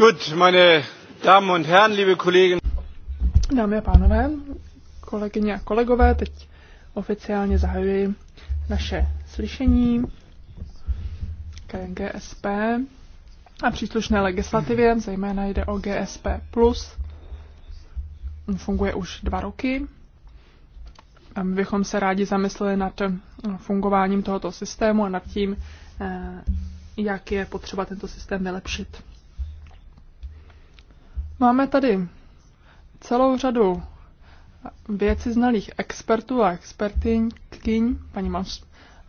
Gut, meine Damen und Herren, liebe Kollegen. Dámy a pánové, kolegyně a kolegové, teď oficiálně zahajuji naše slyšení k GSP a příslušné legislativě, zejména jde o GSP+. Funguje už dva roky. A my bychom se rádi zamysleli nad eh, fungováním tohoto systému a nad tím, eh, jak je potřeba tento systém vylepšit. Máme tady celou řadu věci znalých expertů a expertyň, paní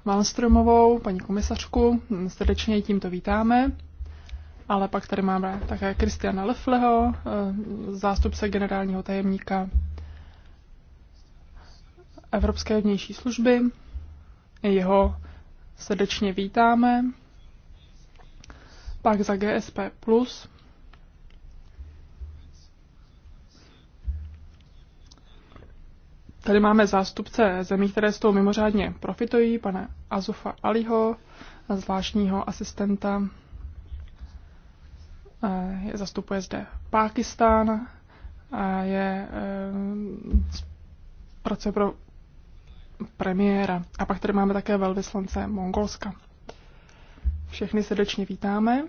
Malmströmovou, paní komisařku, srdečně tímto vítáme. Ale pak tady máme také Kristiana Lefleho, eh, zástupce generálního tajemníka Evropské vnější služby. Jeho srdečně vítáme. Pak za GSP Plus Tady máme zástupce zemí, které z toho mimořádně profitují, pana Azufa Aliho, zvláštního asistenta. Eh, je, zastupuje zde Pákistán a je eh, pracuje pro premiéra. A pak tady máme také velvyslance Mongolska. Všechny srdečně vítáme.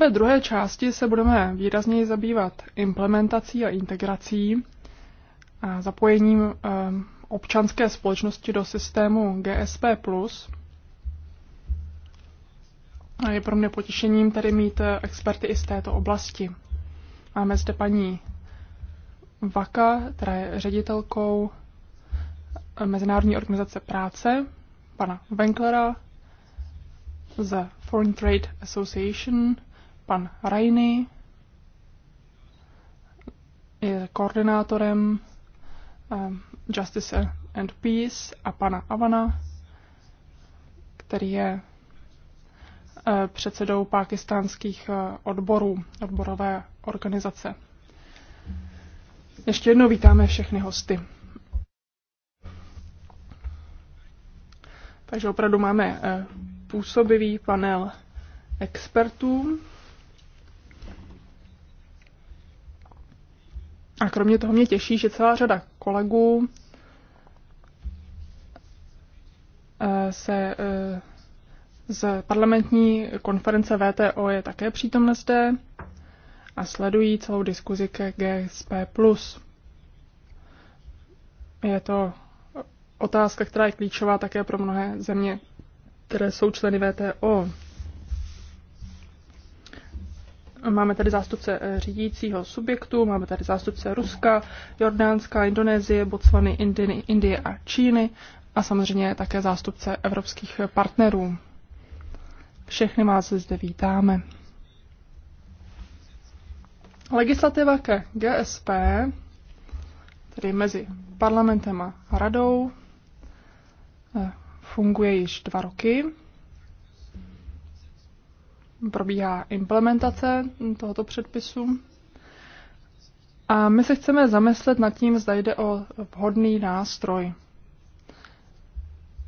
Ve druhé části se budeme výrazněji zabývat implementací a integrací a zapojením ehm, občanské společnosti do systému GSP+. A je pro mě potěšením tedy mít eh, experty i z této oblasti. Máme zde paní Vaka, která je ředitelkou eh, Mezinárodní organizace práce, pana Wenklera z Foreign Trade Association, Pan Rajny je koordinátorem ehm, Justice and Peace a pana Avana, který je eh, předsedou pakistánských eh, odborů, odborové organizace. Ještě jednou vítáme všechny hosty. Takže opravdu máme eh, působivý panel expertů. A kromě toho mě těší, že celá řada kolegů eh, se eh, z parlamentní konference VTO je také přítomna zde a sledují celou diskuzi ke GSP+. Je to otázka, která je klíčová také pro mnohé země, které jsou členy VTO. Máme tady zástupce eh, řídícího subjektu, máme tady zástupce Ruska, Jordánska, Indonésie, Botswany, Indie, a Číny a samozřejmě také zástupce evropských partnerů. Všechny vás zde vítáme. Legislativa ke GSP, tedy mezi parlamentem a radou, eh, funguje již dva roky probíhá implementace tohoto předpisu. A my se chceme zamyslet nad tím, zda jde o vhodný nástroj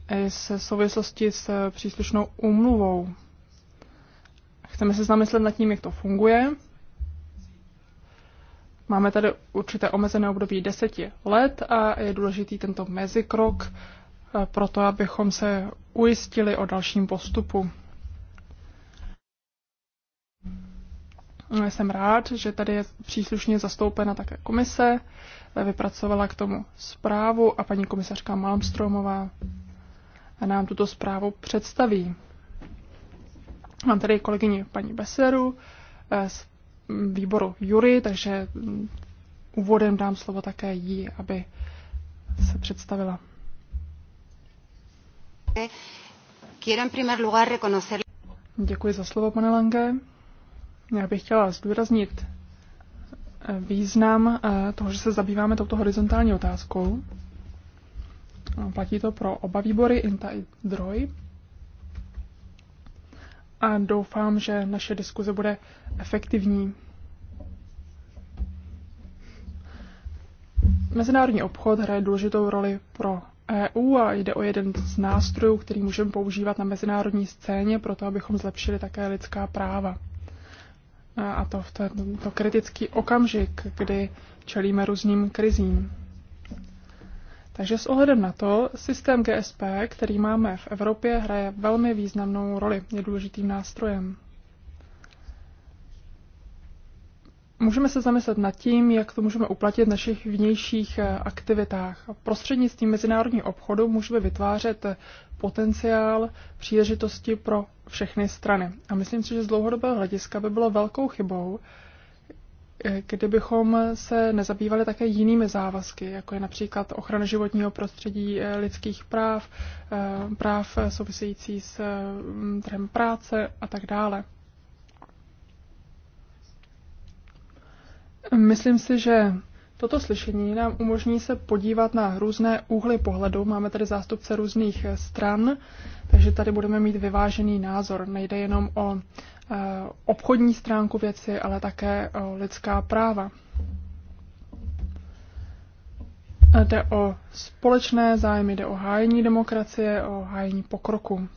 i se souvislosti s příslušnou úmluvou. Chceme se zamyslet nad tím, jak to funguje. Máme tady určité omezené období deseti let a je důležitý tento mezikrok pro to, abychom se ujistili o dalším postupu. No, jsem rád, že tady je příslušně zastoupena také komise, vypracovala k tomu zprávu a paní komisařka Malmstromová nám tuto zprávu představí. Mám tady kolegyni paní Beseru eh, z výboru Jury, takže mm, úvodem dám slovo také jí, aby se představila. Děkuji za slovo, pane Lange. Já bych chtěla zdůraznit eh, význam eh, toho, že se zabýváme touto horizontální otázkou. Platí to pro oba výbory, INTA i DROJ. A doufám, že naše diskuze bude efektivní. Mezinárodní obchod hraje důležitou roli pro EU a jde o jeden z nástrojů, který můžeme používat na mezinárodní scéně, proto abychom zlepšili také lidská práva a to v tento kritický okamžik, kdy čelíme různým krizím. Takže s ohledem na to, systém GSP, který máme v Evropě, hraje velmi významnou roli, je důležitým nástrojem. Můžeme se zamyslet nad tím, jak to můžeme uplatit v našich vnějších eh, aktivitách. Prostřednictvím mezinárodního obchodu můžeme vytvářet potenciál příležitosti pro všechny strany. A myslím si, že z dlouhodobého hlediska by bylo velkou chybou, eh, kdybychom se nezabývali také jinými závazky, jako je například ochrana životního prostředí, eh, lidských práv, eh, práv související s trhem práce a tak dále. Myslím si, že Toto slyšení nám umožní se podívat na různé úhly pohledu. Máme tady zástupce různých eh, stran, takže tady budeme mít vyvážený názor. Nejde jenom o eh, obchodní stránku věci, ale také o lidská práva. Jde o společné zájmy, jde o hájení demokracie, o hájení pokroku.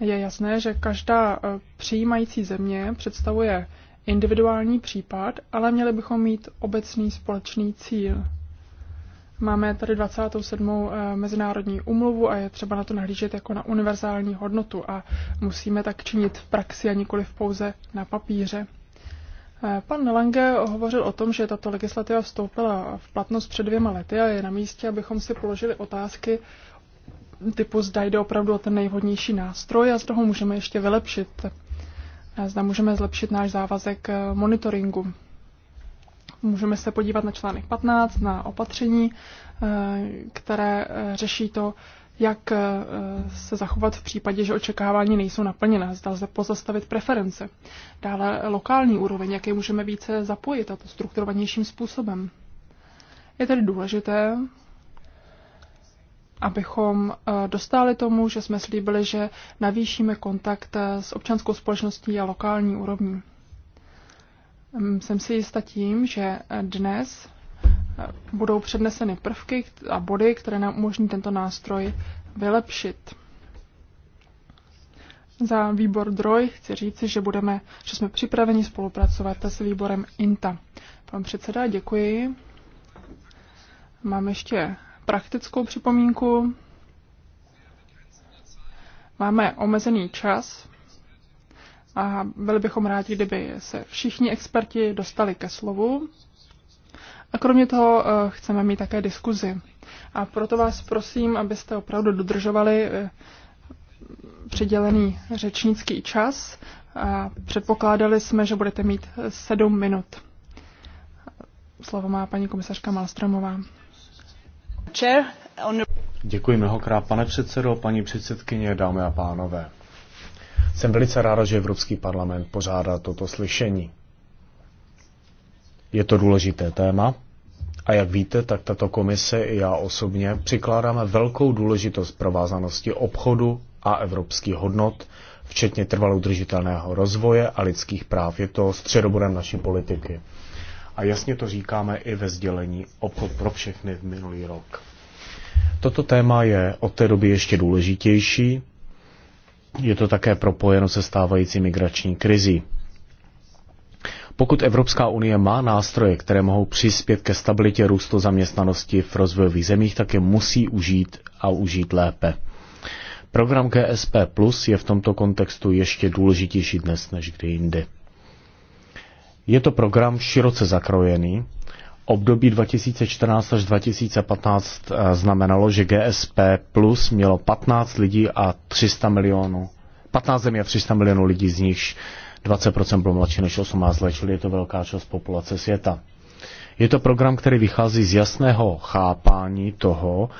Je jasné, že každá eh, přijímající země představuje individuální případ, ale měli bychom mít obecný společný cíl. Máme tady 27. Eh, mezinárodní umluvu a je třeba na to nahlížet jako na univerzální hodnotu a musíme tak činit v praxi a nikoli v pouze na papíře. Eh, pan Lange hovořil o tom, že tato legislativa vstoupila v platnost před dvěma lety a je na místě, abychom si položili otázky typu zda jde opravdu o ten nejvhodnější nástroj a z toho můžeme ještě vylepšit zda můžeme zlepšit náš závazek eh, monitoringu. Můžeme se podívat na článek 15, na opatření, eh, které eh, řeší to, jak se zachovat v případě, že očekávání nejsou naplněna. Zda se pozastavit preference. Dále lokální úroveň, jaké můžeme více zapojit a to strukturovanějším způsobem. Je tedy důležité, abychom eh, dostali tomu, že jsme slíbili, že navýšíme kontakt eh, s občanskou společností a lokální úrovní. Mm, jsem si jista tím, že eh, dnes budou předneseny prvky a body, které nám umožní tento nástroj vylepšit. Za výbor DROJ chci říci, že, budeme, že jsme připraveni spolupracovat s výborem INTA. Pan předseda, děkuji. Mám ještě praktickou připomínku. Máme omezený čas a byli bychom rádi, kdyby se všichni experti dostali ke slovu. A kromě toho eh, chceme mít také diskuzi. A proto vás prosím, abyste opravdu dodržovali eh, přidělený řečnický čas. A předpokládali jsme, že budete mít sedm minut. Slovo má paní komisařka Malstromová. Děkuji mnohokrát, pane předsedo, paní předsedkyně, dámy a pánové. Jsem velice ráda, že Evropský parlament pořádá toto slyšení. Je to důležité téma a jak víte, tak tato komise i já osobně přikládáme velkou důležitost provázanosti obchodu a evropských hodnot, včetně trvalou udržitelného rozvoje a lidských práv. Je to středobodem naší politiky. A jasně to říkáme i ve sdělení Obchod pro všechny v minulý rok. Toto téma je od té doby ještě důležitější. Je to také propojeno se stávající migrační krizí. Pokud Evropská unie má nástroje, které mohou přispět ke stabilitě růstu zaměstnanosti v rozvojových zemích, tak je musí užít a užít lépe. Program GSP Plus je v tomto kontextu ještě důležitější dnes než kdy jindy. Je to program široce zakrojený. Období 2014 až 2015 eh, znamenalo, že GSP Plus mělo 15 lidí a 300 milionů. 15 zemí a 300 milionů lidí, z nichž 20% bylo mladší než 18 let, čili je to velká část populace světa. Je to program, který vychází z jasného chápání toho,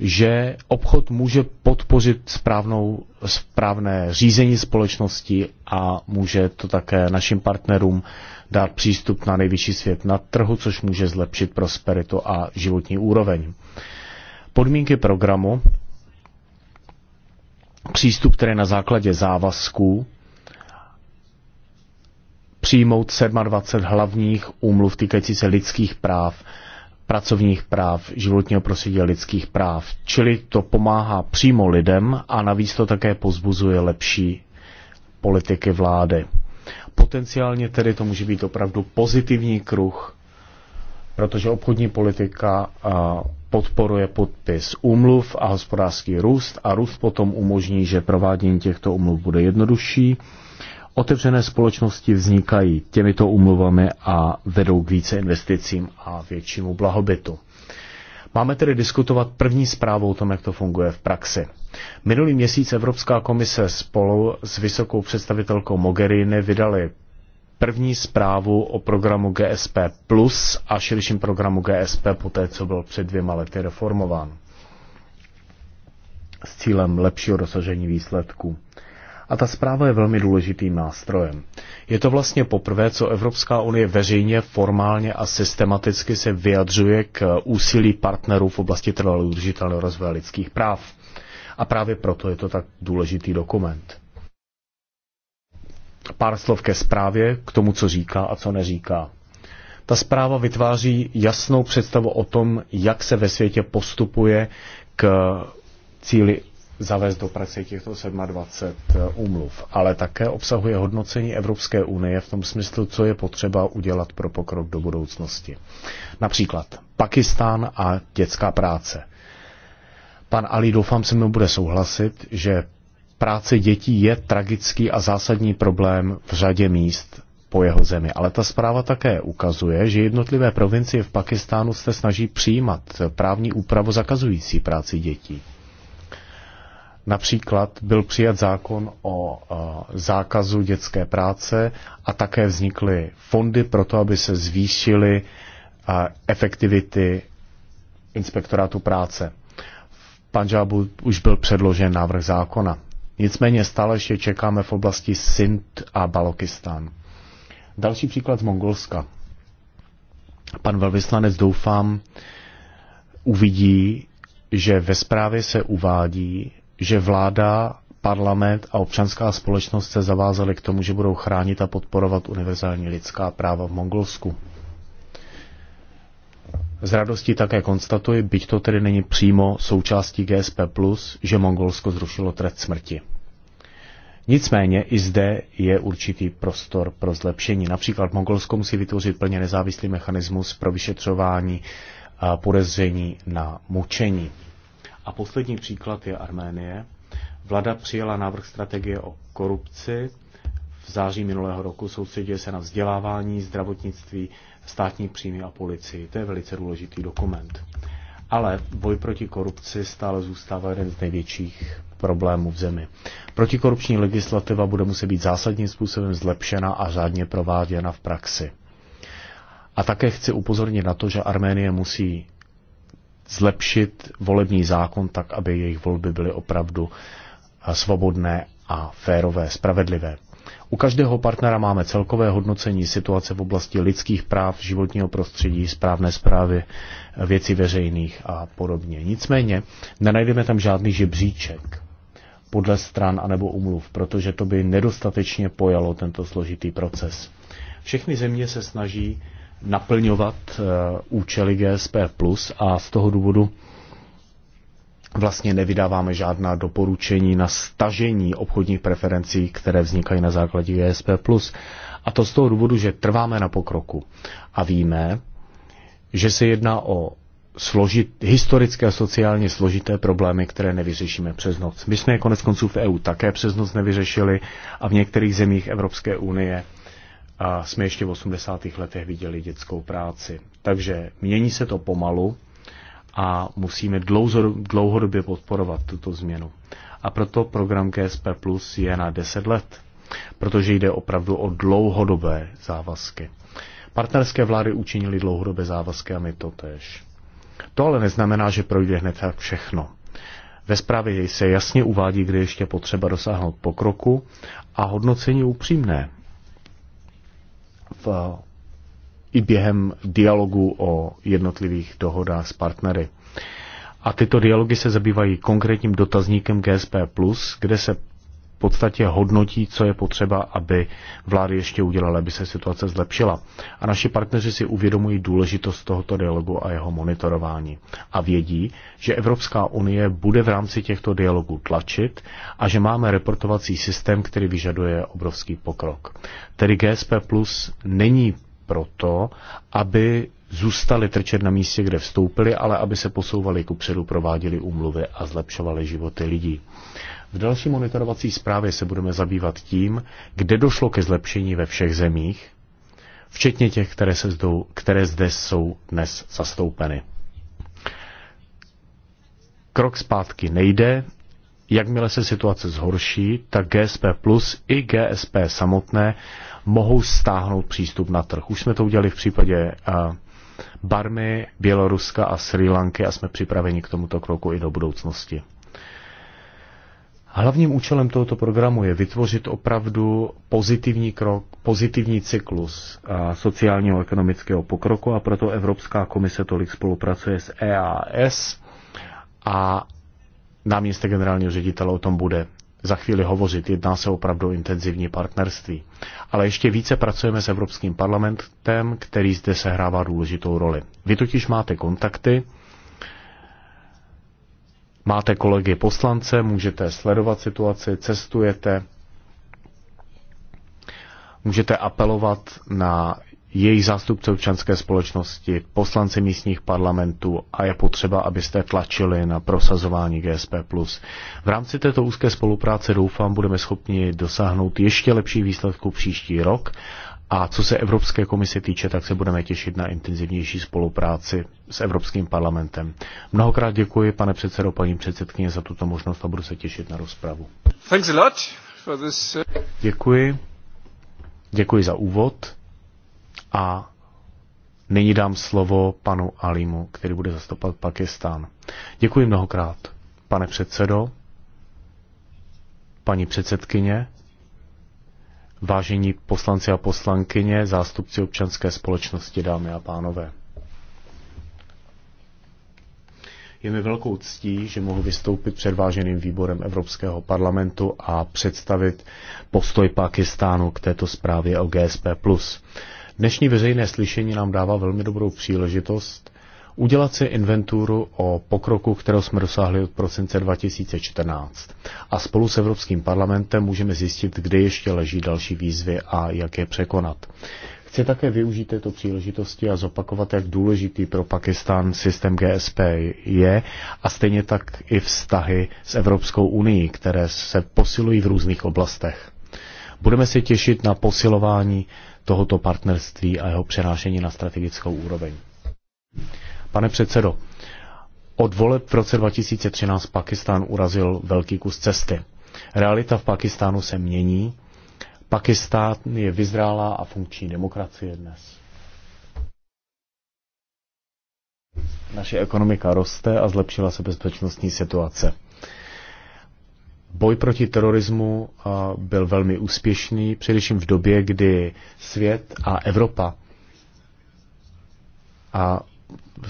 že obchod může podpořit správnou, správné řízení společnosti a může to také našim partnerům dát přístup na nejvyšší svět na trhu, což může zlepšit prosperitu a životní úroveň. Podmínky programu, přístup který na základě závazků, přijmout 27 hlavních úmluv týkající se lidských práv, pracovních práv, životního prostředí a lidských práv. Čili to pomáhá přímo lidem a navíc to také pozbuzuje lepší politiky vlády. Potenciálně tedy to může být opravdu pozitivní kruh, protože obchodní politika podporuje podpis úmluv a hospodářský růst a růst potom umožní, že provádění těchto úmluv bude jednodušší. Otevřené společnosti vznikají těmito úmluvami a vedou k více investicím a většímu blahobytu. Máme tedy diskutovat první zprávou o tom, jak to funguje v praxi. Minulý měsíc Evropská komise spolu s vysokou představitelkou Mogherini vydali první zprávu o programu GSP Plus a širším programu GSP po té, co byl před dvěma lety reformován s cílem lepšího dosažení výsledků a ta zpráva je velmi důležitým nástrojem. Je to vlastně poprvé, co Evropská unie veřejně, formálně a systematicky se vyjadřuje k úsilí partnerů v oblasti trvalé udržitelného rozvoje lidských práv. A právě proto je to tak důležitý dokument. Pár slov ke zprávě, k tomu, co říká a co neříká. Ta zpráva vytváří jasnou představu o tom, jak se ve světě postupuje k cíli zavést do praxe těchto 27 eh, úmluv, ale také obsahuje hodnocení Evropské unie v tom smyslu, co je potřeba udělat pro pokrok do budoucnosti. Například Pakistán a dětská práce. Pan Ali, doufám, se mnou bude souhlasit, že práce dětí je tragický a zásadní problém v řadě míst po jeho zemi. Ale ta zpráva také ukazuje, že jednotlivé provincie v Pakistánu se snaží přijímat právní úpravu zakazující práci dětí. Například byl přijat zákon o eh, zákazu dětské práce a také vznikly fondy pro to, aby se zvýšily eh, efektivity inspektorátu práce. V Panžábu už byl předložen návrh zákona. Nicméně stále ještě čekáme v oblasti Sint a Balokistán. Další příklad z Mongolska. Pan velvyslanec, doufám, uvidí, že ve zprávě se uvádí, že vláda, parlament a občanská společnost se zavázaly k tomu, že budou chránit a podporovat univerzální lidská práva v Mongolsku. S radostí také konstatuji, byť to tedy není přímo součástí GSP+, že Mongolsko zrušilo trest smrti. Nicméně i zde je určitý prostor pro zlepšení. Například Mongolsko musí vytvořit plně nezávislý mechanismus pro vyšetřování podezření na mučení. A poslední příklad je Arménie. Vlada přijela návrh strategie o korupci v září minulého roku, soustředuje se na vzdělávání, zdravotnictví, státní příjmy a policii. To je velice důležitý dokument. Ale boj proti korupci stále zůstává jeden z největších problémů v zemi. Protikorupční legislativa bude muset být zásadním způsobem zlepšena a řádně prováděna v praxi. A také chci upozornit na to, že Arménie musí zlepšit volební zákon tak, aby jejich volby byly opravdu eh, svobodné a férové, spravedlivé. U každého partnera máme celkové hodnocení situace v oblasti lidských práv, životního prostředí, správné zprávy, eh, věcí veřejných a podobně. Nicméně nenajdeme tam žádný žebříček podle stran anebo umluv, protože to by nedostatečně pojalo tento složitý proces. Všechny země se snaží naplňovat eh, účely GSP+, a z toho důvodu vlastně nevydáváme žádná doporučení na stažení obchodních preferencí, které vznikají na základě GSP+. A to z toho důvodu, že trváme na pokroku a víme, že se jedná o složit, historické a sociálně složité problémy, které nevyřešíme přes noc. My jsme je konec konců v EU také přes noc nevyřešili a v některých zemích Evropské unie a jsme ještě v 80. letech viděli dětskou práci. Takže mění se to pomalu a musíme dlouhodobě podporovat tuto změnu. A proto program GSP Plus je na 10 let, protože jde opravdu o dlouhodobé závazky. Partnerské vlády učinily dlouhodobé závazky a my to tež. To ale neznamená, že projde hned tak všechno. Ve zprávě se jasně uvádí, kde ještě potřeba dosáhnout pokroku a hodnocení upřímné i během dialogu o jednotlivých dohodách s partnery. A tyto dialogy se zabývají konkrétním dotazníkem GSP+, kde se podstatě hodnotí, co je potřeba, aby vlády ještě udělaly, aby se situace zlepšila. A naši partneři si uvědomují důležitost tohoto dialogu a jeho monitorování. A vědí, že Evropská unie bude v rámci těchto dialogů tlačit a že máme reportovací systém, který vyžaduje obrovský pokrok. Tedy GSP Plus není proto, aby zůstali trčet na místě, kde vstoupili, ale aby se posouvali kupředu, prováděli úmluvy a zlepšovali životy lidí. V další monitorovací zprávě se budeme zabývat tím, kde došlo ke zlepšení ve všech zemích, včetně těch, které, se zdou, které zde jsou dnes zastoupeny. Krok zpátky nejde, jakmile se situace zhorší, tak GSP Plus i GSP samotné mohou stáhnout přístup na trh. Už jsme to udělali v případě Barmy, Běloruska a Sri Lanky a jsme připraveni k tomuto kroku i do budoucnosti. Hlavním účelem tohoto programu je vytvořit opravdu pozitivní krok, pozitivní cyklus sociálního a ekonomického pokroku a proto Evropská komise tolik spolupracuje s EAS a náměstek generálního ředitele o tom bude za chvíli hovořit. Jedná se opravdu o intenzivní partnerství. Ale ještě více pracujeme s Evropským parlamentem, který zde sehrává důležitou roli. Vy totiž máte kontakty Máte kolegy poslance, můžete sledovat situaci, cestujete, můžete apelovat na jejich zástupce občanské společnosti, poslanci místních parlamentů a je potřeba, abyste tlačili na prosazování GSP+. V rámci této úzké spolupráce doufám, budeme schopni dosáhnout ještě lepší výsledku příští rok a co se Evropské komise týče, tak se budeme těšit na intenzivnější spolupráci s Evropským parlamentem. Mnohokrát děkuji, pane předsedo, paní předsedkyně, za tuto možnost a budu se těšit na rozpravu. Thanks a lot for this. Uh, děkuji. Děkuji za úvod. A nyní dám slovo panu Alimu, který bude zastupovat Pakistán. Děkuji mnohokrát, pane předsedo, paní předsedkyně, vážení poslanci a poslankyně, zástupci občanské společnosti, dámy a pánové. Je mi velkou ctí, že mohu vystoupit před váženým výborem Evropského parlamentu a představit postoj Pakistánu k této zprávě o GSP+. Dnešní veřejné slyšení nám dává velmi dobrou příležitost udělat si inventuru o pokroku, kterou jsme dosáhli od prosince 2014. A spolu s Evropským parlamentem můžeme zjistit, kde ještě leží další výzvy a jak je překonat. Chci také využít této příležitosti a zopakovat, jak důležitý pro Pakistan systém GSP je a stejně tak i vztahy s Evropskou unii, které se posilují v různých oblastech. Budeme se těšit na posilování tohoto partnerství a jeho přenášení na strategickou úroveň. Pane předsedo, od voleb v roce 2013 Pakistán urazil velký kus cesty. Realita v Pakistánu se mění. Pakistán je vyzrálá a funkční demokracie dnes. Naše ekonomika roste a zlepšila se bezpečnostní situace. Boj proti terorismu byl velmi úspěšný, především v době, kdy svět a Evropa a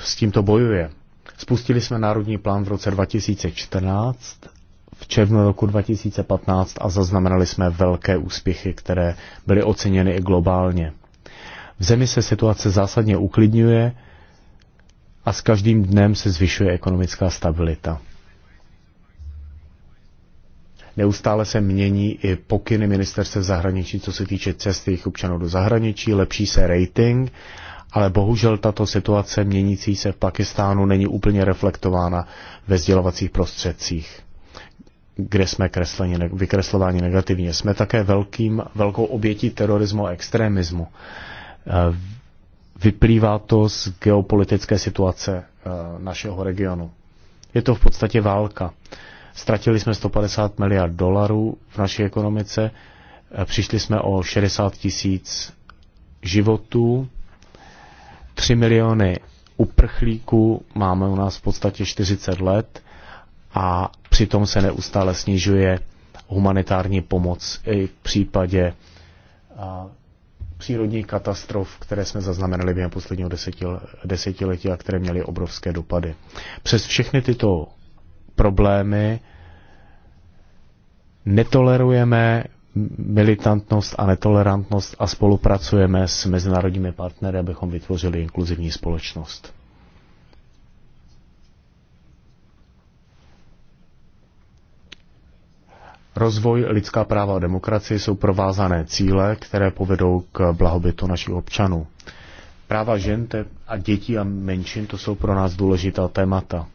s tímto bojuje. Spustili jsme národní plán v roce 2014, v červnu roku 2015 a zaznamenali jsme velké úspěchy, které byly oceněny i globálně. V zemi se situace zásadně uklidňuje a s každým dnem se zvyšuje ekonomická stabilita. Neustále se mění i pokyny ministerstva zahraničí, co se týče cesty jejich občanů do zahraničí, lepší se rating ale bohužel tato situace měnící se v Pakistánu není úplně reflektována ve sdělovacích prostředcích kde jsme kresleni, vykreslováni negativně. Jsme také velkým, velkou obětí terorismu a extremismu. Eh, vyplývá to z geopolitické situace eh, našeho regionu. Je to v podstatě válka. Ztratili jsme 150 miliard dolarů v naší ekonomice, eh, přišli jsme o 60 tisíc životů, 3 miliony uprchlíků, máme u nás v podstatě 40 let a přitom se neustále snižuje humanitární pomoc i v případě přírodních katastrof, které jsme zaznamenali během posledního desetiletí a které měly obrovské dopady. Přes všechny tyto problémy netolerujeme militantnost a netolerantnost a spolupracujeme s mezinárodními partnery, abychom vytvořili inkluzivní společnost. Rozvoj, lidská práva a demokracie jsou provázané cíle, které povedou k blahobytu našich občanů. Práva žen a dětí a menšin to jsou pro nás důležitá témata.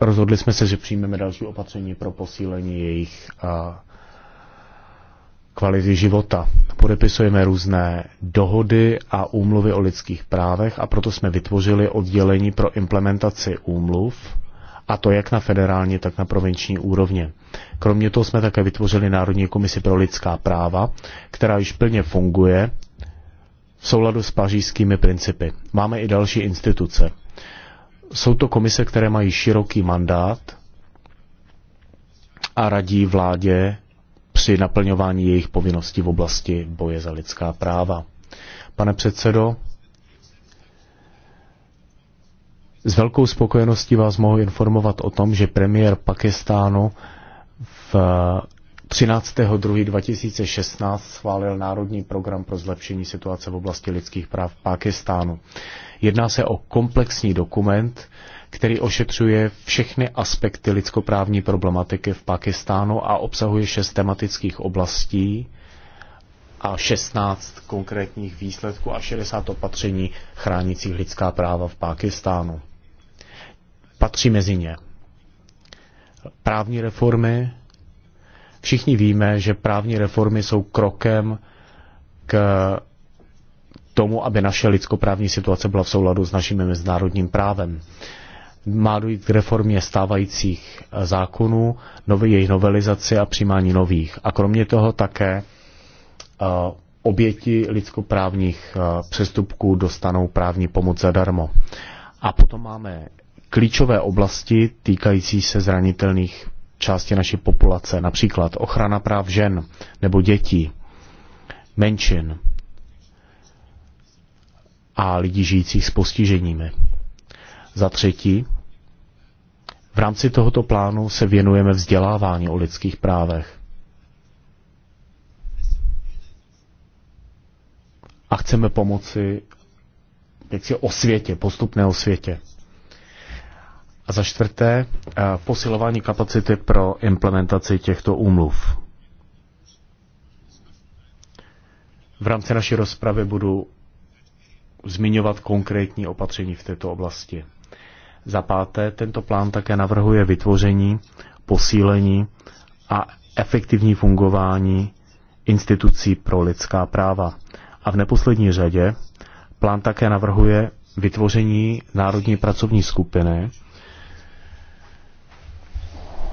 Rozhodli jsme se, že přijmeme další opatření pro posílení jejich a, kvality života. Podepisujeme různé dohody a úmluvy o lidských právech a proto jsme vytvořili oddělení pro implementaci úmluv, a to jak na federální, tak na provinční úrovně. Kromě toho jsme také vytvořili Národní komisi pro lidská práva, která již plně funguje v souladu s pařížskými principy. Máme i další instituce. Jsou to komise, které mají široký mandát a radí vládě při naplňování jejich povinností v oblasti boje za lidská práva. Pane předsedo, s velkou spokojeností vás mohu informovat o tom, že premiér Pakistánu v 13.2.2016 eh, schválil Národní program pro zlepšení situace v oblasti lidských práv v Pakistánu. Jedná se o komplexní dokument, který ošetřuje všechny aspekty lidskoprávní problematiky v Pakistánu a obsahuje šest tematických oblastí a 16 konkrétních výsledků a 60 opatření chránících lidská práva v Pakistánu. Patří mezi ně právní reformy. Všichni víme, že právní reformy jsou krokem k tomu, aby naše lidskoprávní situace byla v souladu s naším mezinárodním právem má dojít k reformě stávajících eh, zákonů, nové jejich novelizaci a přijímání nových. A kromě toho také eh, oběti lidskoprávních eh, přestupků dostanou právní pomoc zadarmo. A potom máme klíčové oblasti týkající se zranitelných části naší populace, například ochrana práv žen nebo dětí, menšin a lidí žijících s postiženími. Za třetí, v rámci tohoto plánu se věnujeme vzdělávání o lidských právech. A chceme pomoci jaksi o světě, postupné o světě. A za čtvrté, eh, posilování kapacity pro implementaci těchto úmluv. V rámci naší rozpravy budu zmiňovat konkrétní opatření v této oblasti. Za páté, tento plán také navrhuje vytvoření, posílení a efektivní fungování institucí pro lidská práva. A v neposlední řadě plán také navrhuje vytvoření národní pracovní skupiny,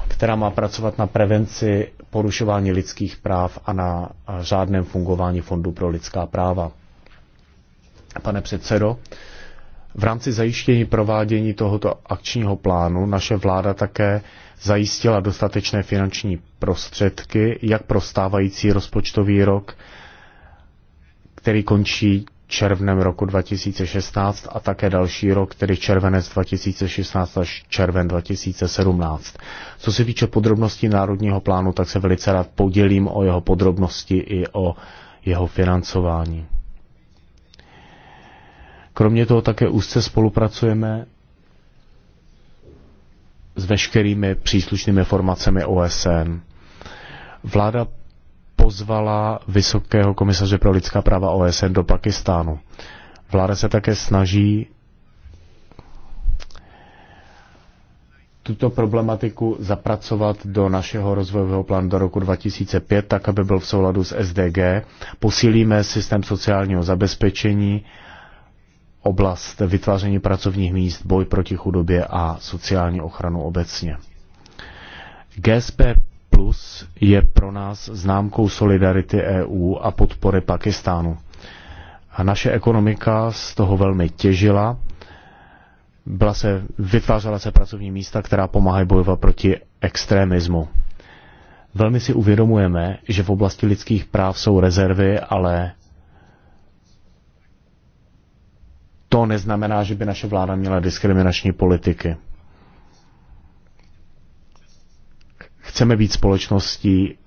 která má pracovat na prevenci porušování lidských práv a na řádném fungování Fondu pro lidská práva. Pane předsedo, v rámci zajištění provádění tohoto akčního plánu naše vláda také zajistila dostatečné finanční prostředky, jak pro stávající rozpočtový rok, který končí červnem roku 2016 a také další rok, tedy červenec 2016 až červen 2017. Co se týče podrobností Národního plánu, tak se velice rád podělím o jeho podrobnosti i o jeho financování. Kromě toho také úzce spolupracujeme s veškerými příslušnými formacemi OSN. Vláda pozvala Vysokého komisaře pro lidská práva OSN do Pakistánu. Vláda se také snaží tuto problematiku zapracovat do našeho rozvojového plánu do roku 2005, tak aby byl v souladu s SDG. Posílíme systém sociálního zabezpečení oblast vytváření pracovních míst, boj proti chudobě a sociální ochranu obecně. GSP Plus je pro nás známkou solidarity EU a podpory Pakistánu. A naše ekonomika z toho velmi těžila. Byla se, vytvářela se pracovní místa, která pomáhají bojovat proti extremismu. Velmi si uvědomujeme, že v oblasti lidských práv jsou rezervy, ale to neznamená, že by naše vláda měla diskriminační politiky. Chceme být společností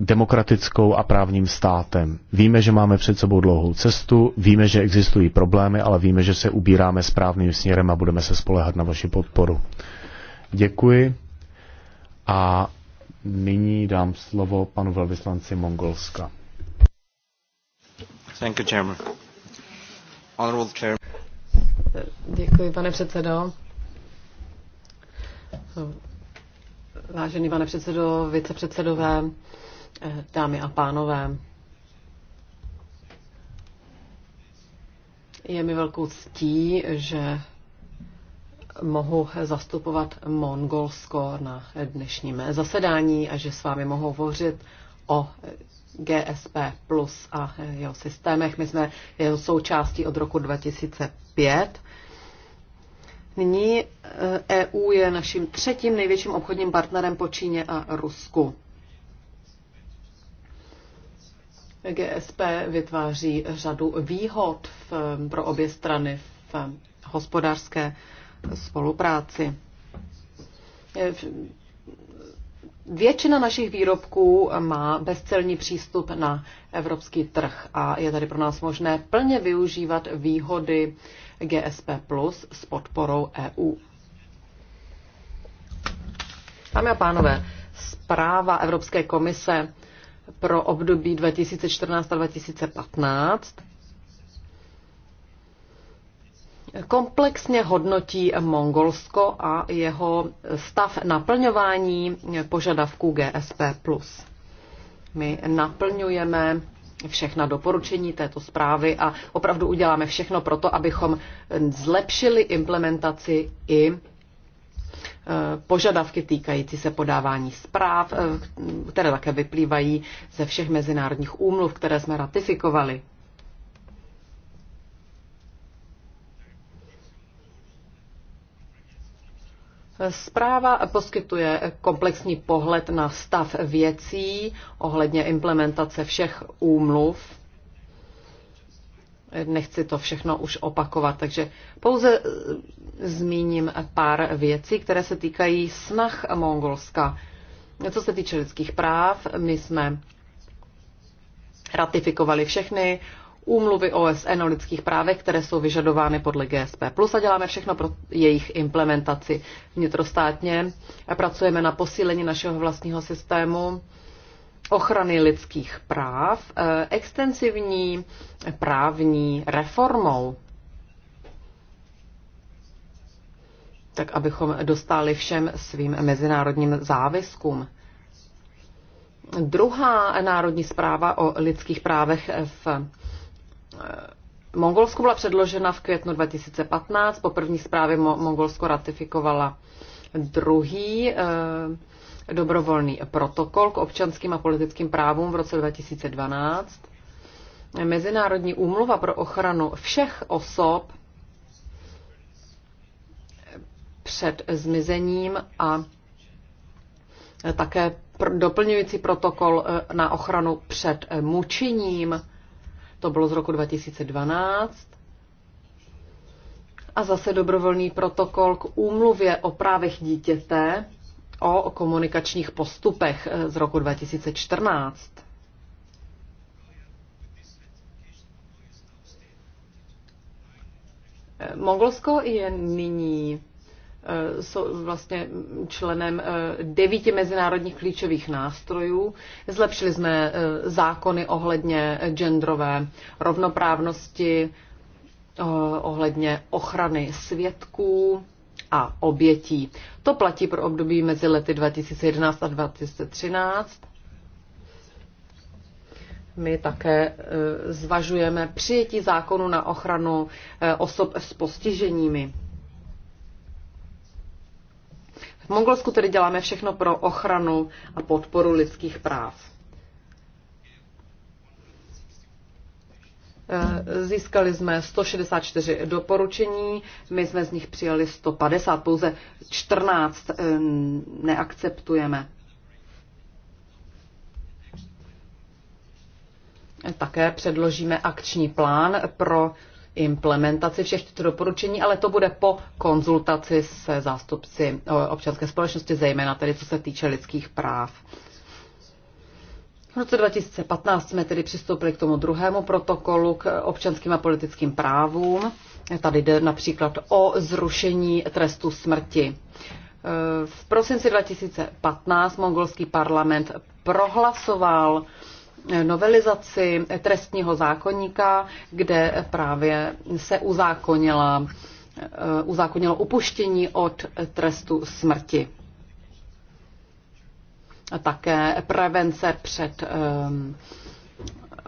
demokratickou a právním státem. Víme, že máme před sebou dlouhou cestu, víme, že existují problémy, ale víme, že se ubíráme správným směrem a budeme se spolehat na vaši podporu. Děkuji a nyní dám slovo panu velvyslanci Mongolska. Thank you, Chairman. Honorable Chairman. Děkuji, pane předsedo. Vážený pane předsedo, vicepředsedové, dámy a pánové. Je mi velkou ctí, že mohu zastupovat Mongolsko na dnešním zasedání a že s vámi mohu hovořit o GSP Plus a jeho systémech. My jsme jeho součástí od roku 2000 5. Nyní EU eh, e je naším třetím největším obchodním partnerem po Číně a Rusku. GSP vytváří řadu výhod v, pro obě strany v eh, hospodářské spolupráci. Eh, většina našich výrobků má bezcelní přístup na evropský trh a je tady pro nás možné plně využívat výhody GSP Plus s podporou EU. Dámy a pánové, zpráva Evropské komise pro období 2014 a 2015 komplexně hodnotí Mongolsko a jeho stav naplňování požadavků GSP+. My naplňujeme všechna doporučení této zprávy a opravdu uděláme všechno pro to, abychom zlepšili implementaci i eh, požadavky týkající se podávání zpráv, eh, které také vyplývají ze všech mezinárodních úmluv, které jsme ratifikovali. Zpráva poskytuje komplexní pohled na stav věcí ohledně implementace všech úmluv. Nechci to všechno už opakovat, takže pouze eh, zmíním pár věcí, které se týkají snah Mongolska. Co se týče lidských práv, my jsme ratifikovali všechny úmluvy OSN o lidských právech, které jsou vyžadovány podle GSP. Plus a děláme všechno pro jejich implementaci vnitrostátně. A pracujeme na posílení našeho vlastního systému ochrany lidských práv eh, extensivní právní reformou. tak abychom dostali všem svým mezinárodním záviskům. Druhá národní zpráva o lidských právech v Eh, Mongolsku byla předložena v květnu 2015, po první zprávě Mongolsko ratifikovala druhý eh, dobrovolný protokol k občanským a politickým právům v roce 2012. Mezinárodní úmluva pro ochranu všech osob před zmizením a také doplňující protokol eh, na ochranu před mučením to bylo z roku 2012, a zase dobrovolný protokol k úmluvě o právech dítěte o komunikačních postupech eh, z roku 2014. Eh, Mongolsko je nyní Eh, jsou vlastně členem eh, devíti mezinárodních klíčových nástrojů. Zlepšili jsme eh, zákony ohledně genderové rovnoprávnosti, ohledně ochrany svědků a obětí. To platí pro období mezi lety 2011 a 2013. My také zvažujeme přijetí zákonu na ochranu osob s postiženími. V Mongolsku tedy děláme všechno pro ochranu a podporu lidských práv. Eh, získali jsme 164 doporučení, my jsme z nich přijali 150, pouze 14 eh, neakceptujeme. Také předložíme akční plán pro implementaci všech těchto doporučení, ale to bude po konzultaci se zástupci eh, občanské společnosti, zejména tedy co se týče lidských práv. V roce 2015 jsme tedy přistoupili k tomu druhému protokolu k občanským a politickým právům. Tady jde například o zrušení trestu smrti. Eh, v prosinci 2015 mongolský parlament prohlasoval novelizaci trestního zákonníka, kde právě se uzákonila, eh, uzákonilo upuštění od trestu smrti. A také prevence před eh,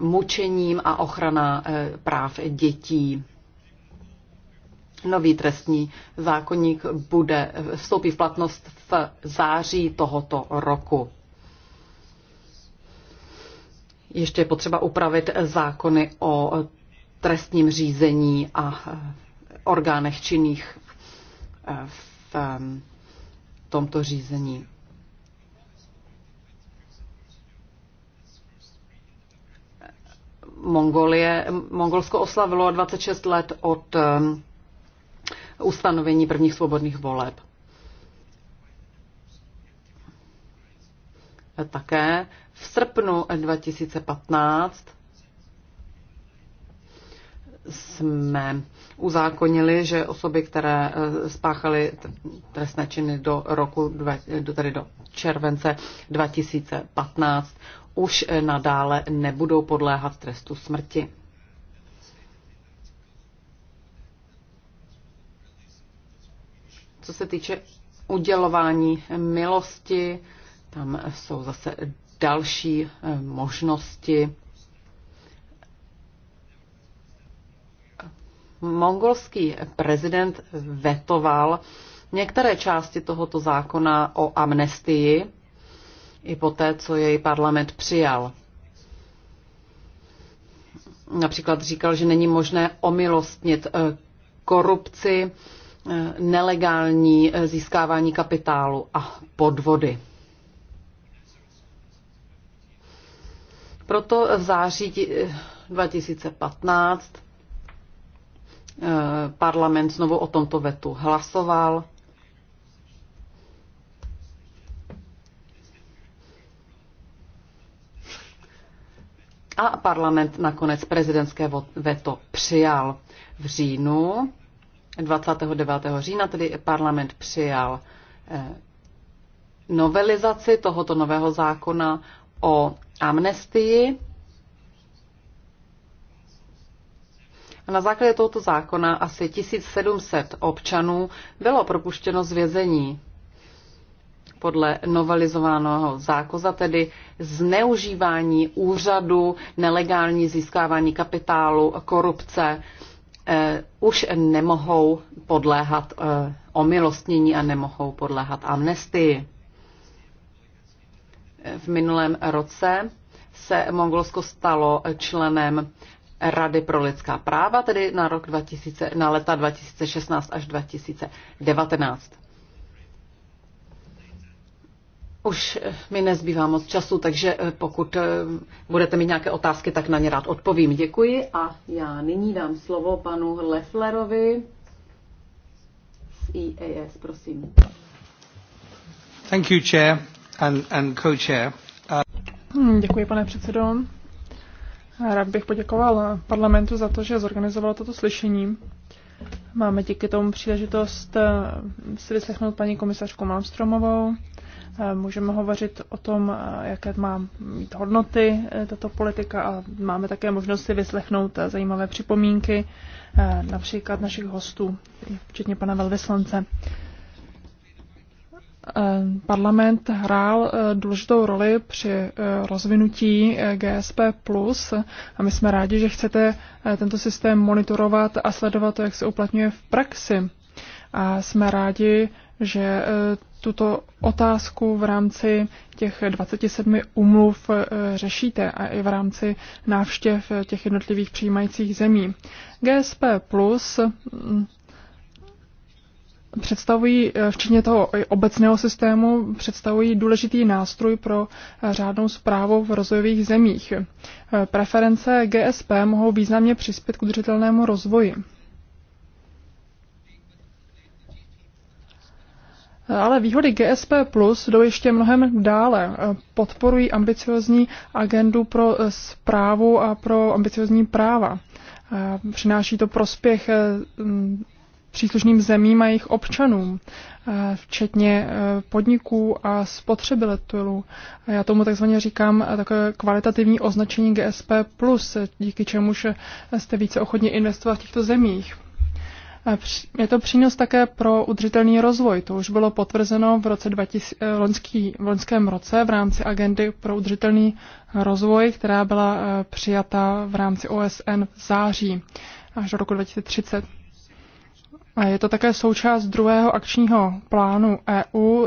mučením a ochrana eh, práv dětí. Nový trestní zákonník bude, vstoupí v platnost v září tohoto roku. Ještě je potřeba upravit zákony o trestním řízení a eh, orgánech činných eh, v eh, tomto řízení. Mongolie, Mongolsko oslavilo 26 let od ustanovení prvních svobodných voleb. Také v srpnu 2015 jsme uzákonili, že osoby, které eh, spáchaly trestné činy do roku, do, tedy do července 2015, už eh, nadále nebudou podléhat trestu smrti. Co se týče udělování milosti, tam jsou zase další eh, možnosti. Mongolský prezident vetoval některé části tohoto zákona o amnestii i poté, co jej parlament přijal. Například říkal, že není možné omilostnit eh, korupci, eh, nelegální získávání kapitálu a podvody. Proto v září 2015 eh, parlament znovu o tomto vetu hlasoval. A parlament nakonec prezidentské veto přijal v říjnu. 29. října tedy parlament přijal eh, novelizaci tohoto nového zákona o amnestii. A na základě tohoto zákona asi 1700 občanů bylo propuštěno z vězení. Podle novelizovaného zákoza tedy zneužívání úřadu, nelegální získávání kapitálu, korupce eh, už nemohou podléhat eh, omilostnění a nemohou podléhat amnestii. V minulém roce se Mongolsko stalo členem Rady pro lidská práva, tedy na, rok 2000, na leta 2016 až 2019. Už mi nezbývá moc času, takže eh, pokud eh, budete mít nějaké otázky, tak na ně rád odpovím. Děkuji a já nyní dám slovo panu Lefflerovi z EAS, prosím. Thank you, Chair and, and co-chair. Uh... Děkuji, pane předsedo. Rád bych poděkoval parlamentu za to, že zorganizoval toto slyšení. Máme díky tomu příležitost eh, si vyslechnout paní komisařku Malmstromovou. Eh, můžeme hovořit o tom, eh, jaké má mít hodnoty tato politika a máme také možnost si vyslechnout zajímavé připomínky, například našich hostů, včetně pana velvyslance. Eh, parlament hrál eh, důležitou roli při eh, rozvinutí GSP+, a my jsme rádi, že chcete tento systém monitorovat a sledovat to, jak se uplatňuje v praxi. A jsme rádi, že tuto otázku v rámci těch 27 umluv řešíte a i v rámci návštěv těch jednotlivých přijímajících zemí. GSP Plus mm, představují, eh, včetně toho obecného systému, představují důležitý nástroj pro eh, řádnou zprávu v rozvojových zemích. Eh, preference GSP mohou významně přispět k udržitelnému rozvoji. Ale výhody GSP Plus jdou ještě mnohem dále. Podporují ambiciozní agendu pro zprávu a pro ambiciozní práva. Přináší to prospěch příslušným zemím a jejich občanům, eh, včetně eh, podniků a spotřebitelů. Já tomu takzvaně říkám eh, takové kvalitativní označení GSP+, díky čemuž jste více ochotně investovat v těchto zemích. Je to přínos také pro udržitelný rozvoj. To už bylo potvrzeno v, roce 2000, loňský, v loňském roce v rámci agendy pro udržitelný rozvoj, která byla přijata v rámci OSN v září až do roku 2030. Je to také součást druhého akčního plánu EU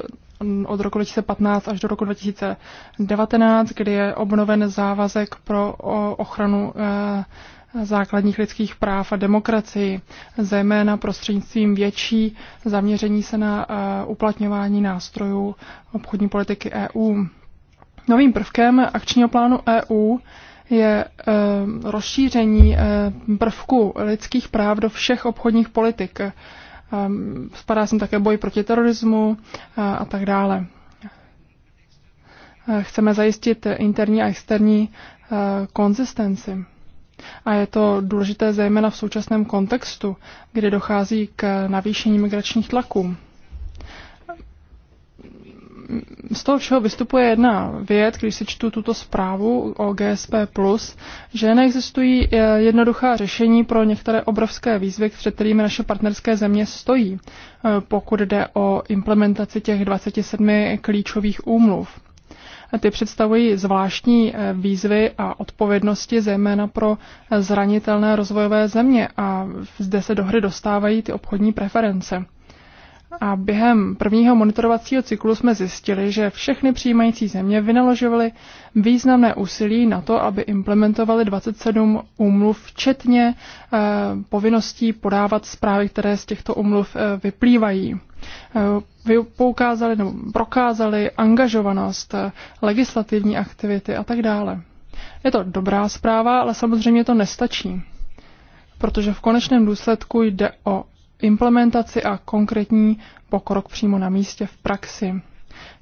od roku 2015 až do roku 2019, kdy je obnoven závazek pro ochranu e, základních lidských práv a demokracii, zejména prostřednictvím větší zaměření se na e, uplatňování nástrojů obchodní politiky EU. Novým prvkem akčního plánu EU je eh, rozšíření eh, prvku lidských práv do všech obchodních politik. Eh, spadá sem také boj proti terorismu a tak dále. Chceme zajistit interní a externí konzistenci. A je to důležité zejména v současném kontextu, kdy dochází k navýšení migračních tlaků z toho všeho vystupuje jedna věc, když si čtu tuto zprávu o GSP+, že neexistují eh, jednoduchá řešení pro některé obrovské výzvy, před kterými naše partnerské země stojí, eh, pokud jde o implementaci těch 27 klíčových úmluv. Ty představují zvláštní eh, výzvy a odpovědnosti, zejména pro zranitelné rozvojové země a zde se do hry dostávají ty obchodní preference. A během prvního monitorovacího cyklu jsme zjistili, že všechny přijímající země vynaložovaly významné úsilí na to, aby implementovali 27 úmluv, včetně eh, povinností podávat zprávy, které z těchto úmluv eh, vyplývají. Eh, poukázali nebo prokázali angažovanost, eh, legislativní aktivity a tak dále. Je to dobrá zpráva, ale samozřejmě to nestačí protože v konečném důsledku jde o implementaci a konkrétní pokrok přímo na místě v praxi.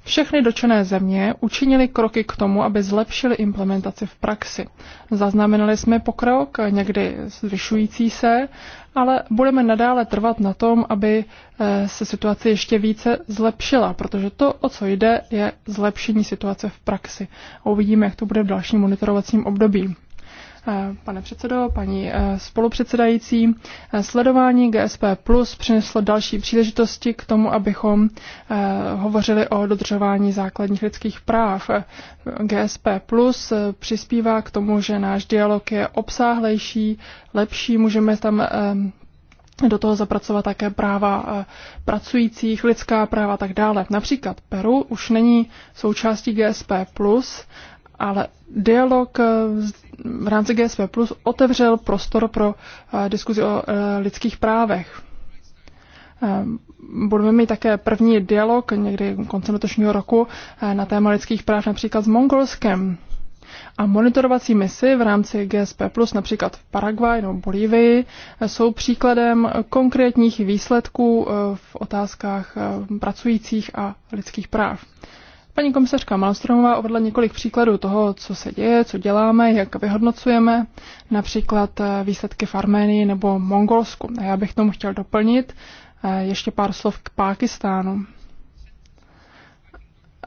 Všechny dočené země učinily kroky k tomu, aby zlepšili implementaci v praxi. Zaznamenali jsme pokrok, někdy zvyšující se, ale budeme nadále trvat na tom, aby eh, se situace ještě více zlepšila, protože to, o co jde, je zlepšení situace v praxi. A uvidíme, jak to bude v dalším monitorovacím období. Eh, pane předsedo, paní eh, spolupředsedající. Eh, sledování GSP Plus přineslo další příležitosti k tomu, abychom hovořili o dodržování základních lidských práv. GSP Plus přispívá k tomu, že náš dialog je obsáhlejší, lepší, můžeme tam do toho zapracovat také práva pracujících, lidská práva a tak dále. Například Peru už není součástí GSP+, ale dialog eh, v rámci GSP Plus otevřel prostor pro eh, diskuzi o eh, lidských právech. Budeme mít také první dialog někdy koncem letošního roku na téma lidských práv například s Mongolskem. A monitorovací misi v rámci GSP Plus například v Paraguay nebo Bolívii jsou příkladem konkrétních výsledků v otázkách pracujících a lidských práv. Paní komisařka Malstromová uvedla několik příkladů toho, co se děje, co děláme, jak vyhodnocujeme, například eh, výsledky v Arménii nebo Mongolsku. A já bych tomu chtěl doplnit eh, ještě pár slov k Pákistánu.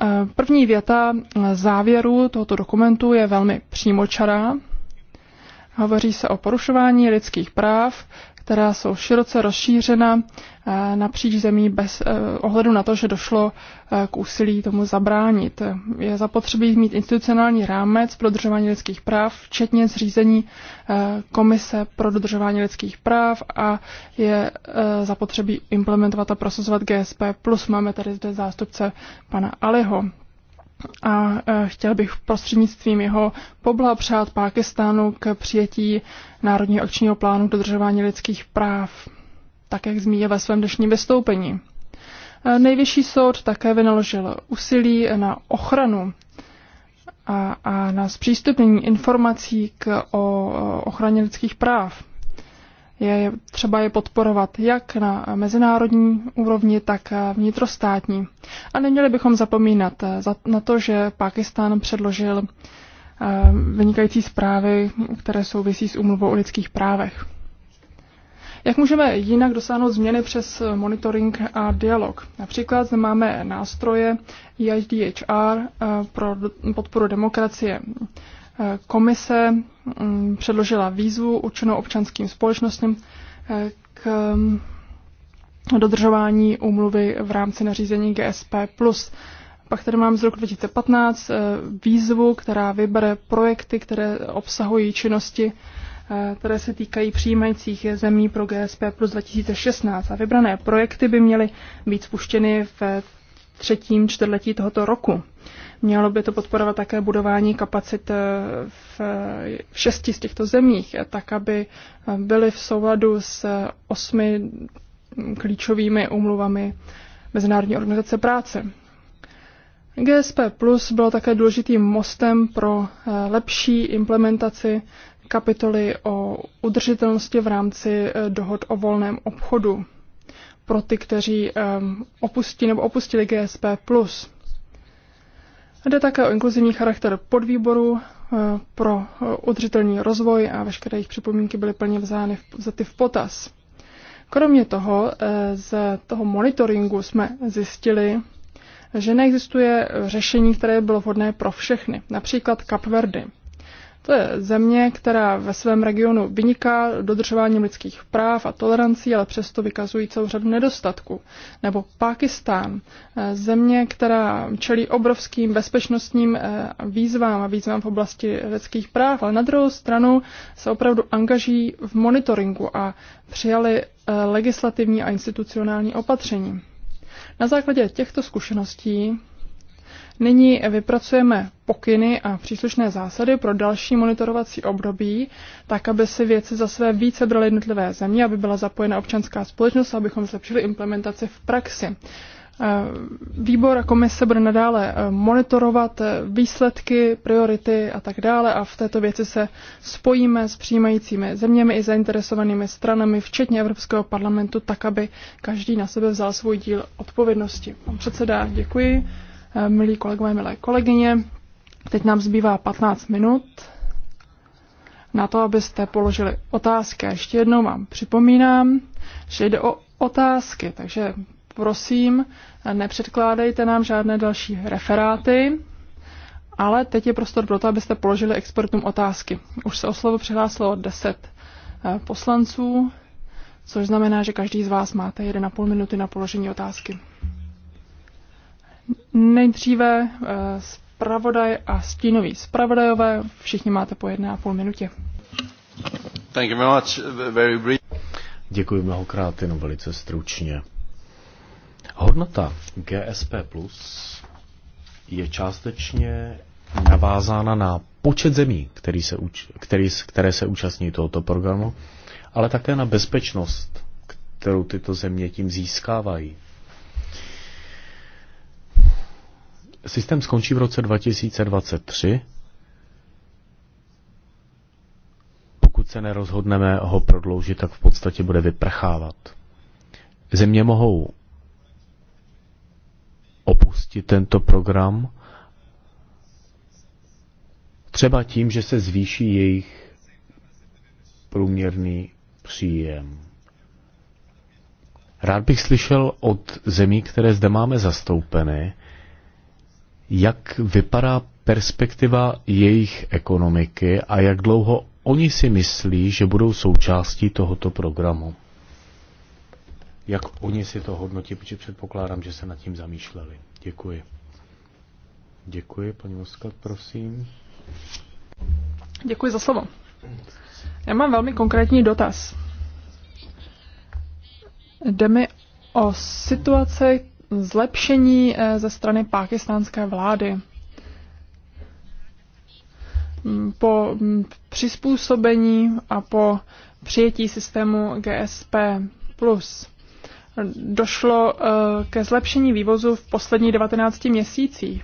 Eh, první věta závěru tohoto dokumentu je velmi přímočará. Hovoří se o porušování lidských práv která jsou široce rozšířena eh, napříč zemí bez eh, ohledu na to, že došlo eh, k úsilí tomu zabránit. Je zapotřebí mít institucionální rámec pro dodržování lidských práv, včetně zřízení komise pro dodržování lidských práv a je zapotřebí implementovat a prosazovat GSP. Plus máme tady zde zástupce pana Aliho a e, chtěl bych prostřednictvím jeho poblahopřát Pákistánu k přijetí Národního akčního plánu dodržování lidských práv, tak jak zmínil ve svém dnešním vystoupení. E, nejvyšší soud také vynaložil úsilí na ochranu a, a na zpřístupnění informací k, o ochraně lidských práv je třeba je podporovat jak na mezinárodní úrovni, tak vnitrostátní. A neměli bychom zapomínat eh, na to, že Pákistán předložil eh, vynikající zprávy, které souvisí s úmluvou o lidských právech. Jak můžeme jinak dosáhnout změny přes monitoring a dialog? Například zde máme nástroje EIDHR eh, pro podporu demokracie Komise mm, předložila výzvu určenou občanským společnostem eh, k mm, dodržování úmluvy v rámci nařízení GSP+. Pak tady mám z roku 2015 eh, výzvu, která vybere projekty, které obsahují činnosti, eh, které se týkají přijímajících zemí pro GSP plus 2016. A vybrané projekty by měly být spuštěny v třetím čtvrtletí tohoto roku. Mělo by to podporovat také budování kapacit eh, v eh, šesti z těchto zemích, eh, tak aby byly v souladu s osmi klíčovými umluvami Mezinárodní organizace práce. GSP Plus bylo také důležitým mostem pro lepší implementaci kapitoly o udržitelnosti v rámci dohod o volném obchodu pro ty, kteří ehm, opustí nebo opustili GSP+. Jde také o inkluzivní charakter podvýboru eh, pro eh, udržitelný rozvoj a veškeré jejich připomínky byly plně vzány vzaty v potaz. Kromě toho, eh, z toho monitoringu jsme zjistili, že neexistuje řešení, které bylo vhodné pro všechny, například Kapverdy. To je země, která ve svém regionu vyniká dodržováním lidských práv a tolerancí, ale přesto vykazují celou řadu nedostatků. Nebo Pákistán, eh, země, která čelí obrovským bezpečnostním eh, výzvám a výzvám v oblasti lidských práv, ale na druhou stranu se opravdu angažují v monitoringu a přijali eh, legislativní a institucionální opatření. Na základě těchto zkušeností Nyní vypracujeme pokyny a příslušné zásady pro další monitorovací období, tak aby si věci za své více braly jednotlivé země, aby byla zapojena občanská společnost, a abychom zlepšili implementaci v praxi. Eh, výbor a komise bude nadále eh, monitorovat eh, výsledky, priority a tak dále a v této věci se spojíme s přijímajícími zeměmi i zainteresovanými stranami, včetně Evropského parlamentu, tak, aby každý na sebe vzal svůj díl odpovědnosti. Pan předseda, děkuji. Eh, milí kolegové, milé kolegyně. Teď nám zbývá 15 minut na to, abyste položili otázky. ještě jednou vám připomínám, že jde o otázky, takže prosím, eh, nepředkládejte nám žádné další referáty, ale teď je prostor pro to, abyste položili expertům otázky. Už se o slovo přihlásilo 10 eh, poslanců, což znamená, že každý z vás máte 1,5 minuty na položení otázky. Nejdříve eh, zpravodaj a stínový zpravodajové. Všichni máte po jedné a půl minutě. Thank you very much. Very brief. Děkuji mnohokrát, jenom velice stručně. Hodnota GSP Plus je částečně navázána na počet zemí, který se, který, které se účastní tohoto programu, ale také na bezpečnost, kterou tyto země tím získávají. Systém skončí v roce 2023, pokud se nerozhodneme ho prodloužit, tak v podstatě bude vyprchávat. Země mohou opustit tento program třeba tím, že se zvýší jejich průměrný příjem. Rád bych slyšel od zemí, které zde máme zastoupeny, jak vypadá perspektiva jejich ekonomiky a jak dlouho oni si myslí, že budou součástí tohoto programu. Jak oni si to hodnotí, protože předpokládám, že se nad tím zamýšleli. Děkuji. Děkuji, paní Moskva, prosím. Děkuji za slovo. Já mám velmi konkrétní dotaz. Jde mi o situace, zlepšení eh, ze strany pákistánské vlády. Mm, po mm, přizpůsobení a po přijetí systému GSP plus došlo eh, ke zlepšení vývozu v posledních 19 měsících.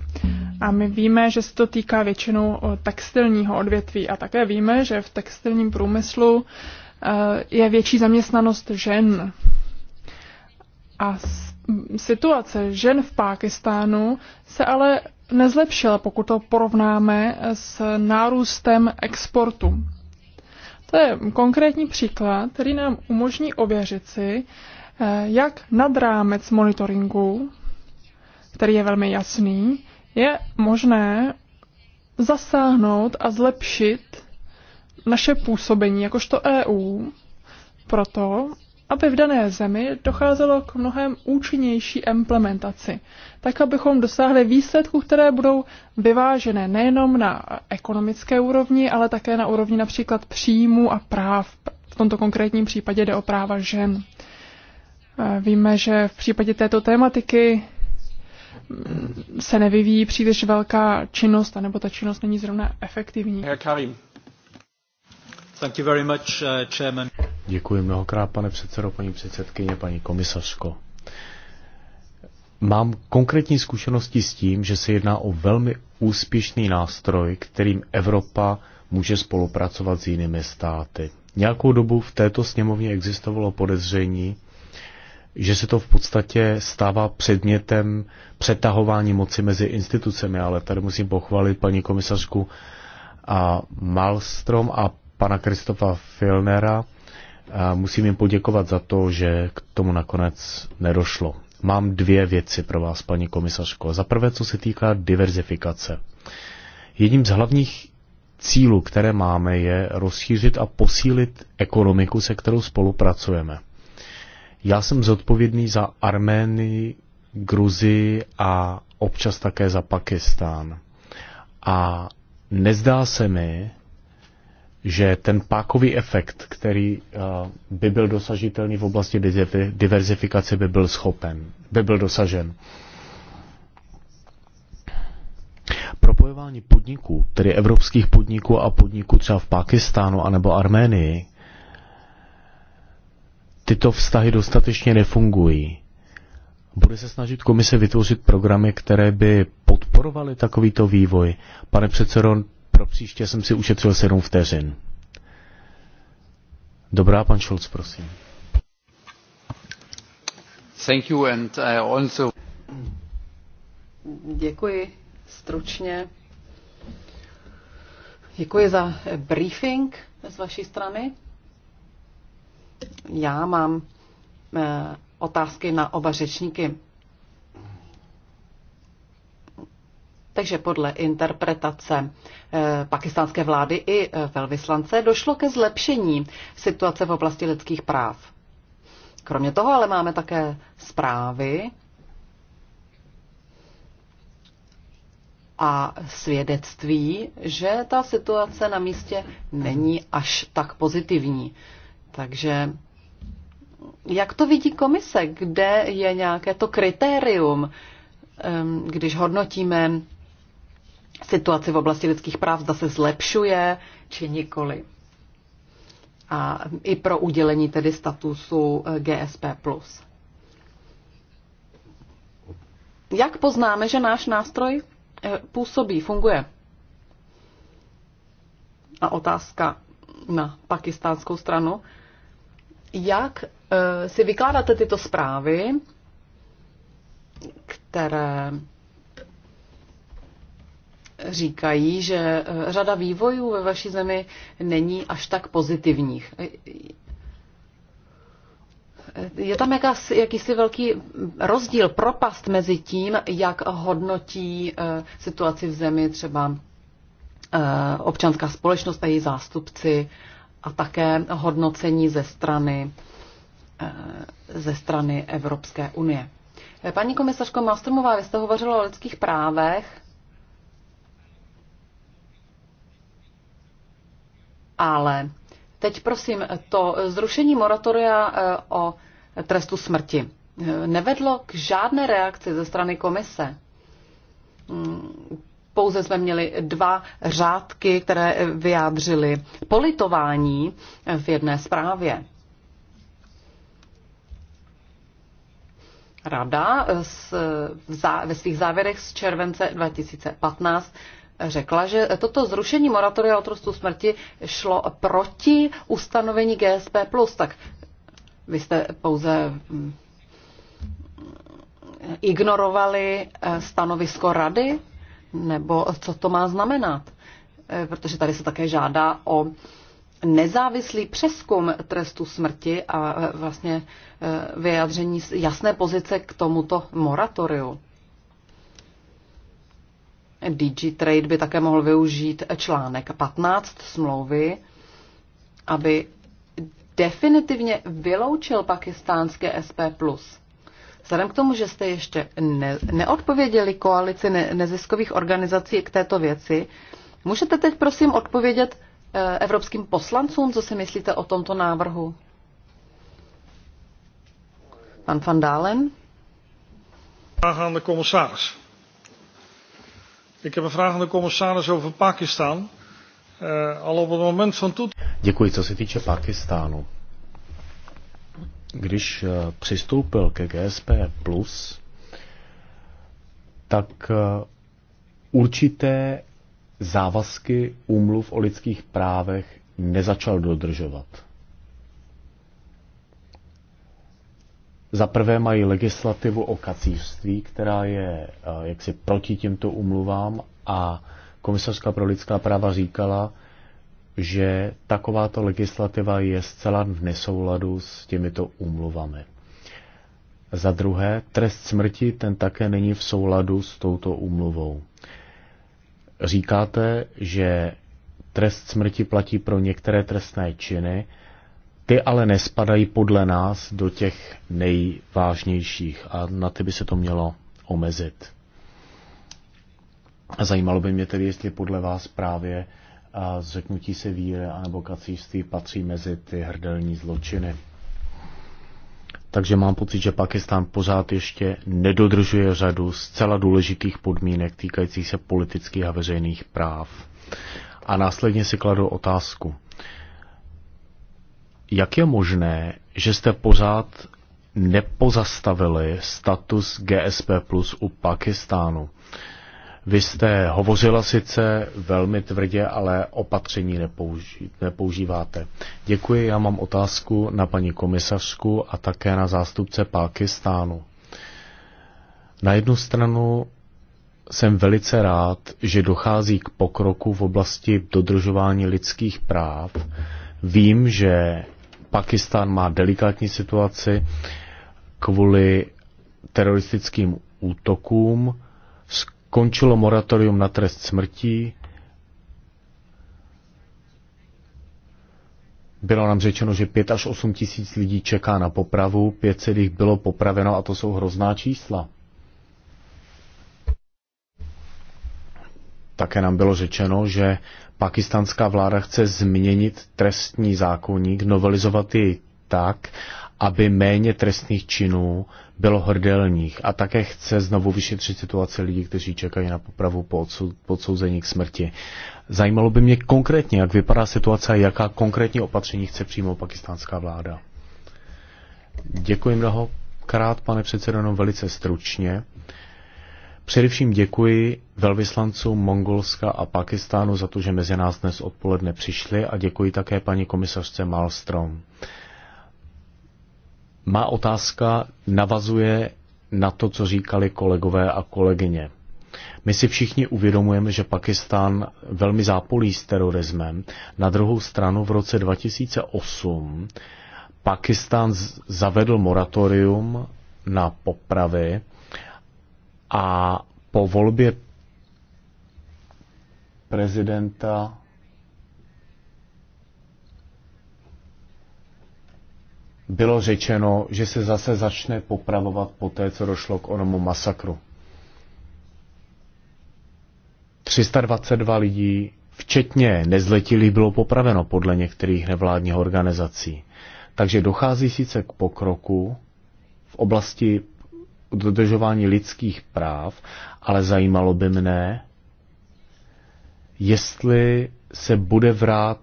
A my víme, že se to týká většinou eh, textilního odvětví. A také víme, že v textilním průmyslu je větší zaměstnanost žen. A situace žen v Pákistánu se ale nezlepšila, pokud to porovnáme s nárůstem exportu. To je konkrétní příklad, který nám umožní ověřit si, eh, jak nad rámec monitoringu, který je velmi jasný, je možné zasáhnout a zlepšit naše působení jakožto EU proto, aby v dané zemi docházelo k mnohem účinnější implementaci, tak abychom dosáhli výsledků, které budou vyvážené nejenom na ekonomické úrovni, ale také na úrovni například příjmů a práv. V tomto konkrétním případě jde o práva žen. Eh, víme, že v případě této tématiky mm, se nevyvíjí příliš velká činnost, anebo ta činnost není zrovna efektivní. Herr Karim. Uh, Děkuji mnohokrát, pane předsedo, paní předsedkyně, paní komisařko. Mám konkrétní zkušenosti s tím, že se jedná o velmi úspěšný nástroj, kterým Evropa může spolupracovat s jinými státy. Nějakou dobu v této sněmovně existovalo podezření, že se to v podstatě stává předmětem přetahování moci mezi institucemi, ale tady musím pochválit paní komisařku a Malstrom a pana Kristofa Filnera. A musím jim poděkovat za to, že k tomu nakonec nedošlo. Mám dvě věci pro vás, paní komisařko. Za prvé, co se týká diverzifikace. Jedním z hlavních cílů, které máme, je rozšířit a posílit ekonomiku, se kterou spolupracujeme. Já jsem zodpovědný za Arménii, Gruzi a občas také za Pakistán. A nezdá se mi, že ten pákový efekt, který eh, by byl dosažitelný v oblasti diverzifikace, by byl schopen, by byl dosažen. Propojování podniků, tedy evropských podniků a podniků třeba v Pakistánu anebo Arménii, tyto vztahy dostatečně nefungují. Bude se snažit komise vytvořit programy, které by podporovaly takovýto vývoj. Pane předsedo, pro příště jsem si ušetřil 7 vteřin. Dobrá, pan Schulz, prosím. Thank you and I also... Děkuji stručně. Děkuji za briefing z vaší strany. Já mám eh, otázky na oba řečníky. Takže podle interpretace eh, pakistánské vlády i eh, velvyslance došlo ke zlepšení situace v oblasti lidských práv. Kromě toho ale máme také zprávy a svědectví, že ta situace na místě není až tak pozitivní. Takže jak to vidí komise? Kde je nějaké to kritérium, ehm, když hodnotíme situaci v oblasti lidských práv, zda se zlepšuje či nikoli. A i pro udělení tedy statusu eh, GSP+. Jak poznáme, že náš nástroj eh, působí, funguje? A otázka na pakistánskou stranu. Jak eh, si vykládáte tyto zprávy, které říkají, že e, řada vývojů ve vaší zemi není až tak pozitivních. E, e, je tam jakás, jakýsi velký rozdíl, propast mezi tím, jak hodnotí situaci v zemi třeba občanská společnost a její zástupci a také hodnocení ze strany, ze strany Evropské unie. Paní komisařko Mastromová vy jste hovořila o lidských právech ale teď prosím, to zrušení moratoria eh, o trestu smrti eh, nevedlo k žádné reakci ze strany komise. Mm, pouze jsme měli dva řádky, které vyjádřily politování eh, v jedné zprávě. Rada ve svých závěrech z července 2015 řekla, že toto zrušení moratoria o trestu smrti šlo proti ustanovení GSP+. Tak vy jste pouze mm, ignorovali eh, stanovisko rady? Nebo co to má znamenat? Eh, protože tady se také žádá o nezávislý přeskum trestu smrti a eh, vlastně vyjádření jasné pozice k tomuto moratoriu. DigiTrade by také mohl využít článek 15 smlouvy, aby definitivně vyloučil pakistánské SP+. Vzhledem k tomu, že jste ještě ne, neodpověděli koalici ne, neziskových organizací k této věci, můžete teď prosím odpovědět e, evropským poslancům, co si myslíte o tomto návrhu? Pan van Dalen? Aangaande commissaris. Ik heb een vraag aan de commissaris over Pakistan. Eh, al op het moment van toet... Děkuji, co se týče Pakistánu. Když eh, přistoupil ke GSP+, tak eh, určité závazky úmluv o lidských právech nezačal dodržovat. Za prvé mají legislativu o kacířství, která je eh, jaksi proti těmto umluvám a komisařka pro lidská práva říkala, že takováto legislativa je zcela v nesouladu s těmito umluvami. Za druhé, trest smrti ten také není v souladu s touto úmluvou. Říkáte, že trest smrti platí pro některé trestné činy, ty ale nespadají podle nás do těch nejvážnějších a na ty by se to mělo omezit. A zajímalo by mě tedy, jestli podle vás právě zřeknutí se víry anebo kacířství patří mezi ty hrdelní zločiny. Takže mám pocit, že Pakistán pořád ještě nedodržuje řadu zcela důležitých podmínek týkajících se politických a veřejných práv. A následně si kladu otázku, jak je možné, že jste pořád nepozastavili status GSP plus u Pakistánu? Vy jste hovořila sice velmi tvrdě, ale opatření nepouží, nepoužíváte. Děkuji, já mám otázku na paní komisařku a také na zástupce Pakistánu. Na jednu stranu jsem velice rád, že dochází k pokroku v oblasti dodržování lidských práv. Vím, že Pakistán má delikátní situaci kvůli teroristickým útokům. Skončilo moratorium na trest smrti. Bylo nám řečeno, že 5 až 8 tisíc lidí čeká na popravu, 500 jich bylo popraveno a to jsou hrozná čísla. Také nám bylo řečeno, že pakistánská vláda chce změnit trestní zákonník, novelizovat jej tak, aby méně trestných činů bylo hrdelních a také chce znovu vyšetřit situaci lidí, kteří čekají na popravu po podsouzení k smrti. Zajímalo by mě konkrétně, jak vypadá situace a jaká konkrétní opatření chce přijmout pakistánská vláda. Děkuji mnohokrát, pane předsedo, velice stručně. Především děkuji velvyslancům Mongolska a Pakistánu za to, že mezi nás dnes odpoledne přišli a děkuji také paní komisařce Malstrom. Má otázka navazuje na to, co říkali kolegové a kolegyně. My si všichni uvědomujeme, že Pakistán velmi zápolí s terorismem. Na druhou stranu v roce 2008 Pakistán zavedl moratorium na popravy a po volbě prezidenta bylo řečeno, že se zase začne popravovat po té, co došlo k onomu masakru. 322 lidí, včetně nezletilých, bylo popraveno podle některých nevládních organizací. Takže dochází sice k pokroku v oblasti dodržování lidských práv, ale zajímalo by mne, jestli se bude vrát,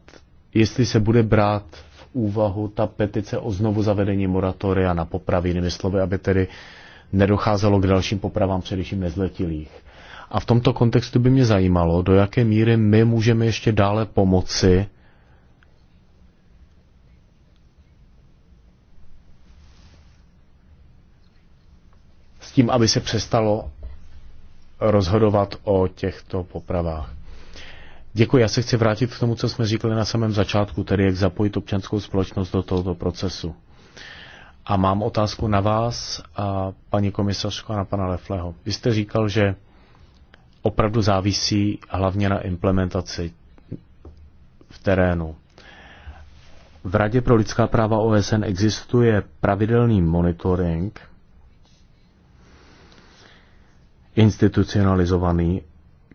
jestli se bude brát v úvahu ta petice o znovu zavedení moratoria na popravy, jinými slovy, aby tedy nedocházelo k dalším popravám především nezletilých. A v tomto kontextu by mě zajímalo, do jaké míry my můžeme ještě dále pomoci tím, aby se přestalo rozhodovat o těchto popravách. Děkuji, já se chci vrátit k tomu, co jsme říkali na samém začátku, tedy jak zapojit občanskou společnost do tohoto procesu. A mám otázku na vás, a paní komisařko, a na pana Lefleho. Vy jste říkal, že opravdu závisí hlavně na implementaci v terénu. V Radě pro lidská práva OSN existuje pravidelný monitoring institucionalizovaný,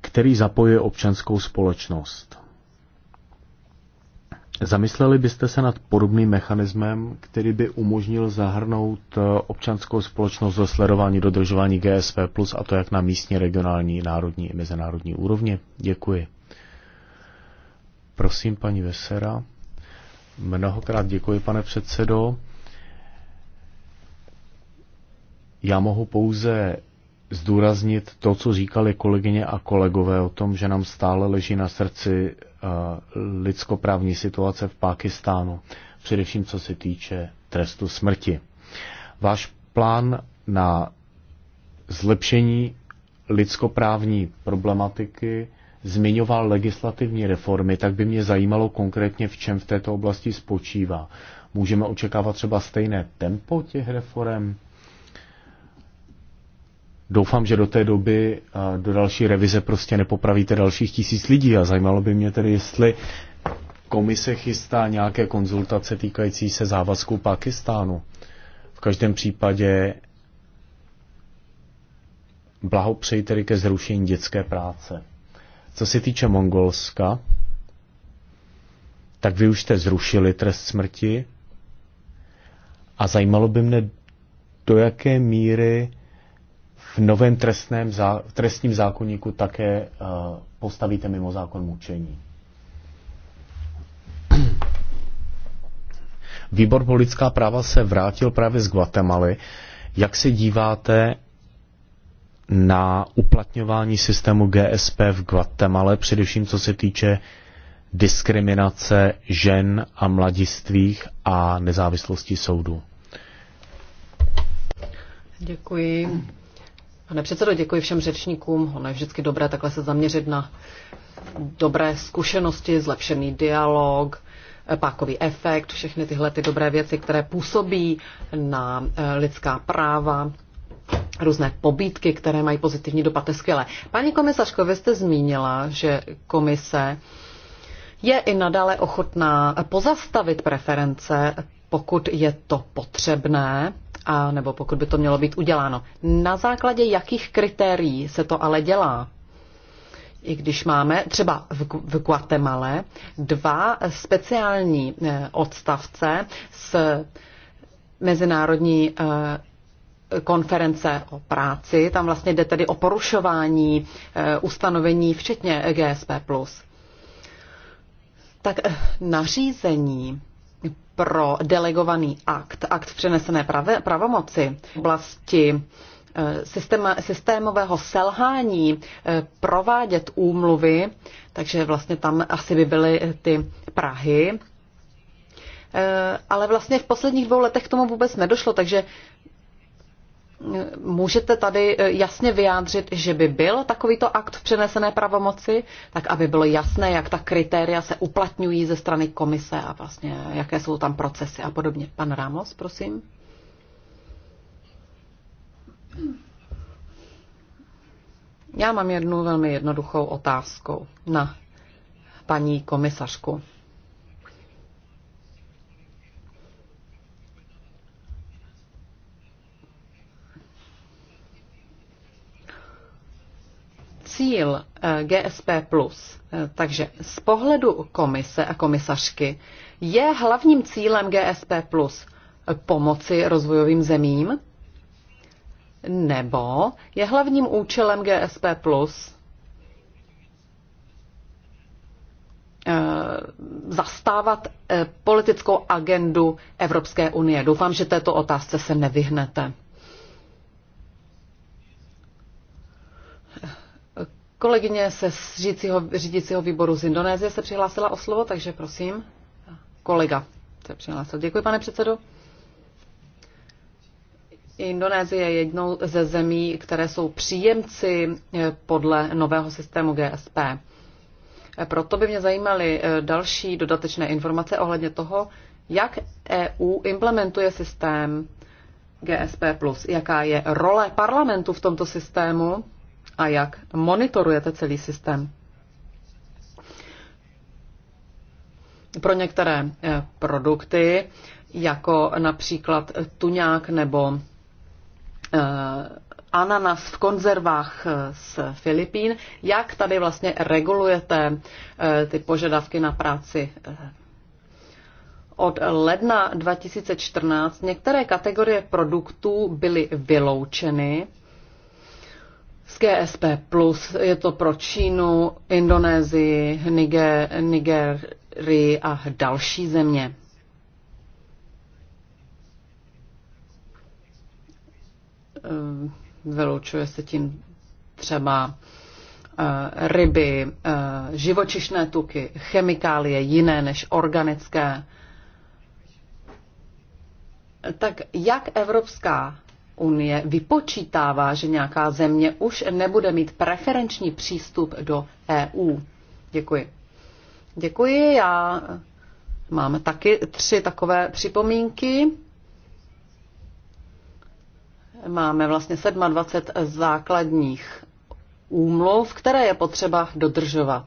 který zapojuje občanskou společnost. Zamysleli byste se nad podobným mechanismem, který by umožnil zahrnout eh, občanskou společnost do sledování dodržování GSV+, a to jak na místní, regionální, národní i mezinárodní úrovni? Děkuji. Prosím, paní Vesera. Mnohokrát děkuji, pane předsedo. Já mohu pouze zdůraznit to, co říkali kolegyně a kolegové o tom, že nám stále leží na srdci eh, lidskoprávní situace v Pákistánu, především co se týče trestu smrti. Váš plán na zlepšení lidskoprávní problematiky zmiňoval legislativní reformy, tak by mě zajímalo konkrétně, v čem v této oblasti spočívá. Můžeme očekávat třeba stejné tempo těch reform? doufám, že do té doby do další revize prostě nepopravíte dalších tisíc lidí a zajímalo by mě tedy, jestli komise chystá nějaké konzultace týkající se závazků Pakistánu. V každém případě blahopřeji tedy ke zrušení dětské práce. Co se týče Mongolska, tak vy už jste zrušili trest smrti a zajímalo by mne, do jaké míry v novém trestném, zá, trestním zákonníku také eh, postavíte mimo zákon mučení. Výbor pro lidská práva se vrátil právě z Guatemaly. Jak se díváte na uplatňování systému GSP v Guatemala, především co se týče diskriminace žen a mladistvých a nezávislosti soudu? Děkuji. Pane předsedo, děkuji všem řečníkům. Ono je vždycky dobré takhle se zaměřit na dobré zkušenosti, zlepšený dialog, pákový efekt, všechny tyhle ty dobré věci, které působí na eh, lidská práva, různé pobídky, které mají pozitivní dopad, je skvělé. Paní komisařko, vy jste zmínila, že komise je i nadále ochotná pozastavit preference, pokud je to potřebné, a nebo pokud by to mělo být uděláno. Na základě jakých kritérií se to ale dělá? I když máme třeba v, v Guatemale dva speciální eh, odstavce s mezinárodní eh, konference o práci, tam vlastně jde tedy o porušování eh, ustanovení, včetně GSP+. Tak nařízení pro delegovaný akt, akt přenesené prave, pravomoci v oblasti eh, systém, systémového selhání eh, provádět úmluvy, takže vlastně tam asi by byly eh, ty Prahy. Ale vlastně v posledních dvou letech k tomu vůbec nedošlo, takže Můžete tady eh, jasně vyjádřit, že by byl takovýto akt v přenesené pravomoci, tak aby bylo jasné, jak ta kritéria se uplatňují ze strany komise a vlastně jaké jsou tam procesy a podobně. Pan Ramos, prosím. Já mám jednu velmi jednoduchou otázku na paní komisařku. cíl eh, GSP+, eh, takže z pohledu komise a komisařky, je hlavním cílem GSP+, pomoci rozvojovým zemím? Nebo je hlavním účelem GSP eh, zastávat politickou agendu Evropské unie? Doufám, že této otázce se nevyhnete. Kolegyně se z řídícího, řídícího výboru z Indonésie se přihlásila o slovo, takže prosím, kolega se přihlásil. Děkuji, pane předsedo. Indonésie je jednou ze zemí, které jsou příjemci eh, podle nového systému GSP. Proto by mě zajímaly eh, další dodatečné informace ohledně toho, jak EU implementuje systém GSP+, jaká je role parlamentu v tomto systému a jak monitorujete celý systém. Pro některé eh, produkty, jako například tuňák nebo eh, ananas v konzervách eh, z Filipín. Jak tady vlastně regulujete ty požadavky na práci? Od ledna 2014 některé kategorie produktů byly vyloučeny z GSP+. Plus. Je to pro Čínu, Indonésii, Niger, Nigerii a další země. Eh, Vyloučuje se tím třeba eh, ryby, eh, živočišné tuky, chemikálie jiné než organické. Tak jak Evropská unie vypočítává, že nějaká země už nebude mít preferenční přístup do EU. Děkuji. Děkuji, já mám taky tři takové připomínky. Máme vlastně 27 základních úmluv, které je potřeba dodržovat.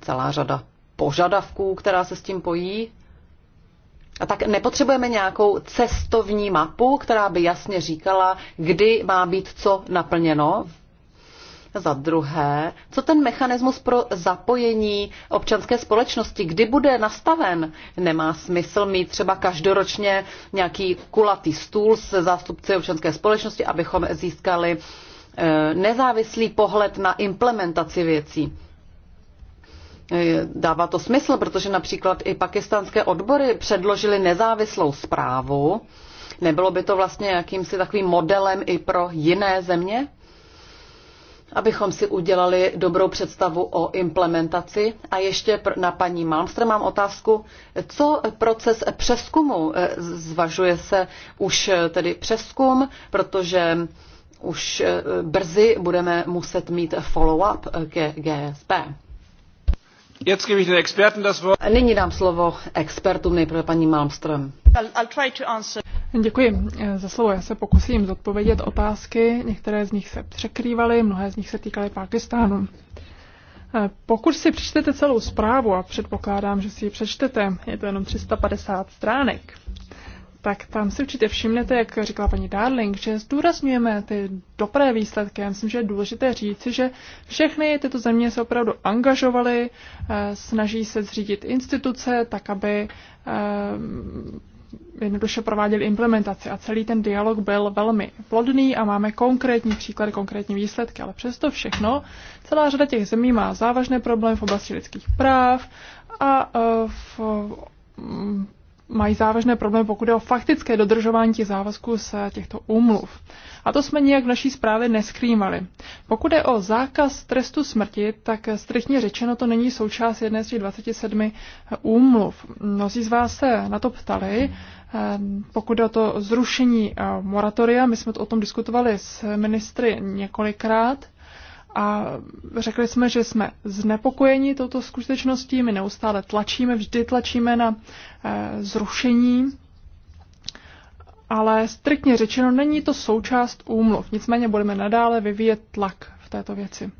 Celá řada požadavků, která se s tím pojí. A tak nepotřebujeme nějakou cestovní mapu, která by jasně říkala, kdy má být co naplněno. Za druhé, co ten mechanismus pro zapojení občanské společnosti, kdy bude nastaven? Nemá smysl mít třeba každoročně nějaký kulatý stůl se zástupci občanské společnosti, abychom získali eh, nezávislý pohled na implementaci věcí. Eh, dává to smysl, protože například i pakistánské odbory předložily nezávislou zprávu. Nebylo by to vlastně jakýmsi takovým modelem i pro jiné země? abychom si udělali dobrou představu o implementaci. A ještě na paní Malmström mám otázku, co proces přeskumu? Eh, zvažuje se už eh, tedy přeskum, protože už brzy budeme muset mít follow-up ke GSP. Nyní dám slovo expertům, nejprve paní Malmström. Děkuji eh, za slovo. Já se pokusím zodpovědět otázky. Některé z nich se překrývaly, mnohé z nich se týkaly Pákistánu. Eh, pokud si přečtete celou zprávu, a předpokládám, že si ji přečtete, je to jenom 350 stránek, tak tam si určitě všimnete, jak říkala paní Darling, že zdůrazňujeme ty dobré výsledky. Já myslím, že je důležité říci, že všechny tyto země se opravdu angažovaly, eh, snaží se zřídit instituce tak, aby eh, jednoduše prováděli implementaci a celý ten dialog byl velmi plodný a máme konkrétní příklady, konkrétní výsledky, ale přesto všechno celá řada těch zemí má závažné problémy v oblasti lidských práv a eh, v mají závažné problémy, pokud je o faktické dodržování těch závazků z těchto úmluv. A to jsme nijak v naší zprávě neskrývali. Pokud je o zákaz trestu smrti, tak striktně řečeno to není součást jedné z těch 27 úmluv. Mnozí z vás se na to ptali. Pokud je o to zrušení moratoria, my jsme to o tom diskutovali s ministry několikrát a řekli jsme, že jsme znepokojeni touto skutečností, my neustále tlačíme, vždy tlačíme na eh, zrušení, ale striktně řečeno není to součást úmluv. Nicméně budeme nadále vyvíjet tlak v této věci.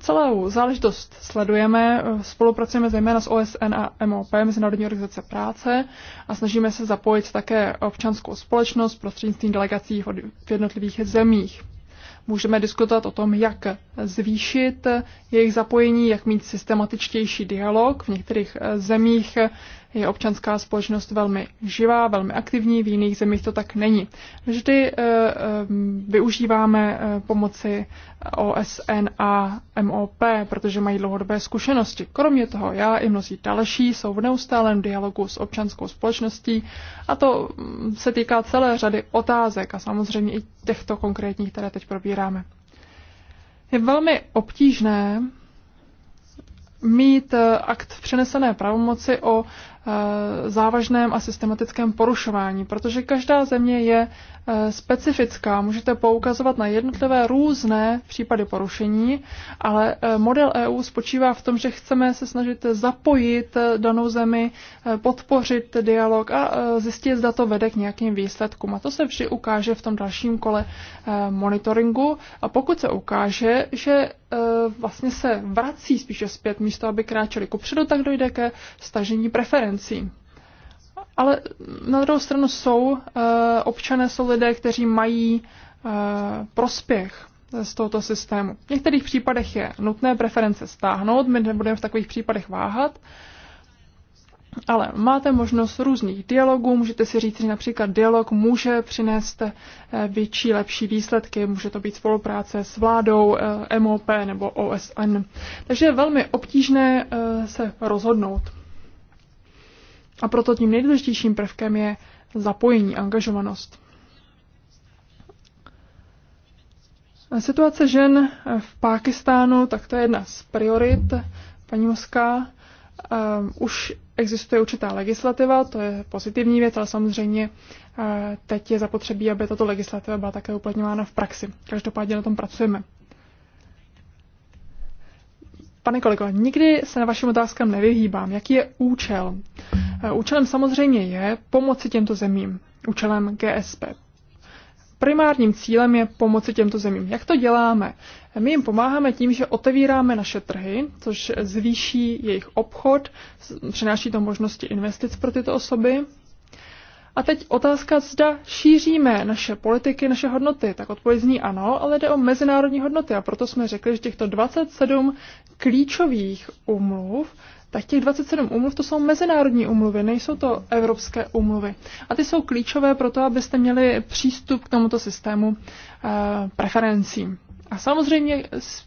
Celou záležitost sledujeme, spolupracujeme zejména s OSN a MOP, Mezinárodní organizace práce, a snažíme se zapojit také občanskou společnost prostřednictvím delegací v jednotlivých zemích. Můžeme diskutovat o tom, jak zvýšit jejich zapojení, jak mít systematičtější dialog. V některých eh, zemích je občanská společnost velmi živá, velmi aktivní, v jiných zemích to tak není. Vždy eh, eh, využíváme eh, pomoci OSN a MOP, protože mají dlouhodobé zkušenosti. Kromě toho já i mnozí další jsou v neustálém dialogu s občanskou společností a to mm, se týká celé řady otázek a samozřejmě i těchto konkrétních, které teď probíráme. Je velmi obtížné mít akt v přenesené pravomoci o Eh, závažném a systematickém porušování, protože každá země je eh, specifická. Můžete poukazovat na jednotlivé různé případy porušení, ale eh, model EU spočívá v tom, že chceme se snažit zapojit danou zemi, podpořit dialog a zjistit, zda to vede k nějakým výsledkům. A to se vždy ukáže v tom dalším kole monitoringu. A pokud se ukáže, že vlastně se vrací spíše zpět místo, aby kráčeli kupředu, tak dojde ke stažení preferencí kompetencí. Ale na druhou stranu jsou eh, občané, jsou lidé, kteří mají eh, prospěch z tohoto systému. V některých případech je nutné preference stáhnout, my nebudeme v takových případech váhat, ale máte možnost různých dialogů, můžete si říct, že například dialog může přinést eh, větší, lepší výsledky, může to být spolupráce s vládou, MOP nebo OSN. Takže je velmi obtížné se rozhodnout. A proto tím nejdůležitějším prvkem je zapojení, angažovanost. Situace žen v Pákistánu, tak to je jedna z priorit paní Moská. Ehm, už existuje určitá legislativa, to je pozitivní věc, ale samozřejmě eh, teď je zapotřebí, aby tato legislativa byla také uplatňována v praxi. Každopádně na tom pracujeme. Pane kolego, nikdy se na vašim otázkám nevyhýbám. Jaký je účel? Eh, účelem samozřejmě je pomoci těmto zemím, účelem GSP. Primárním cílem je pomoci těmto zemím. Jak to děláme? Eh, my jim pomáháme tím, že otevíráme naše trhy, což zvýší jejich obchod, přináší to možnosti investic pro tyto osoby, a teď otázka, zda šíříme naše politiky, naše hodnoty. Tak odpověď zní ano, ale jde o mezinárodní hodnoty a proto jsme řekli, že těchto 27 klíčových umluv tak těch 27 umluv to jsou mezinárodní umluvy, nejsou to evropské umluvy. A ty jsou klíčové pro to, abyste měli přístup k tomuto systému e, eh, preferencí. A samozřejmě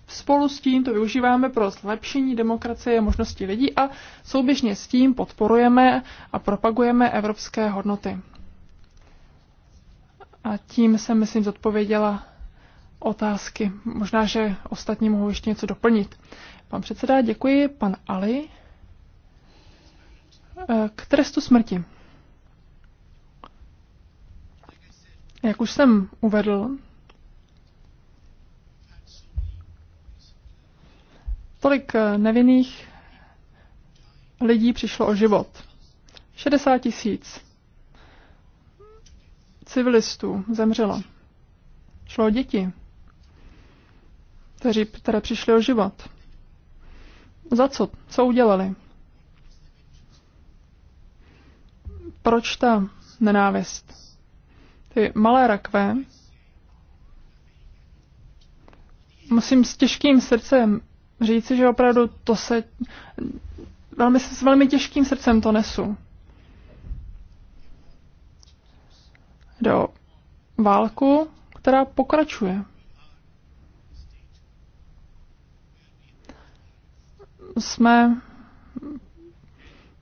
spolu s tím to využíváme pro zlepšení demokracie a možností lidí a souběžně s tím podporujeme a propagujeme evropské hodnoty. A tím jsem, myslím, zodpověděla otázky. Možná, že ostatní mohou ještě něco doplnit. Pan předseda, děkuji. Pan Ali. Eh, k trestu smrti. Jak už jsem uvedl, tolik eh, nevinných lidí přišlo o život. 60 tisíc civilistů zemřelo. Šlo o děti, kteří, které přišli o život. Za co? Co udělali? proč ta nenávist? Ty malé rakve musím s těžkým srdcem říci, že opravdu to se velmi, s velmi těžkým srdcem to nesu. Do válku, která pokračuje. Jsme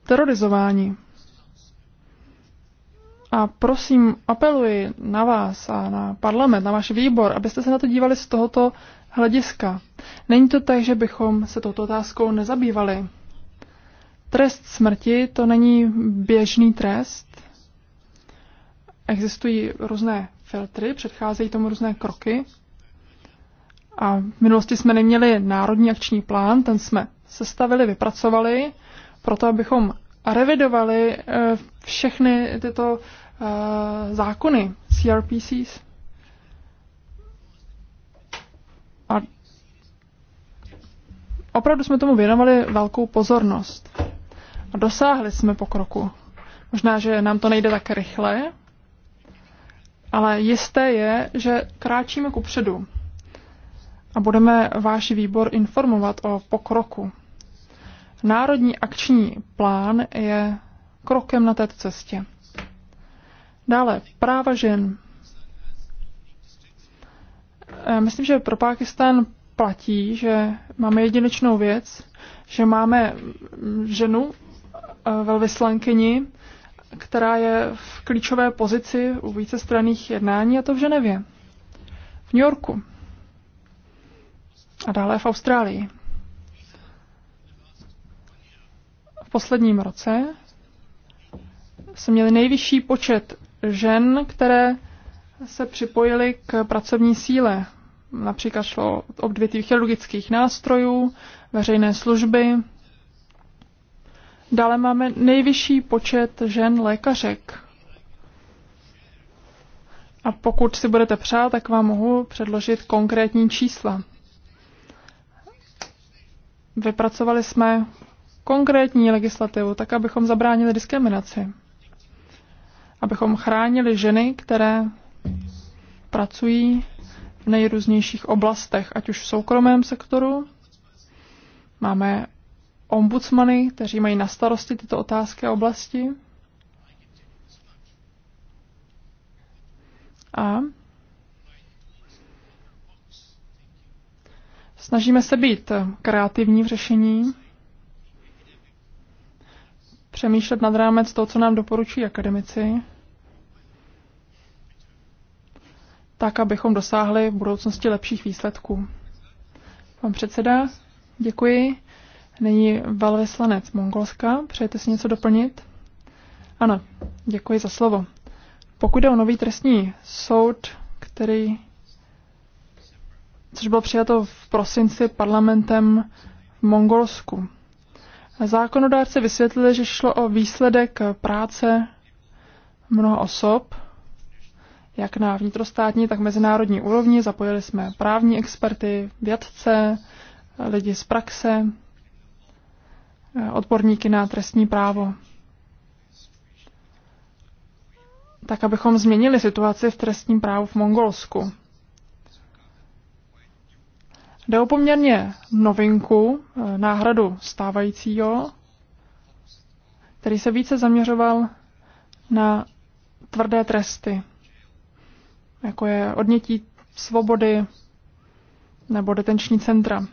terorizováni. A prosím, apeluji na vás a na parlament, na váš výbor, abyste se na to dívali z tohoto hlediska. Není to tak, že bychom se touto otázkou nezabývali. Trest smrti to není běžný trest. Existují různé filtry, předcházejí tomu různé kroky. A v minulosti jsme neměli národní akční plán, ten jsme sestavili, vypracovali, proto abychom revidovali eh, všechny tyto Eh, zákony, CRPCs. A opravdu jsme tomu věnovali velkou pozornost. A dosáhli jsme pokroku. Možná, že nám to nejde tak rychle, ale jisté je, že kráčíme ku předu a budeme váš výbor informovat o pokroku. Národní akční plán je krokem na této cestě. Dále, práva žen. E, myslím, že pro Pákistán platí, že máme jedinečnou věc, že máme ženu e, velvyslankyni, která je v klíčové pozici u více straných jednání, a to v Ženevě, v New Yorku a dále v Austrálii. V posledním roce jsme měli nejvyšší počet žen, které se připojily k pracovní síle. Například šlo o odvětví chirurgických nástrojů, veřejné služby. Dále máme nejvyšší počet žen lékařek. A pokud si budete přát, tak vám mohu předložit konkrétní čísla. Vypracovali jsme konkrétní legislativu, tak abychom zabránili diskriminaci abychom chránili ženy, které pracují v nejrůznějších oblastech, ať už v soukromém sektoru. Máme ombudsmany, kteří mají na starosti tyto otázky a oblasti. A snažíme se být kreativní v řešení přemýšlet nad rámec toho, co nám doporučí akademici, tak, abychom dosáhli v budoucnosti lepších výsledků. Pan předseda, děkuji. Není velvyslanec Mongolska. Přejete si něco doplnit? Ano, děkuji za slovo. Pokud jde o nový trestní soud, který, což bylo přijato v prosinci parlamentem v Mongolsku, Zákonodárci vysvětlili, že šlo o výsledek práce mnoha osob, jak na vnitrostátní, tak mezinárodní úrovni. Zapojili jsme právní experty, vědce, lidi z praxe, odborníky na trestní právo. Tak, abychom změnili situaci v trestním právu v Mongolsku. Jde o poměrně novinku, eh, náhradu stávajícího, který se více zaměřoval na tvrdé tresty, jako je odnětí svobody nebo detenční centra.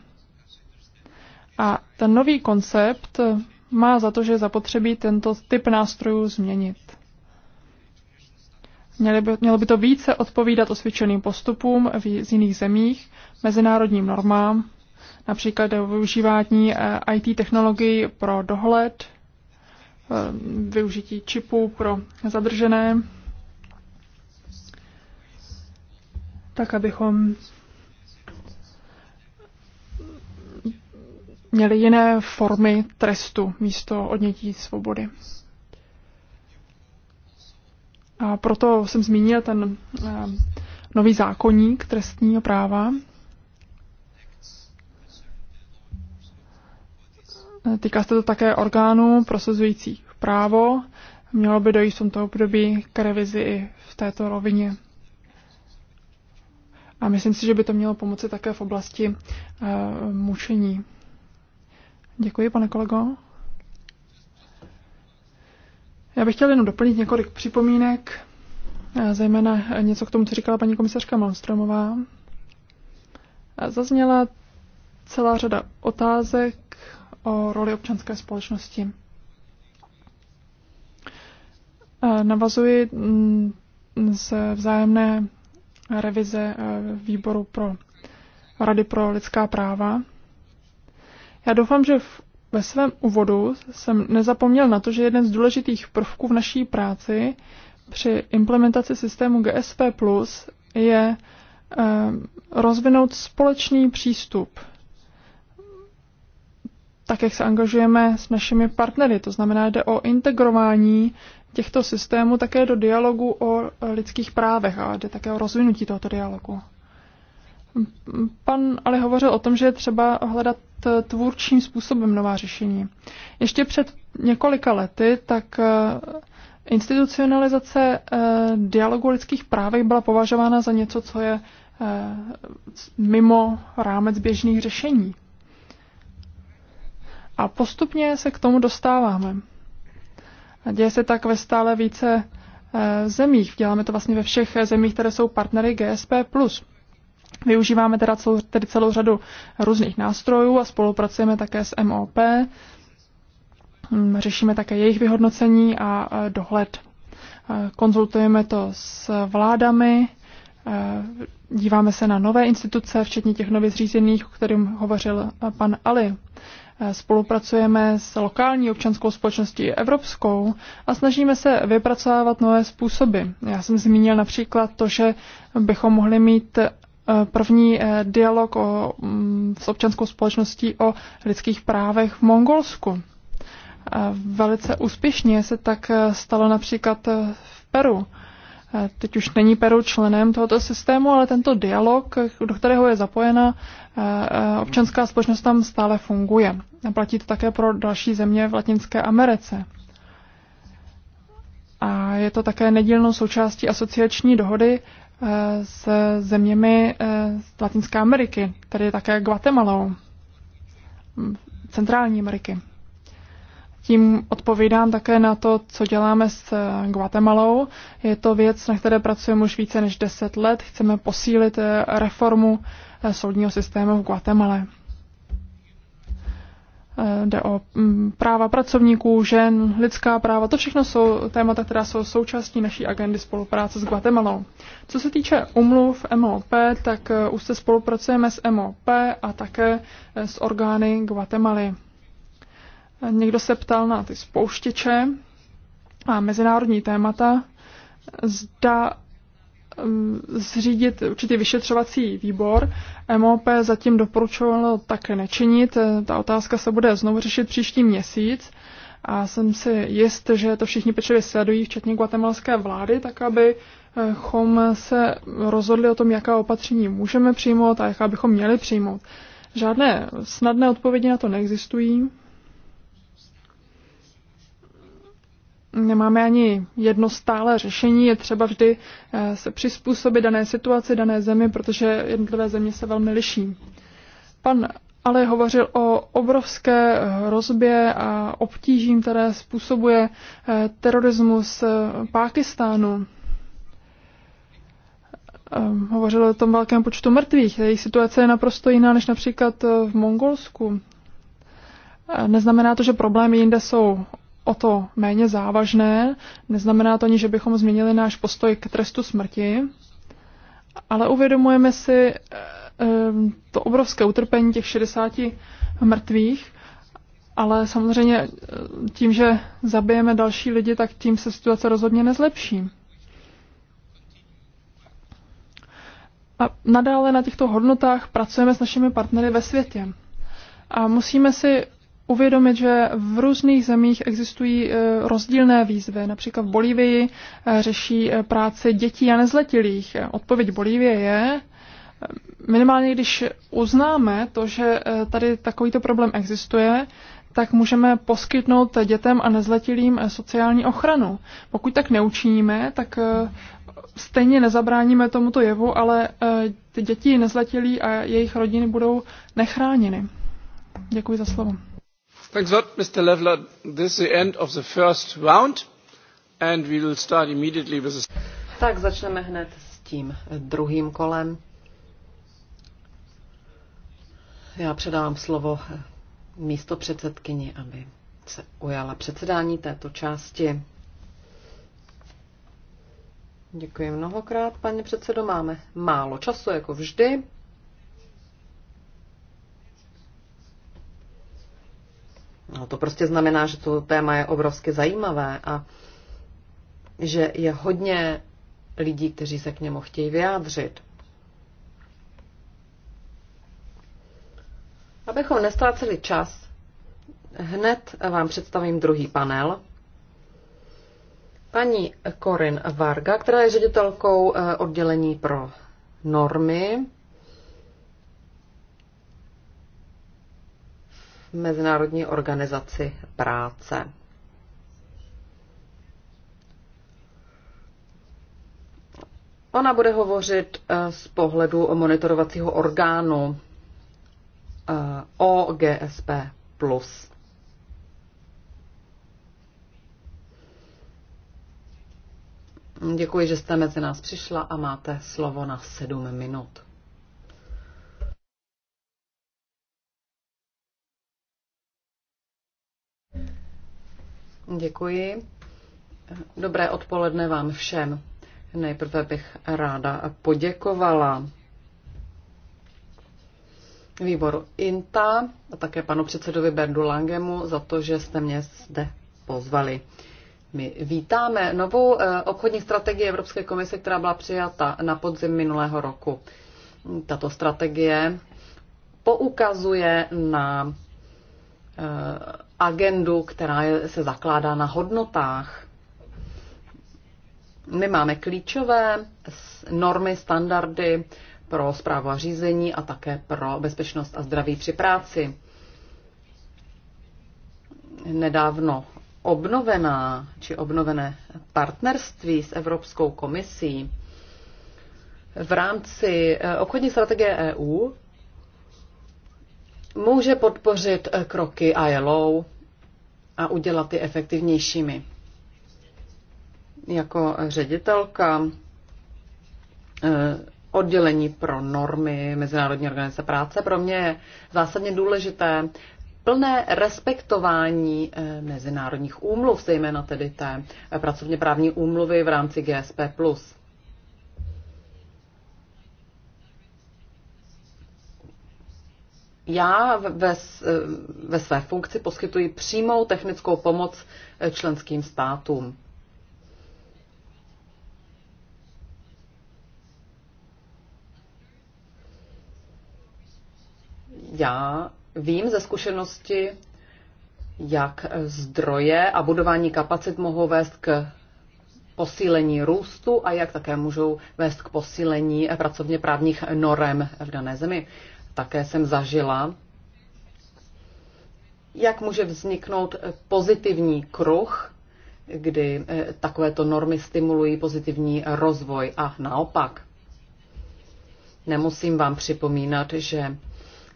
A ten nový koncept má za to, že zapotřebí tento typ nástrojů změnit. Mělo by, mělo by to více odpovídat osvědčeným postupům v z jiných zemích, mezinárodním normám, například využívání eh, IT technologií pro dohled, eh, využití čipů pro zadržené, tak abychom měli jiné formy trestu místo odnětí svobody. A proto jsem zmínil ten eh, nový zákonník trestního práva. Eh, týká se to také orgánů prosazujících právo. Mělo by dojít v tomto období k revizi i v této rovině. A myslím si, že by to mělo pomoci také v oblasti uh, mučení. Děkuji, pane kolego. Já bych chtěl jenom doplnit několik připomínek, eh, zejména něco k tomu, co říkala paní komisařka Malmstromová. Eh, zazněla celá řada otázek o roli občanské společnosti. Eh, navazuji mm, z vzájemné revize výboru pro Rady pro lidská práva. Já doufám, že v ve svém úvodu jsem nezapomněl na to, že jeden z důležitých prvků v naší práci při implementaci systému GSP Plus je eh, rozvinout společný přístup, tak jak se angažujeme s našimi partnery. To znamená, jde o integrování těchto systémů také do dialogu o eh, lidských právech a jde také o rozvinutí tohoto dialogu. Pan ale hovořil o tom, že je třeba hledat tvůrčím způsobem nová řešení. Ještě před několika lety tak eh, institucionalizace eh, dialogu lidských práv byla považována za něco, co je eh, mimo rámec běžných řešení. A postupně se k tomu dostáváme. A děje se tak ve stále více zemích. Děláme to vlastně ve všech zemích, které jsou partnery GSP+. Využíváme teda celou, tedy celou řadu různých nástrojů a spolupracujeme také s MOP. Mm, řešíme také jejich vyhodnocení a dohled. Konzultujeme to s vládami, díváme se na nové instituce, včetně těch nově zřízených, o kterým hovořil pan Ali. Spolupracujeme s lokální občanskou společností evropskou a snažíme se vypracovávat nové způsoby. Já jsem zmínil například to, že bychom mohli mít Eh, první eh, dialog o, mm, s občanskou společností o lidských právech v Mongolsku. Eh, velice úspěšně se tak stalo například v Peru. Teď už není Peru členem tohoto systému, ale tento dialog, do kterého je zapojena občanská společnost, tam stále funguje. Platí to také pro další země v Latinské Americe. A je to také nedílnou součástí asociační dohody Eh, s zeměmi eh, z Latinské Ameriky, tedy také Guatemalou, mm, Centrální Ameriky. Tím odpovídám také na to, co děláme s eh, Guatemalou. Je to věc, na které pracujeme už více než 10 let. Chceme posílit reformu soudního systému v Guatemale. Eh, jde o mm, práva pracovníků, žen, lidská práva, to všechno jsou témata, která jsou součástí naší agendy spolupráce s Guatemalou. Co se týče umluv MOP, tak eh, už se spolupracujeme s MOP a také eh, s orgány Guatemaly. Někdo se ptal na ty spouštěče a mezinárodní témata. Zda Um, zřídit určitě vyšetřovací výbor. MOP zatím doporučovalo také nečinit. Ta otázka se bude znovu řešit příští měsíc a jsem si jist, že to všichni pečlivě sledují, včetně guatemalské vlády, tak aby eh, chom se rozhodli o tom, jaká opatření můžeme přijmout a jaká bychom měli přijmout. Žádné snadné odpovědi na to neexistují. nemáme ani jedno stále řešení, je třeba vždy eh, se přizpůsobit dané situaci, dané zemi, protože jednotlivé země se velmi liší. Pan ale hovořil o obrovské hrozbě a obtížím, které způsobuje eh, terorismus eh, Pákistánu. Ehm, hovořil o tom velkém počtu mrtvých. Jejich situace je naprosto jiná než například v Mongolsku. Neznamená to, že problémy jinde jsou o to méně závažné. Neznamená to ani, že bychom změnili náš postoj k trestu smrti, ale uvědomujeme si eh, to obrovské utrpení těch 60 mrtvých, ale samozřejmě eh, tím, že zabijeme další lidi, tak tím se situace rozhodně nezlepší. A nadále na těchto hodnotách pracujeme s našimi partnery ve světě. A musíme si uvědomit, že v různých zemích existují e, rozdílné výzvy. Například v Bolívii e, řeší e, práce dětí a nezletilých. Odpověď Bolívie je, minimálně když uznáme to, že tady takovýto problém existuje, tak můžeme poskytnout dětem a nezletilým sociální ochranu. Pokud tak neučiníme, tak stejně nezabráníme tomuto jevu, ale ty děti nezletilí a jejich rodiny budou nechráněny. Děkuji za slovo. Thanks a lot, Mr. This is the end of the first round and we will start immediately with the... Tak začneme hned s tím druhým kolem. Já předávám slovo místo předsedkyni, aby se ujala předsedání této části. Děkuji mnohokrát, paní předsedo. Máme málo času, jako vždy. No to prostě znamená, že to téma je obrovsky zajímavé a že je hodně lidí, kteří se k němu chtějí vyjádřit. Abychom nestráceli čas, hned vám představím druhý panel. Paní Corin Varga, která je ředitelkou eh, oddělení pro normy Mezinárodní organizaci práce. Ona bude hovořit eh, z pohledu monitorovacího orgánu eh, OGSP+. Děkuji, že jste mezi nás přišla a máte slovo na sedm minut. Děkuji. Dobré odpoledne vám všem. Nejprve bych ráda poděkovala výboru INTA a také panu předsedovi Berdu Langemu za to, že jste mě zde pozvali. My vítáme novou eh, obchodní strategii Evropské komise, která byla přijata na podzim minulého roku. Tato strategie poukazuje na eh, agendu, která se zakládá na hodnotách. My máme klíčové normy, standardy pro zprávu a řízení a také pro bezpečnost a zdraví při práci. Nedávno obnovená či obnovené partnerství s Evropskou komisí v rámci eh, obchodní strategie EU může podpořit eh, kroky ILO a udělat je efektivnějšími. Jako ředitelka eh, oddělení pro normy Mezinárodní organizace práce pro mě je zásadně důležité plné respektování eh, mezinárodních úmluv, zejména tedy té pracovně právní úmluvy v rámci GSP+. Já ve, ve své funkci poskytuji přímou technickou pomoc eh, členským státům. Já vím ze zkušenosti, jak eh, zdroje a budování kapacit mohou vést k posílení růstu a jak také můžou vést k posílení eh, pracovně právních norem v dané zemi také jsem zažila, jak může vzniknout pozitivní kruh, kdy eh, takovéto normy stimulují pozitivní rozvoj a naopak. Nemusím vám připomínat, že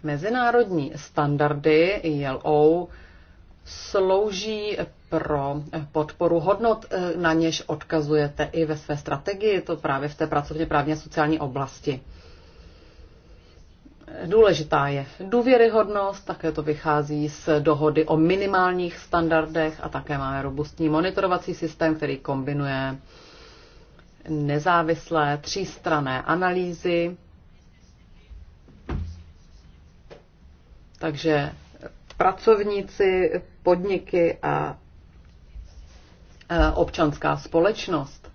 mezinárodní standardy ILO slouží pro podporu hodnot, eh, na něž odkazujete i ve své strategii, to právě v té pracovně právně sociální oblasti. Důležitá je důvěryhodnost, také to vychází z dohody o minimálních standardech a také máme robustní monitorovací systém, který kombinuje nezávislé třístrané analýzy. Takže pracovníci, podniky a e, občanská společnost.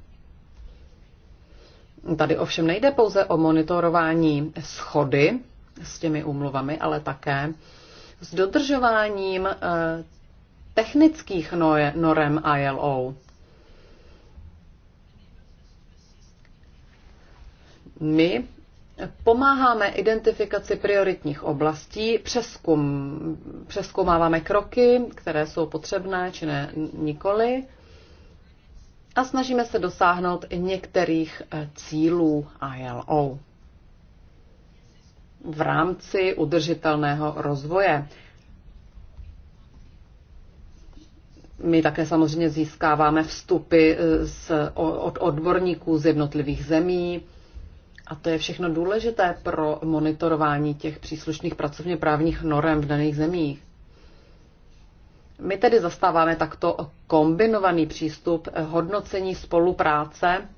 Tady ovšem nejde pouze o monitorování schody s těmi úmluvami, ale také s dodržováním eh, technických norem ILO. My pomáháme identifikaci prioritních oblastí, přeskum, přeskoumáváme kroky, které jsou potřebné či ne, nikoli a snažíme se dosáhnout i některých eh, cílů ILO v rámci udržitelného rozvoje. My také samozřejmě získáváme vstupy z, od odborníků z jednotlivých zemí a to je všechno důležité pro monitorování těch příslušných pracovně právních norem v daných zemích. My tedy zastáváme takto kombinovaný přístup hodnocení spolupráce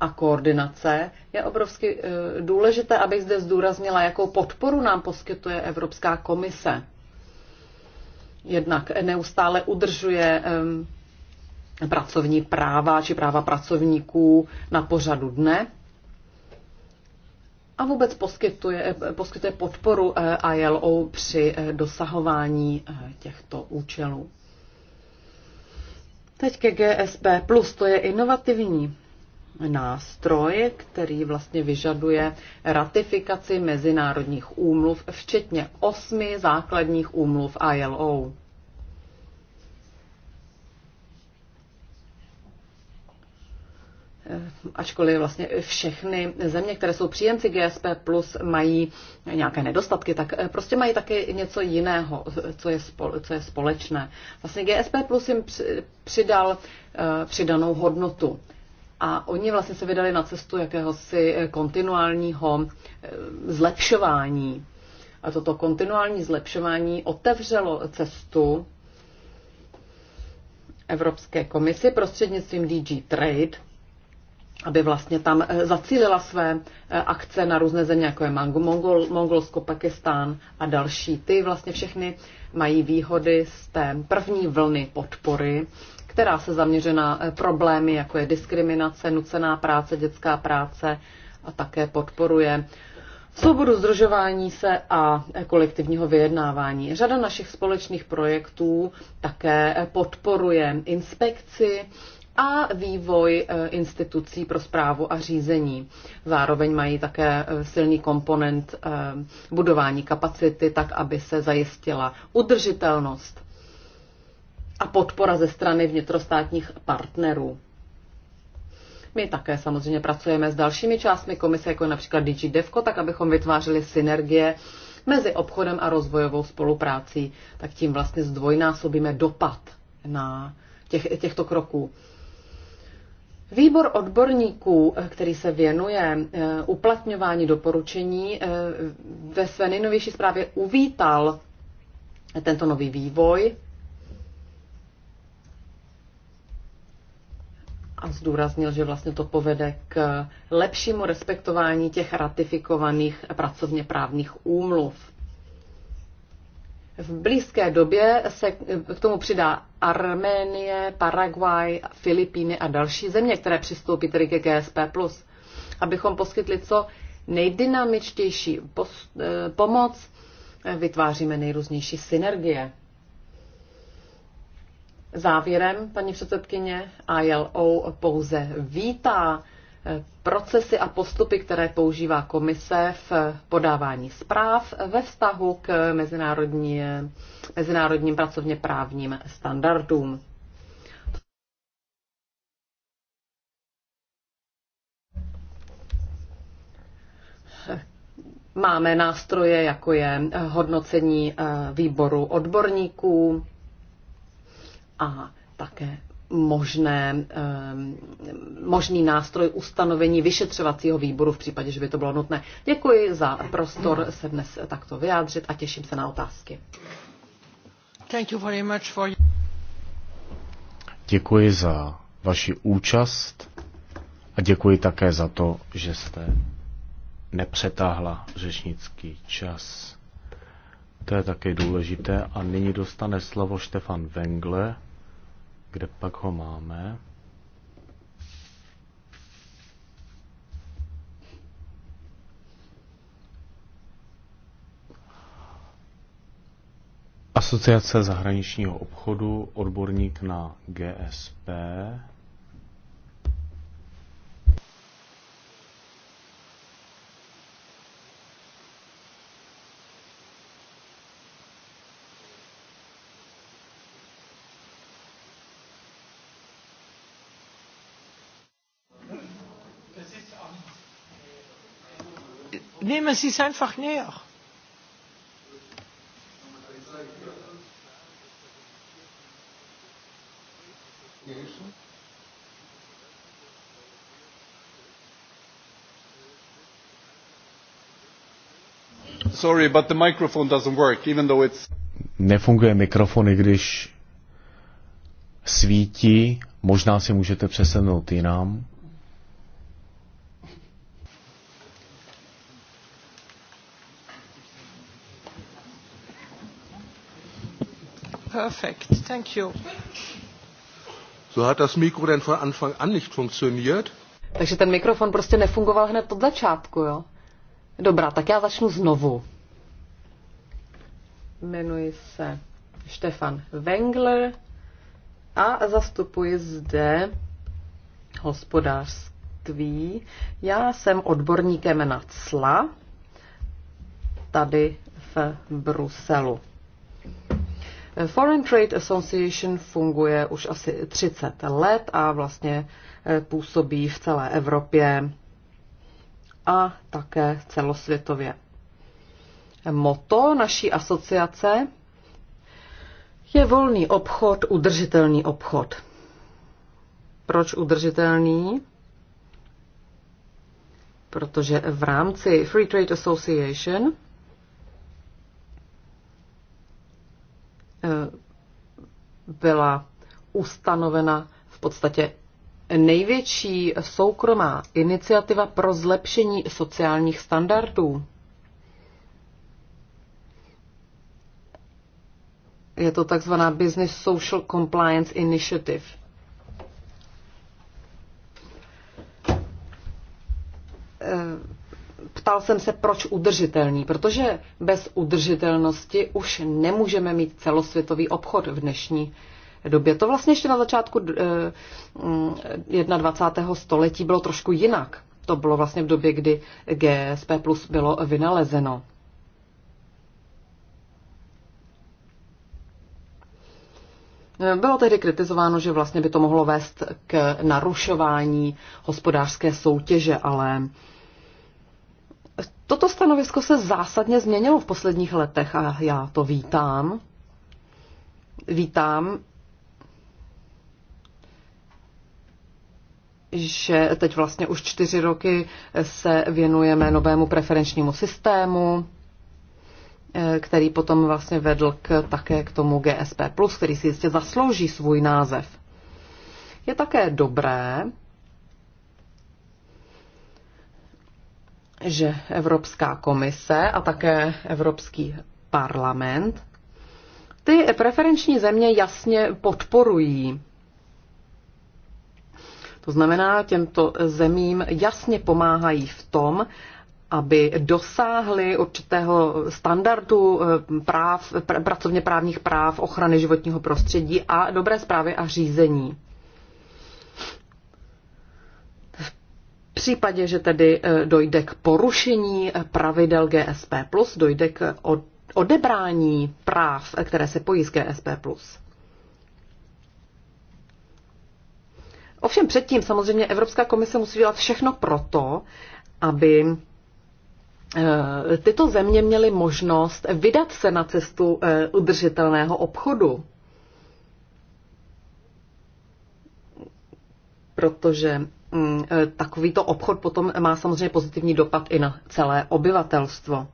a koordinace, je obrovsky eh, důležité, abych zde zdůraznila, jakou podporu nám poskytuje Evropská komise. Jednak neustále udržuje eh, pracovní práva či práva pracovníků na pořadu dne a vůbec poskytuje, eh, poskytuje podporu ILO při dosahování těchto účelů. Teď ke GSP+, to je inovativní nástroj, který vlastně vyžaduje ratifikaci mezinárodních úmluv, včetně osmi základních úmluv ILO. ačkoliv vlastně všechny země, které jsou příjemci GSP+, plus mají nějaké nedostatky, tak prostě mají taky něco jiného, co je, spole, co je společné. Vlastně GSP+, plus jim přidal eh, přidanou hodnotu. A oni vlastně se vydali na cestu jakéhosi eh, kontinuálního eh, zlepšování. A toto kontinuální zlepšování otevřelo cestu Evropské komisi prostřednictvím DG Trade, aby vlastně tam eh, zacílila své akce na různé země, jako je Mongol, Mongolsko, Pakistán a další. Ty vlastně všechny mají výhody z té první vlny podpory, která se zaměřuje na eh, problémy, jako je diskriminace, nucená práce, dětská práce a také podporuje svobodu združování se a eh, kolektivního vyjednávání. Řada našich společných projektů také eh, podporuje inspekci a vývoj institucí pro zprávu a řízení. Zároveň mají také silný komponent budování kapacity, tak aby se zajistila udržitelnost a podpora ze strany vnitrostátních partnerů. My také samozřejmě pracujeme s dalšími částmi komise, jako je například DG DEVCO, tak abychom vytvářeli synergie mezi obchodem a rozvojovou spoluprácí, tak tím vlastně zdvojnásobíme dopad na těch, těchto kroků. Výbor odborníků, který se věnuje eh, uplatňování doporučení, eh, ve své nejnovější zprávě uvítal tento nový vývoj a zdůraznil, že vlastně to povede k lepšímu respektování těch ratifikovaných pracovně právních úmluv. V blízké době se k tomu přidá Arménie, Paraguay, Filipíny a další země, které přistoupí tedy ke GSP+, abychom poskytli co nejdynamičtější eh, pomoc, vytváříme nejrůznější synergie. Závěrem, paní předsedkyně, ILO pouze vítá eh, procesy a postupy, které používá komise v podávání zpráv ve vztahu k mezinárodní, eh, mezinárodním pracovně právním standardům. Máme nástroje, jako je hodnocení eh, výboru odborníků, a také možné, ehm, možný nástroj ustanovení vyšetřovacího výboru v případě, že by to bylo nutné. Děkuji za prostor se dnes takto vyjádřit a těším se na otázky. Thank you very much for... Děkuji za vaši účast a děkuji také za to, že jste nepřetáhla řečnický čas. To je také důležité. A nyní dostane slovo Štefan Wengle, kde pak ho máme? Asociace zahraničního obchodu, odborník na GSP, nehmen Sie es einfach näher. Sorry, but the microphone doesn't work, even though it's... Nefunguje mikrofon, i když svítí. Možná si můžete přesednout jinam. Perfect. Thank you. So hat das Mikro denn von Anfang an nicht funktioniert. Takže ten mikrofon prostě nefungoval hned od začátku, jo? Dobrá, tak já začnu znovu. Jmenuji se Štefan Wengler a zastupuji zde hospodářství. Já jsem odborníkem na cla tady v Bruselu. Foreign Trade Association funguje už asi 30 let a vlastně eh, působí v celé Evropě a také celosvětově. Moto naší asociace je volný obchod, udržitelný obchod. Proč udržitelný? Protože v rámci Free Trade Association Eh, byla ustanovena v podstatě největší soukromá iniciativa pro zlepšení sociálních standardů. Je to takzvaná Business Social Compliance Initiative. Uh, ptal jsem se, proč udržitelný, protože bez udržitelnosti už nemůžeme mít celosvětový obchod v dnešní době. To vlastně ještě na začátku 21. Eh, mm, století bylo trošku jinak. To bylo vlastně v době, kdy GSP plus bylo vynalezeno. Bylo tehdy kritizováno, že vlastně by to mohlo vést k narušování hospodářské soutěže, ale Toto stanovisko se zásadně změnilo v posledních letech a já to vítám. Vítám, že teď vlastně už čtyři roky se věnujeme novému preferenčnímu systému, eh, který potom vlastně vedl k, také k tomu GSP+, který si jistě zaslouží svůj název. Je také dobré, že Evropská komise a také Evropský parlament ty preferenční země jasně podporují. To znamená, těmto zemím jasně pomáhají v tom, aby dosáhly určitého standardu eh, práv, pracovně právních práv, ochrany životního prostředí a dobré zprávy a řízení. případě, že tedy eh, dojde k porušení eh, pravidel GSP+, dojde k odebrání práv, které se pojí s GSP+. Ovšem předtím samozřejmě Evropská komise musí dělat všechno proto, aby eh, tyto země měly možnost vydat se na cestu udržitelného obchodu. Protože Mm, e, takovýto obchod potom má samozřejmě pozitivní dopad i na celé obyvatelstvo.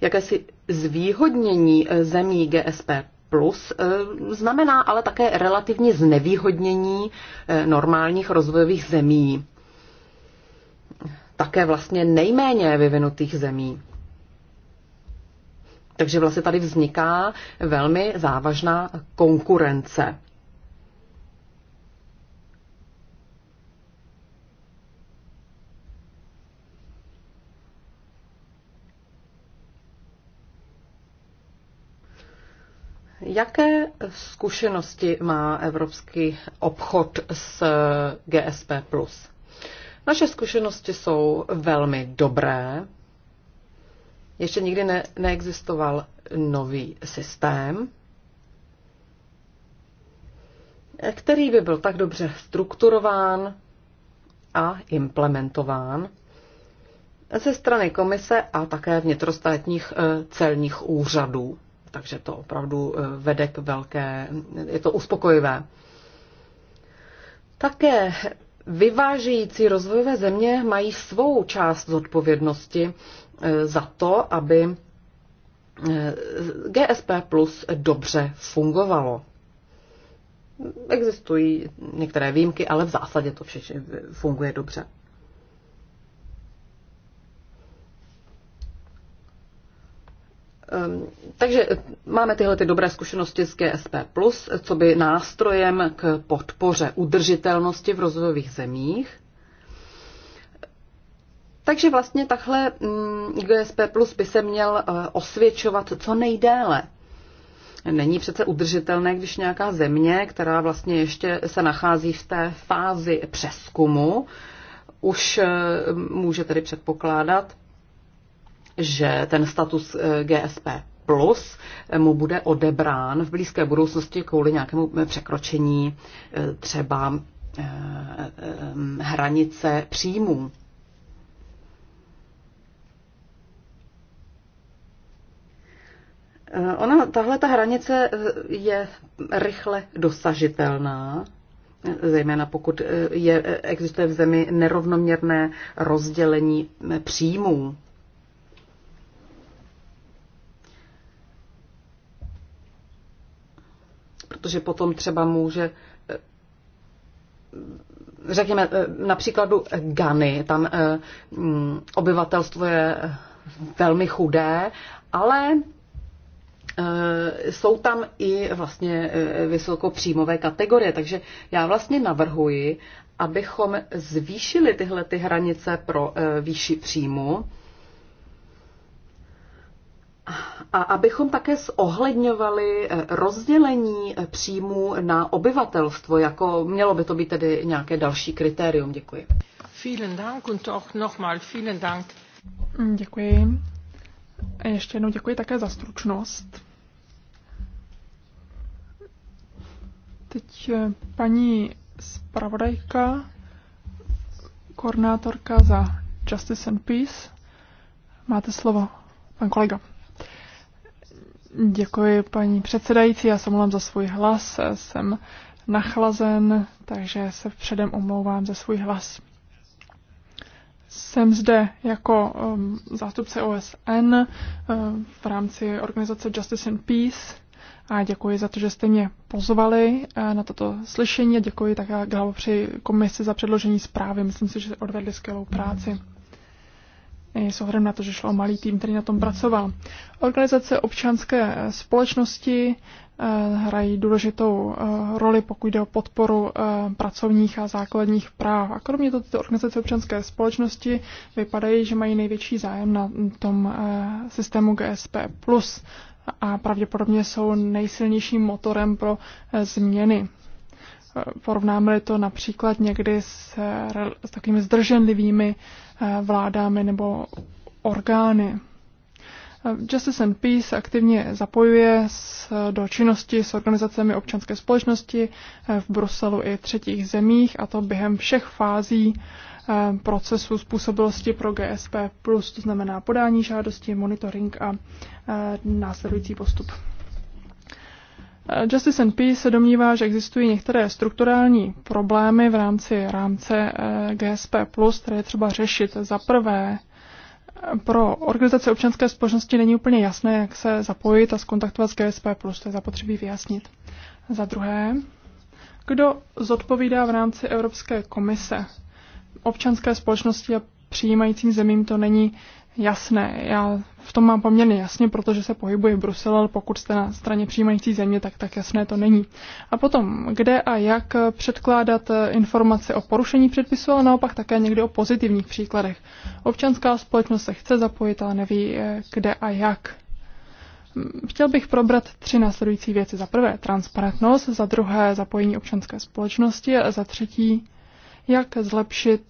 Jakési zvýhodnění e, zemí GSP plus e, znamená ale také relativně znevýhodnění normálních rozvojových zemí. Také vlastně nejméně vyvinutých zemí. Takže vlastně tady vzniká velmi závažná konkurence. Jaké zkušenosti má evropský obchod s GSP+. Naše zkušenosti jsou velmi dobré. Ještě nikdy ne, neexistoval nový systém, který by byl tak dobře strukturován a implementován ze strany komise a také vnitrostátních eh, celních úřadů takže to opravdu eh, vede k velké, je to uspokojivé. Také vyvážející rozvojové země mají svou část zodpovědnosti eh, za to, aby eh, GSP plus dobře fungovalo. Existují některé výjimky, ale v zásadě to všechno funguje dobře. Ehm, takže máme tyhle ty dobré zkušenosti z GSP+, co by nástrojem k podpoře udržitelnosti v rozvojových zemích. Takže vlastně takhle mm, GSP Plus by se měl eh, osvědčovat co nejdéle. Není přece udržitelné, když nějaká země, která vlastně ještě se nachází v té fázi přeskumu, už eh, může tedy předpokládat, že ten status eh, GSP plus eh, mu bude odebrán v blízké budoucnosti kvůli nějakému eh, překročení třeba hranice příjmů. Ona, tahle ta hranice je rychle dosažitelná, zejména pokud je, existuje v zemi nerovnoměrné rozdělení příjmů. protože potom třeba může eh, řekněme eh, na příkladu Gany, tam eh, mm, obyvatelstvo je velmi chudé, ale jsou tam i vlastně vysokopříjmové kategorie, takže já vlastně navrhuji, abychom zvýšili tyhle ty hranice pro výši příjmu, a abychom také zohledňovali eh, rozdělení eh, příjmů na obyvatelstvo, jako mělo by to být tedy nějaké další kritérium. Děkuji. Vielen Dank und auch nochmal vielen Dank. Mm, děkuji. A ještě jednou děkuji také za stručnost. Teď eh, paní zpravodajka, koordinátorka za Justice and Peace. Máte slovo, pan kolega. Děkuji, paní předsedající. Já se mluvám za svůj hlas. Jsem nachlazen, takže se předem omlouvám za svůj hlas. Jsem zde jako um, zástupce OSN um, uh, v rámci organizace Justice and Peace a děkuji za to, že jste mě pozvali uh, na toto slyšení a děkuji také Galvo při komisi za předložení zprávy. Myslím si, že odvedli skvělou práci. Mm s ohledem na to, že šlo o malý tým, který na tom pracoval. Organizace občanské eh, společnosti eh, hrají důležitou eh, roli, pokud jde o podporu pracovních a základních práv. A kromě toho tyto organizace občanské společnosti vypadají, že mají největší zájem na tom systému GSP+, a pravděpodobně jsou nejsilnějším motorem pro změny Porovnáme-li to například někdy s, s takovými zdrženlivými eh, vládami nebo orgány. Eh, Justice and Peace aktivně zapojuje s, do činnosti s organizacemi občanské společnosti eh, v Bruselu i třetích zemích, a to během všech fází procesu způsobilosti pro GSP+, to znamená podání žádosti, monitoring a následující postup. Justice and Peace se domnívá, že existují některé strukturální problémy v rámci rámce eh, GSP+, které je třeba řešit. Za prvé, pro organizace občanské společnosti není úplně jasné, jak se zapojit a skontaktovat s GSP+, to je zapotřebí vyjasnit. Za druhé, kdo zodpovídá v rámci Evropské komise? Občanské společnosti a přijímajícím zemím to není jasné. Já v tom mám poměrně jasně, protože se pohybuje v Bruselu, ale pokud jste na straně přijímající země, tak tak jasné to není. A potom, kde a jak předkládat eh, informace o porušení předpisu, ale naopak také někdy o pozitivních příkladech. Občanská společnost se chce zapojit, ale neví, eh, kde a jak. Mm, chtěl bych probrat tři následující věci. Za prvé transparentnost, za druhé zapojení občanské společnosti a za třetí, jak zlepšit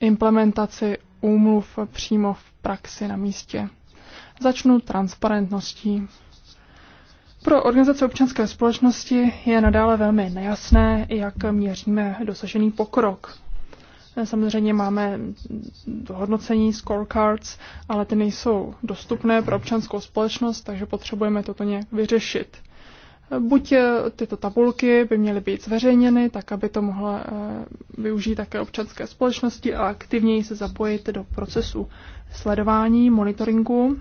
implementaci úmluv přímo v praxi na místě. Začnu transparentností. Pro organizace občanské společnosti je nadále velmi nejasné, jak měříme dosažený pokrok. Samozřejmě máme hodnocení scorecards, ale ty nejsou dostupné pro občanskou společnost, takže potřebujeme toto nějak vyřešit. Buď eh, tyto tabulky by měly být zveřejněny, tak aby to mohla eh, využít také občanské společnosti a aktivněji se zapojit do procesu sledování, monitoringu.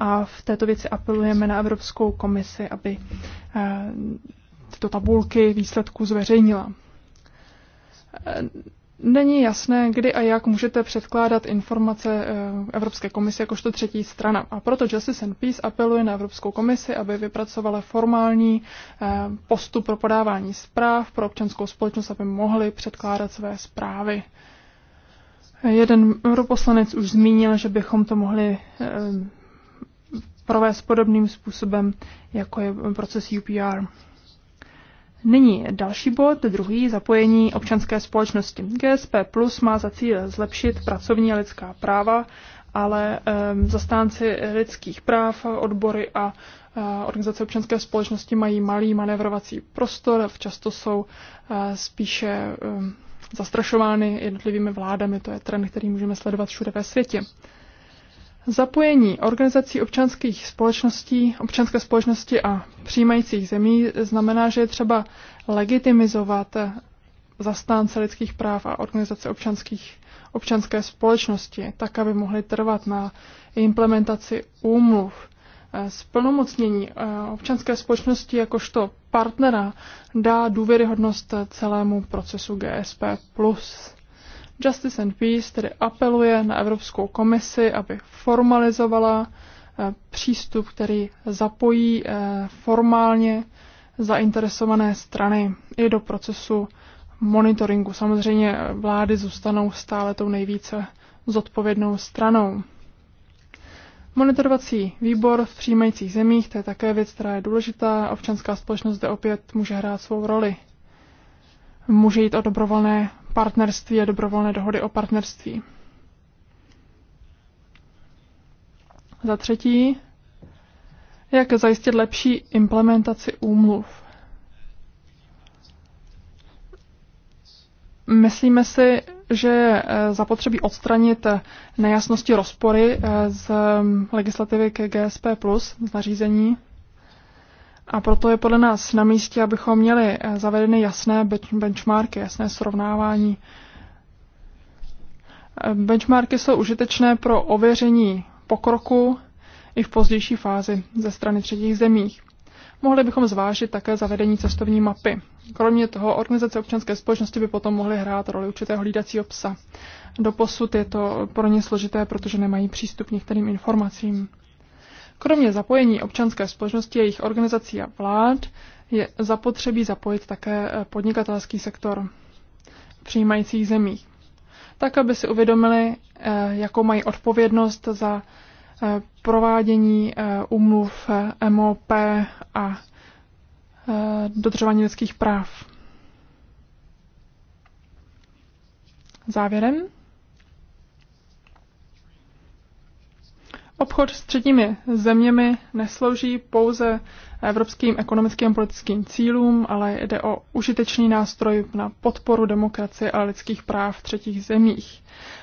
A v této věci apelujeme na Evropskou komisi, aby eh, tyto tabulky výsledků zveřejnila. Není jasné, kdy a jak můžete předkládat informace eh, Evropské komisi jakožto třetí strana. A proto Justice and Peace apeluje na Evropskou komisi, aby vypracovala formální eh, postup pro podávání zpráv pro občanskou společnost, aby mohli předkládat své zprávy. Jeden europoslanec už zmínil, že bychom to mohli eh, provést podobným způsobem, jako je proces UPR. Nyní další bod, druhý, zapojení občanské společnosti. GSP Plus má za cíl zlepšit pracovní a lidská práva, ale um, zastánci lidských práv, odbory a organizace občanské společnosti mají malý manevrovací prostor, často jsou e, spíše ehm, zastrašovány jednotlivými vládami. To je trend, který můžeme sledovat všude ve světě. Zapojení organizací občanských společností, občanské společnosti a přijímajících zemí znamená, že je třeba legitimizovat zastánce lidských práv a organizace občanských, občanské společnosti, tak, aby mohly trvat na implementaci úmluv. Splnomocnění eh, občanské společnosti jakožto partnera dá důvěryhodnost celému procesu GSP+. Justice and Peace tedy apeluje na Evropskou komisi, aby formalizovala eh, přístup, který zapojí eh, formálně zainteresované strany i do procesu monitoringu. Samozřejmě vlády zůstanou stále tou nejvíce zodpovědnou stranou. Monitorovací výbor v přijímajících zemích, to je také věc, která je důležitá. Občanská společnost zde opět může hrát svou roli. Může jít o dobrovolné partnerství a dobrovolné dohody o partnerství. Za třetí, jak zajistit lepší implementaci úmluv. Myslíme si, že je eh, zapotřebí odstranit eh, nejasnosti rozpory eh, z mm, legislativy k GSP+, z nařízení. A proto je podle nás na místě, abychom měli eh, zavedeny jasné benchmarky, jasné srovnávání. Eh, benchmarky jsou užitečné pro ověření pokroku i v pozdější fázi ze strany třetích zemí. Mohli bychom zvážit také zavedení cestovní mapy. Kromě toho organizace občanské společnosti by potom mohly hrát roli určitého hlídacího psa. Doposud je to pro ně složité, protože nemají přístup k některým informacím. Kromě zapojení občanské společnosti, jejich organizací a vlád je zapotřebí zapojit také eh, podnikatelský sektor v přijímajících zemích. Tak, aby si uvědomili, eh, jakou mají odpovědnost za eh, provádění umluv MOP a dodržování lidských práv. Závěrem Obchod s třetími zeměmi neslouží pouze evropským ekonomickým a politickým cílům, ale jde o užitečný nástroj na podporu demokracie a lidských práv v třetích zemích.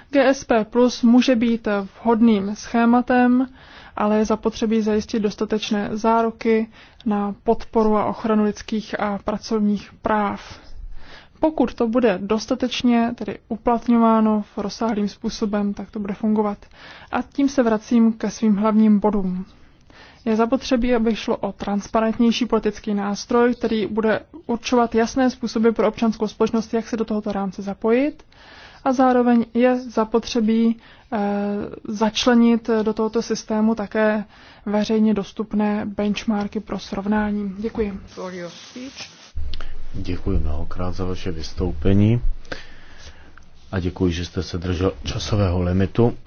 GSP Plus může být vhodným schématem, ale je zapotřebí zajistit dostatečné záruky na podporu a ochranu lidských a pracovních práv pokud to bude dostatečně tedy uplatňováno v rozsáhlým způsobem, tak to bude fungovat. A tím se vracím ke svým hlavním bodům. Je zapotřebí, aby šlo o transparentnější politický nástroj, který bude určovat jasné způsoby pro občanskou společnost, jak se do tohoto rámce zapojit. A zároveň je zapotřebí e, začlenit do tohoto systému také veřejně dostupné benchmarky pro srovnání. Děkuji. Děkuji mnohokrát za vaše vystoupení a děkuji, že jste se držel časového limitu.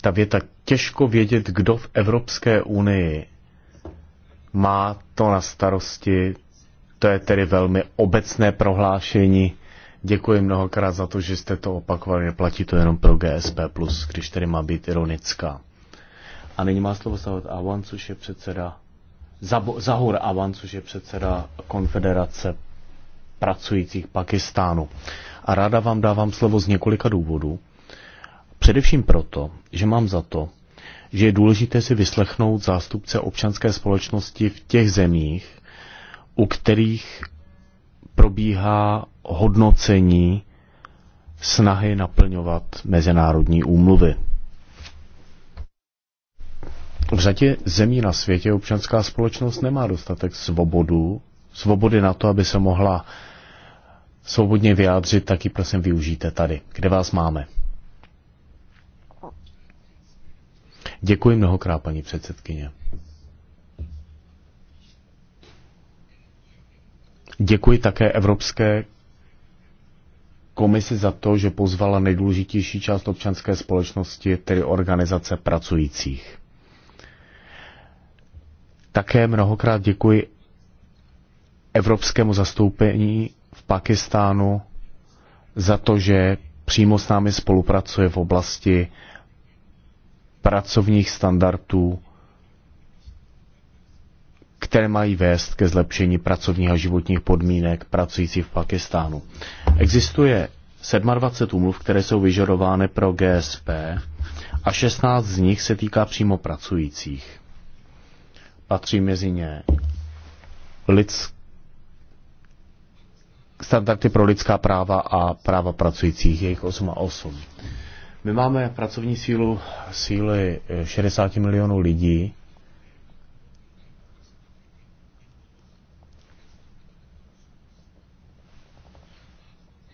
Ta věta těžko vědět, kdo v Evropské unii má to na starosti, to je tedy velmi obecné prohlášení. Děkuji mnohokrát za to, že jste to opakovali. Neplatí to jenom pro GSP+, když tedy má být ironická. A nyní má slovo Sahur Awan, což je předseda Zahur Awan, což je předseda Konfederace pracujících Pakistánu. A ráda vám dávám slovo z několika důvodů. Především proto, že mám za to, že je důležité si vyslechnout zástupce občanské společnosti v těch zemích, u kterých probíhá hodnocení snahy naplňovat mezinárodní úmluvy. V řadě zemí na světě občanská společnost nemá dostatek svobodu, svobody na to, aby se mohla svobodně vyjádřit, tak ji prosím využijte tady, kde vás máme. Děkuji mnohokrát, paní předsedkyně. Děkuji také Evropské komisi za to, že pozvala nejdůležitější část občanské společnosti, tedy organizace pracujících. Také mnohokrát děkuji evropskému zastoupení v Pakistánu za to, že přímo s námi spolupracuje v oblasti pracovních standardů, které mají vést ke zlepšení pracovních a životních podmínek pracujících v Pakistánu. Existuje 27 umluv, které jsou vyžadovány pro GSP a 16 z nich se týká přímo pracujících. Patří mezi ně lidsk... standardy pro lidská práva a práva pracujících, jejich 8 a 8. My máme pracovní sílu síly 60 milionů lidí,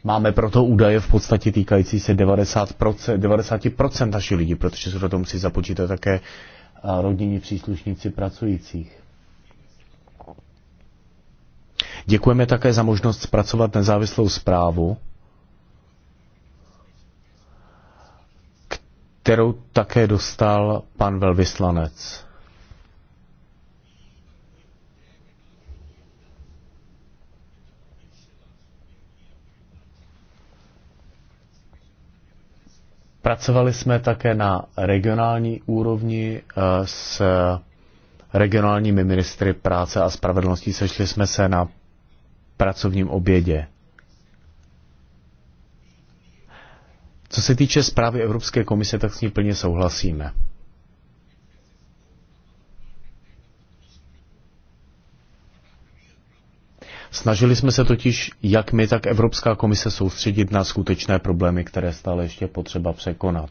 Máme proto údaje v podstatě týkající se 90%, 90% našich lidí, protože se do toho musí započítat také rodinní příslušníci pracujících. Děkujeme také za možnost zpracovat nezávislou zprávu, kterou také dostal pan velvyslanec. Pracovali jsme také na regionální úrovni eh, s regionálními ministry práce a spravedlnosti. Sešli jsme se na pracovním obědě. Co se týče zprávy Evropské komise, tak s ní plně souhlasíme. Snažili jsme se totiž, jak my, tak Evropská komise soustředit na skutečné problémy, které stále ještě potřeba překonat.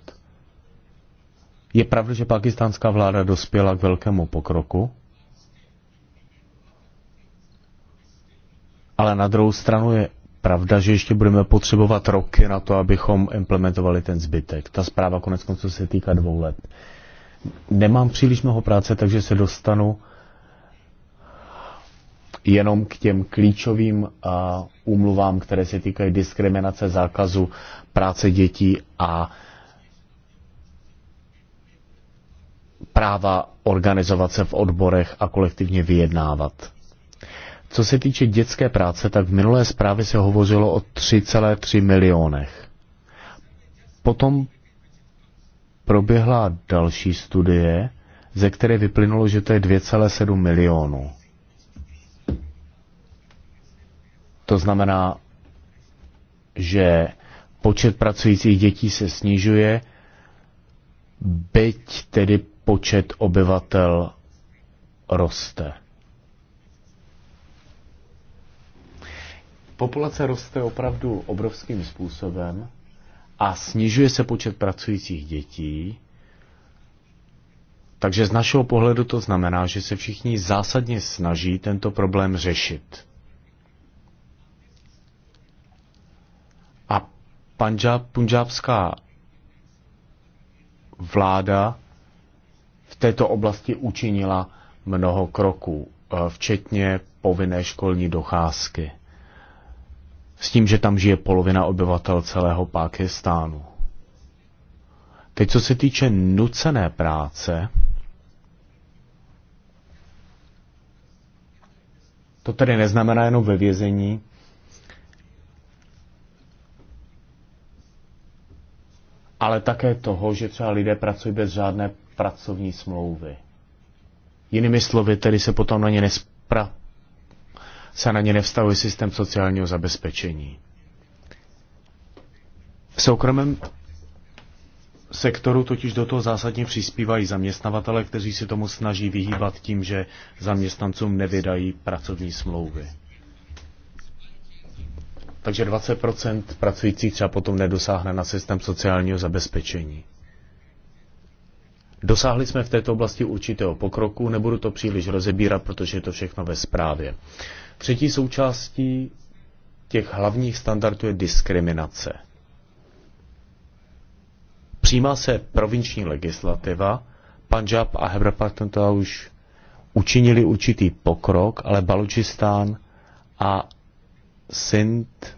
Je pravda, že pakistánská vláda dospěla k velkému pokroku, ale na druhou stranu je pravda, že ještě budeme potřebovat roky na to, abychom implementovali ten zbytek. Ta zpráva konec konců se týká dvou let. Nemám příliš mnoho práce, takže se dostanu jenom k těm klíčovým eh, úmluvám, které se týkají diskriminace, zákazu práce dětí a práva organizovat se v odborech a kolektivně vyjednávat. Co se týče dětské práce, tak v minulé zprávě se hovořilo o 3,3 milionech. Potom proběhla další studie, ze které vyplynulo, že to je 2,7 milionů. To znamená, že počet pracujících dětí se snižuje, byť tedy počet obyvatel roste. Populace roste opravdu obrovským způsobem a snižuje se počet pracujících dětí. Takže z našeho pohledu to znamená, že se všichni zásadně snaží tento problém řešit. Punjab, punjábská vláda v této oblasti učinila mnoho kroků, eh, včetně povinné školní docházky. S tím, že tam žije polovina obyvatel celého Pákistánu. Teď, co se týče nucené práce, to tedy neznamená jenom ve vězení, ale také toho, že třeba lidé pracují bez žádné pracovní smlouvy. Jinými slovy, tedy se potom na ně nespra, se na ně nevstavuje systém sociálního zabezpečení. V soukromém sektoru totiž do toho zásadně přispívají zaměstnavatele, kteří se tomu snaží vyhýbat tím, že zaměstnancům nevydají pracovní smlouvy. Takže 20% pracujících třeba potom nedosáhne na systém sociálního zabezpečení. Dosáhli jsme v této oblasti určitého pokroku, nebudu to příliš rozebírat, protože je to všechno ve zprávě. Třetí součástí těch hlavních standardů je diskriminace. Přijímá se provinční legislativa, Punjab a Hebrapartnota už učinili určitý pokrok, ale Balučistán a Sint,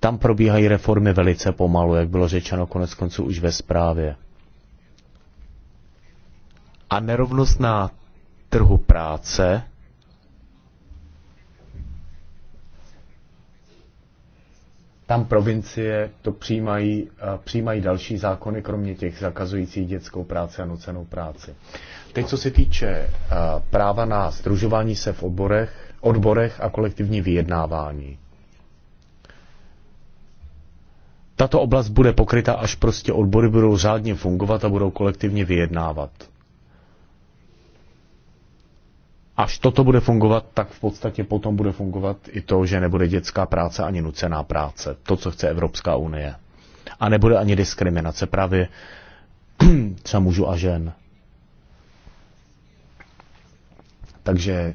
tam probíhají reformy velice pomalu, jak bylo řečeno konec konců už ve zprávě. A nerovnost na trhu práce tam provincie to přijímají, přijímají další zákony, kromě těch zakazujících dětskou práci a nucenou práci. Teď, co se týče práva na združování se v oborech, odborech a kolektivní vyjednávání. Tato oblast bude pokryta, až prostě odbory budou řádně fungovat a budou kolektivně vyjednávat. Až toto bude fungovat, tak v podstatě potom bude fungovat i to, že nebude dětská práce ani nucená práce. To, co chce Evropská unie. A nebude ani diskriminace právě třeba mužů a žen. Takže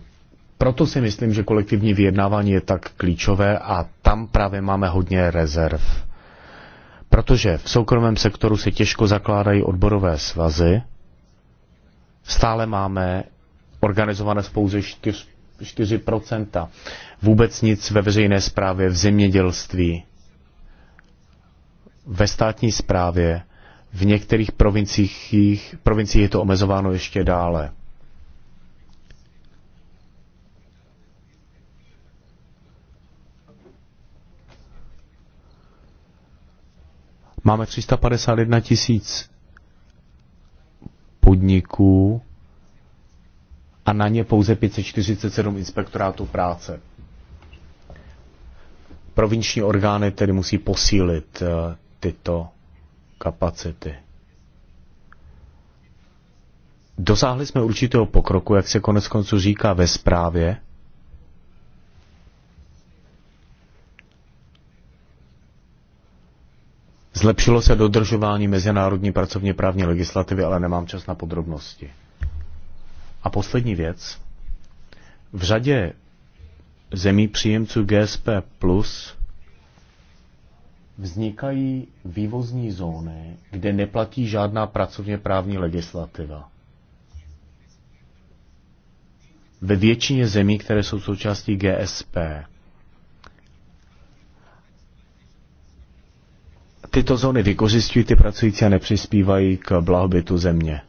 proto si myslím, že kolektivní vyjednávání je tak klíčové a tam právě máme hodně rezerv. Protože v soukromém sektoru se těžko zakládají odborové svazy, stále máme organizované spouze 4%, 4%. Vůbec nic ve veřejné správě, v zemědělství, ve státní správě, v některých provinciích, provinciích je to omezováno ještě dále. Máme 351 tisíc podniků a na ně pouze 547 inspektorátů práce. Provinční orgány tedy musí posílit eh, tyto kapacity. Dosáhli jsme určitého pokroku, jak se konec konců říká ve zprávě, Zlepšilo se dodržování mezinárodní pracovně právní legislativy, ale nemám čas na podrobnosti. A poslední věc. V řadě zemí příjemců GSP Plus vznikají vývozní zóny, kde neplatí žádná pracovně právní legislativa. Ve většině zemí, které jsou součástí GSP, tyto zóny vykořišťují ty pracující a nepřispívají k blahobytu země.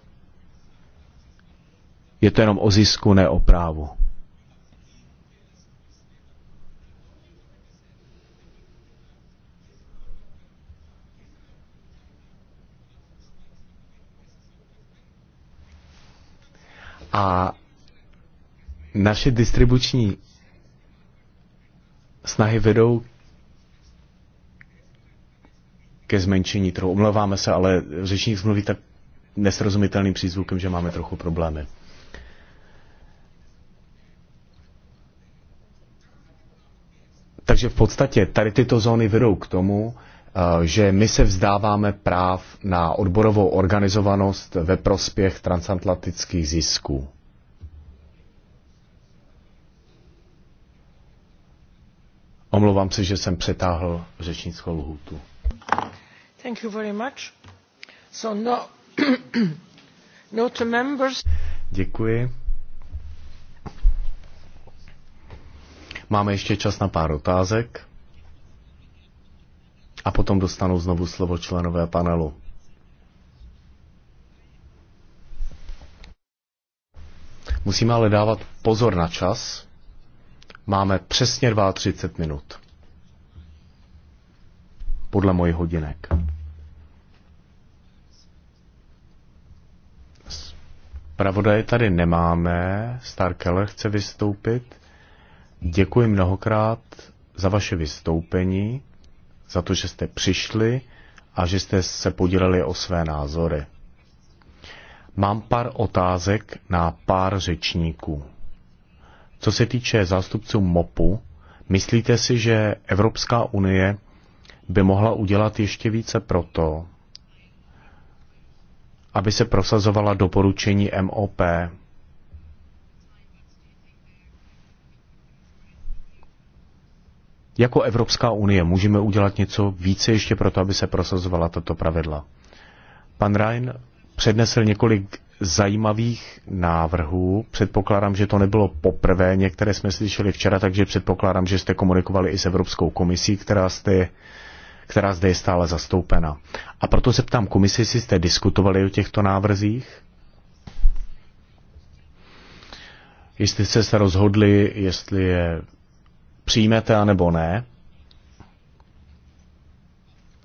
Je to jenom o zisku, ne o právu. A naše distribuční snahy vedou ke zmenšení trhu. Omlouváme se, ale řečník mluví tak nesrozumitelným přízvukem, že máme trochu problémy. Takže v podstatě tady tyto zóny vedou k tomu, eh, že my se vzdáváme práv na odborovou organizovanost ve prospěch transatlantických zisků. Omlouvám se, že jsem přetáhl řečnickou lhůtu. No, no Děkuji. Máme ještě čas na pár otázek a potom dostanou znovu slovo členové panelu. Musíme ale dávat pozor na čas. Máme přesně 32 minut. Podle mojich hodinek. Pravodaje tady nemáme, Star Keller chce vystoupit. Děkuji mnohokrát za vaše vystoupení, za to, že jste přišli a že jste se podělili o své názory. Mám pár otázek na pár řečníků. Co se týče zástupců MOPu, myslíte si, že Evropská unie by mohla udělat ještě více proto, aby se prosazovala doporučení MOP. Jako Evropská unie můžeme udělat něco více ještě pro to, aby se prosazovala tato pravidla. Pan Ryan přednesl několik zajímavých návrhů. Předpokládám, že to nebylo poprvé, některé jsme slyšeli včera, takže předpokládám, že jste komunikovali i s Evropskou komisí, která jste která zde je stále zastoupena. A proto se ptám komisi, jestli jste diskutovali o těchto návrzích? Jestli jste se rozhodli, jestli je přijmete, anebo ne?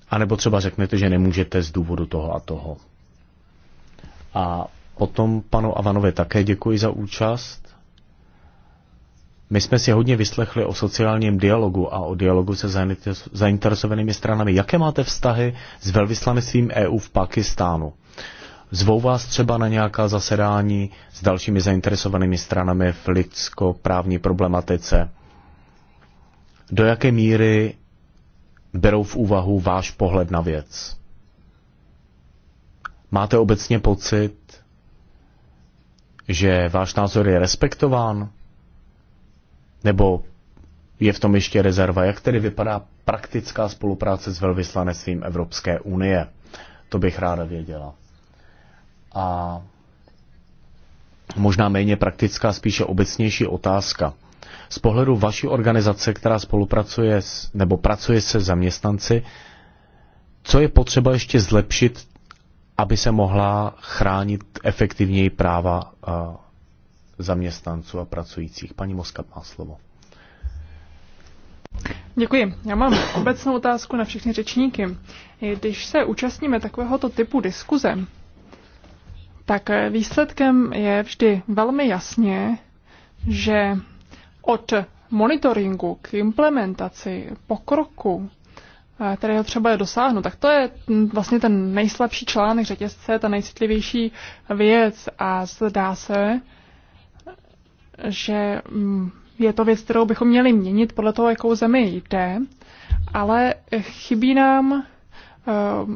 A nebo třeba řeknete, že nemůžete z důvodu toho a toho. A potom panu Avanovi také děkuji za účast. My jsme si hodně vyslechli o sociálním dialogu a o dialogu se zainteresovanými stranami. Jaké máte vztahy s velvyslanectvím EU v Pakistánu? Zvou vás třeba na nějaká zasedání s dalšími zainteresovanými stranami v lidsko-právní problematice? Do jaké míry berou v úvahu váš pohled na věc? Máte obecně pocit, že váš názor je respektován? Nebo je v tom ještě rezerva? Jak tedy vypadá praktická spolupráce s velvyslanectvím Evropské unie? To bych ráda věděla. A možná méně praktická, spíše obecnější otázka. Z pohledu vaší organizace, která spolupracuje s, nebo pracuje se zaměstnanci, co je potřeba ještě zlepšit, aby se mohla chránit efektivněji práva zaměstnanců a pracujících. Paní Moska má slovo. Děkuji. Já mám obecnou otázku na všechny řečníky. Když se účastníme takovéhoto typu diskuze, tak výsledkem je vždy velmi jasně, že od monitoringu k implementaci pokroku, kterého třeba je dosáhnout, tak to je vlastně ten nejslabší článek řetězce, ta nejcitlivější věc a zdá se, že mm, je to věc, kterou bychom měli měnit podle toho, jakou zemi jde, ale chybí nám Eh,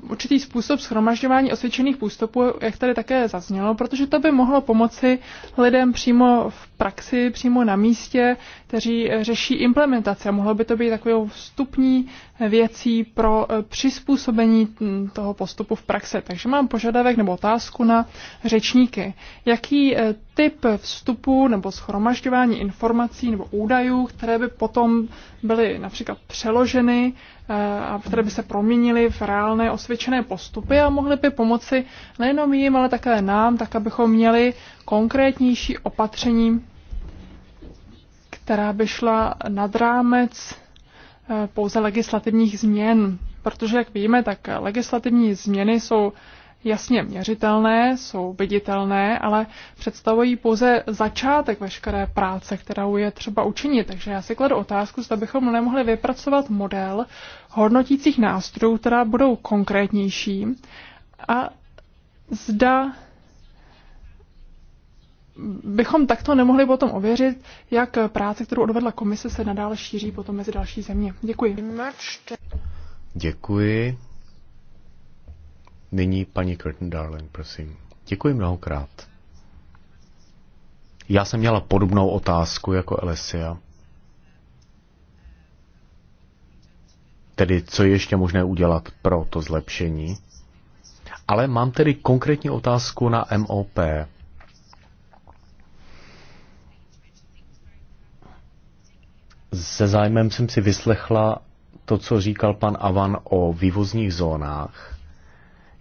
určitý způsob schromažďování osvědčených půstupů, jak tady také zaznělo, protože to by mohlo pomoci lidem přímo v praxi, přímo na místě, kteří řeší implementace. Mohlo by to být takovou vstupní věcí pro eh, přizpůsobení hm, toho postupu v praxi. Takže mám požadavek nebo otázku na řečníky. Jaký eh, typ vstupu nebo schromažďování informací nebo údajů, které by potom byly například přeloženy které by se proměnily v reálné osvědčené postupy a mohly by pomoci nejenom jim, ale také nám, tak abychom měli konkrétnější opatření, která by šla nad rámec eh, pouze legislativních změn. Protože, jak víme, tak legislativní změny jsou jasně měřitelné, jsou viditelné, ale představují pouze začátek veškeré práce, kterou je třeba učinit. Takže já si kladu otázku, zda bychom nemohli vypracovat model hodnotících nástrojů, která budou konkrétnější a zda bychom takto nemohli potom ověřit, jak práce, kterou odvedla komise, se nadále šíří potom mezi další země. Děkuji. Děkuji. Nyní paní Curtin Darling, prosím. Děkuji mnohokrát. Já jsem měla podobnou otázku jako Elesia. Tedy, co je ještě možné udělat pro to zlepšení? Ale mám tedy konkrétní otázku na MOP. Se zájmem jsem si vyslechla to, co říkal pan Avan o vývozních zónách.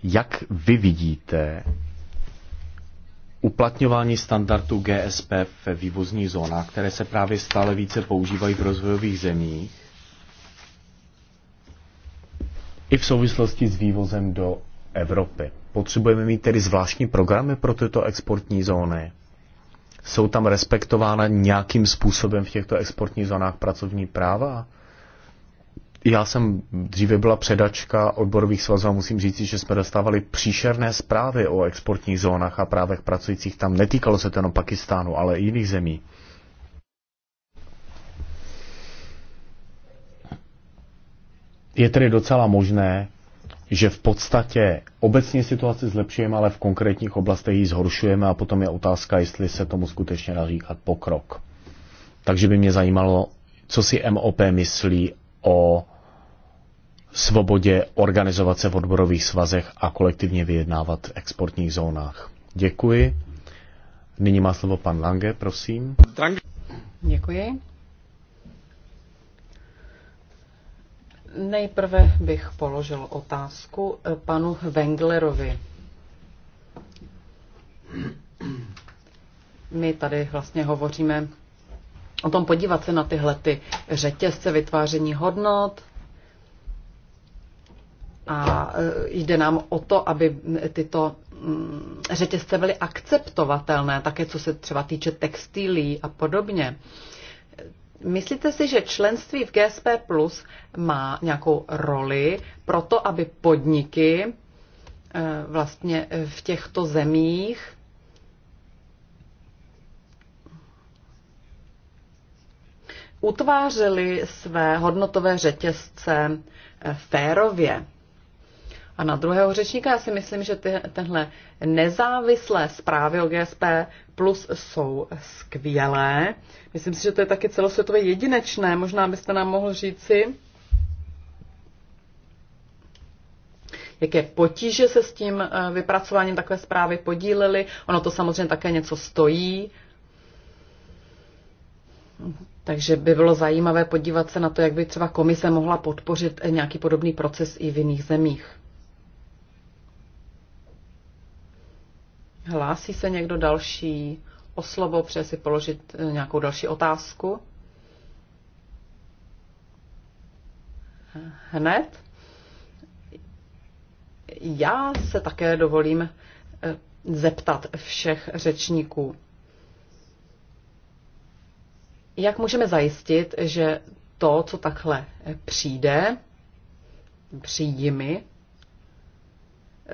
Jak vy vidíte uplatňování standardu GSP ve vývozních zónách, které se právě stále více používají v rozvojových zemích, i v souvislosti s vývozem do Evropy. Potřebujeme mít tedy zvláštní programy pro tyto exportní zóny. Jsou tam respektována nějakým způsobem v těchto exportních zónách pracovní práva? já jsem dříve byla předačka odborových svazů a musím říct, že jsme dostávali příšerné zprávy o exportních zónách a právech pracujících tam. Netýkalo se to jenom Pakistánu, ale i jiných zemí. Je tedy docela možné, že v podstatě obecně situaci zlepšujeme, ale v konkrétních oblastech ji zhoršujeme a potom je otázka, jestli se tomu skutečně naříkat pokrok. Takže by mě zajímalo, co si MOP myslí o svobodě organizovat se v odborových svazech a kolektivně vyjednávat v exportních zónách. Děkuji. Nyní má slovo pan Lange, prosím. Děkuji. Nejprve bych položil otázku eh, panu Wenglerovi. My tady vlastně hovoříme o tom podívat se na tyhle ty řetězce vytváření hodnot. A e, jde nám o to, aby tyto řetězce byly akceptovatelné, také co se třeba týče textilí a podobně. Myslíte si, že členství v GSP Plus má nějakou roli pro to, aby podniky e, vlastně v těchto zemích utvářeli své hodnotové řetězce eh, férově. A na druhého řečníka já si myslím, že ty, tenhle nezávislé zprávy o GSP plus jsou skvělé. Myslím si, že to je taky celosvětově jedinečné. Možná byste nám mohl říci, jaké potíže se s tím eh, vypracováním takové zprávy podílely. Ono to samozřejmě také něco stojí. Takže by bylo zajímavé podívat se na to, jak by třeba komise mohla podpořit nějaký podobný proces i v jiných zemích. Hlásí se někdo další o slovo, přeje si položit eh, nějakou další otázku? Hned? Já se také dovolím eh, zeptat všech řečníků. Jak můžeme zajistit, že to, co takhle přijde, příjmy,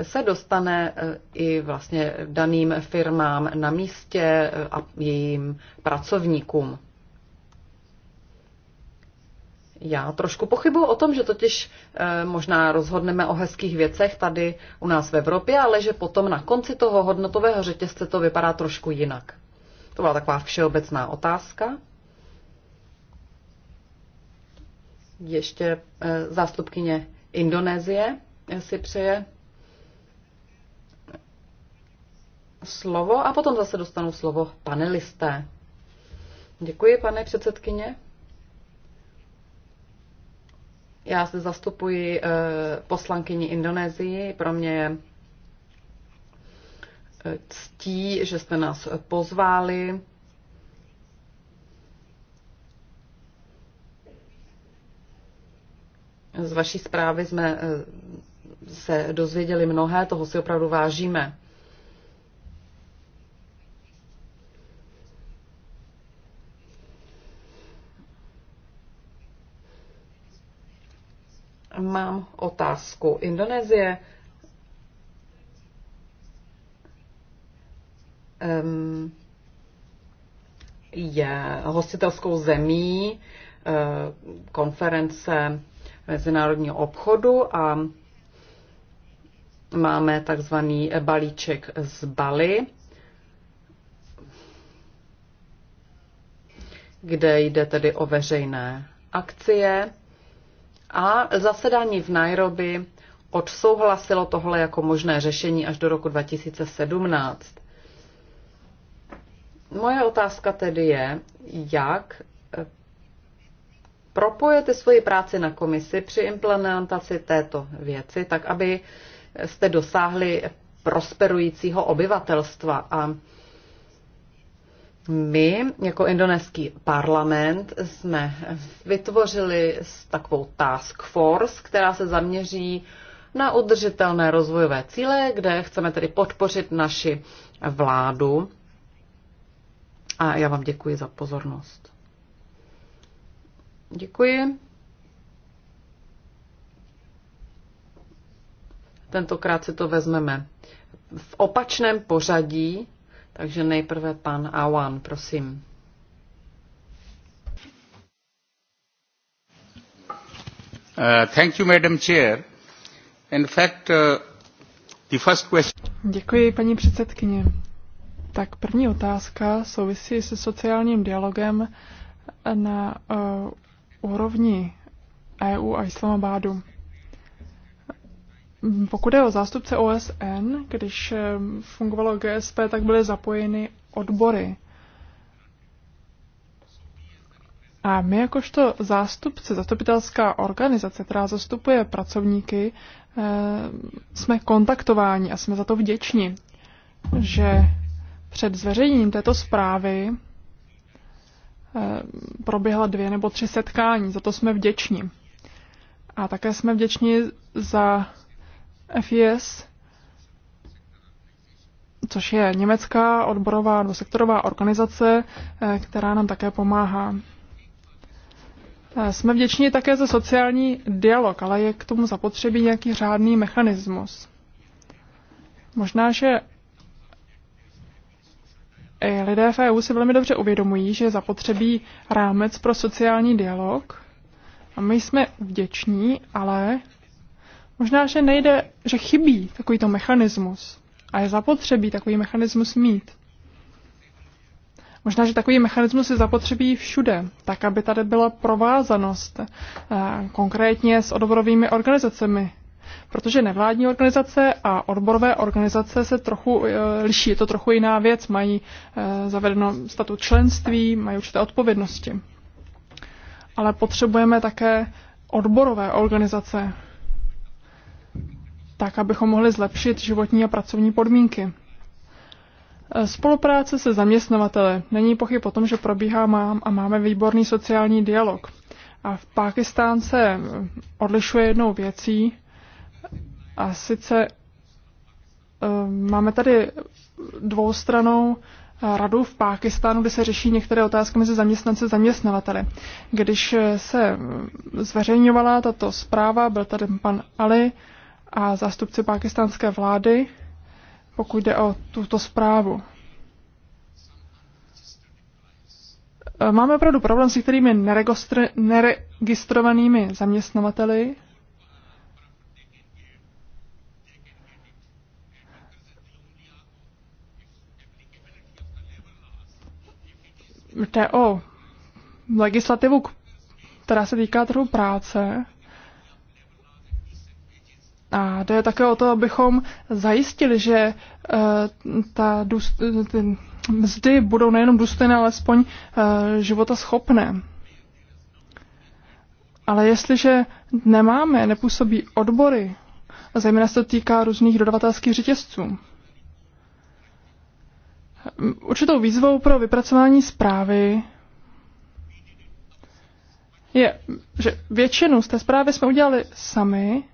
se dostane eh, i vlastně daným firmám na místě eh, a jejím pracovníkům. Já trošku pochybuji o tom, že totiž eh, možná rozhodneme o hezkých věcech tady u nás v Evropě, ale že potom na konci toho hodnotového řetězce to vypadá trošku jinak. To byla taková všeobecná otázka. Ještě eh, zástupkyně Indonésie eh, si přeje slovo a potom zase dostanu slovo panelisté. Děkuji, pane předsedkyně. Já se zastupuji eh, poslankyni Indonésii. Pro mě je ctí, že jste nás pozvali Z vaší zprávy jsme eh, se dozvěděli mnohé, toho si opravdu vážíme. Mám otázku. Indonésie um, je hostitelskou zemí eh, konference mezinárodního obchodu a máme takzvaný balíček z Bali, kde jde tedy o veřejné akcie. A zasedání v Nairobi odsouhlasilo tohle jako možné řešení až do roku 2017. Moje otázka tedy je, jak propojete svoji práci na komisi při implementaci této věci, tak aby jste dosáhli prosperujícího obyvatelstva. A my, jako indonéský parlament, jsme vytvořili takovou task force, která se zaměří na udržitelné rozvojové cíle, kde chceme tedy podpořit naši vládu. A já vám děkuji za pozornost. Děkuji. Tentokrát si to vezmeme v opačném pořadí, takže nejprve pan Awan, prosím. Uh, thank you, Madam Chair. In fact, uh, the first question... Děkuji, paní předsedkyně. Tak první otázka souvisí se sociálním dialogem na uh, úrovni EU a Islamabádu. Pokud je o zástupce OSN, když eh, fungovalo GSP, tak byly zapojeny odbory. A my jakožto zástupce zastupitelská organizace, která zastupuje pracovníky, eh, jsme kontaktováni a jsme za to vděční, že před zveřejněním této zprávy Eh, proběhla dvě nebo tři setkání, za to jsme vděční. A také jsme vděční za FIS, což je německá odborová nebo sektorová organizace, eh, která nám také pomáhá. Eh, jsme vděční také za sociální dialog, ale je k tomu zapotřebí nějaký řádný mechanismus. Možná, že Eh, lidé v EU si velmi dobře uvědomují, že zapotřebí rámec pro sociální dialog. A my jsme vděční, ale možná, že nejde, že chybí takovýto mechanismus. A je zapotřebí takový mechanismus mít. Možná, že takový mechanismus je zapotřebí všude, tak aby tady byla provázanost eh, konkrétně s odborovými organizacemi, Protože nevládní organizace a odborové organizace se trochu eh, liší, je to trochu jiná věc, mají eh, zavedeno statut členství, mají určité odpovědnosti. Ale potřebujeme také odborové organizace, tak abychom mohli zlepšit životní a pracovní podmínky. Eh, spolupráce se zaměstnavateli. Není pochyb o tom, že probíhá mám a máme výborný sociální dialog. A v Pákistán se odlišuje jednou věcí, a sice eh, máme tady dvoustranou radu v Pákistánu, kde se řeší některé otázky mezi zaměstnanci a zaměstnavateli. Když se zveřejňovala tato zpráva, byl tady pan Ali a zástupci pákistánské vlády, pokud jde o tuto zprávu. Eh, máme opravdu problém s některými neregistrovanými zaměstnavateli, TO, legislativu, která se týká trhu práce. A to je také o to, abychom zajistili, že eh, ta důst, ty mzdy budou nejenom důstojné, ale aspoň eh, života schopné. Ale jestliže nemáme, nepůsobí odbory, zejména se to týká různých dodavatelských řetězců, určitou výzvou pro vypracování zprávy je, že většinu z té zprávy jsme udělali sami,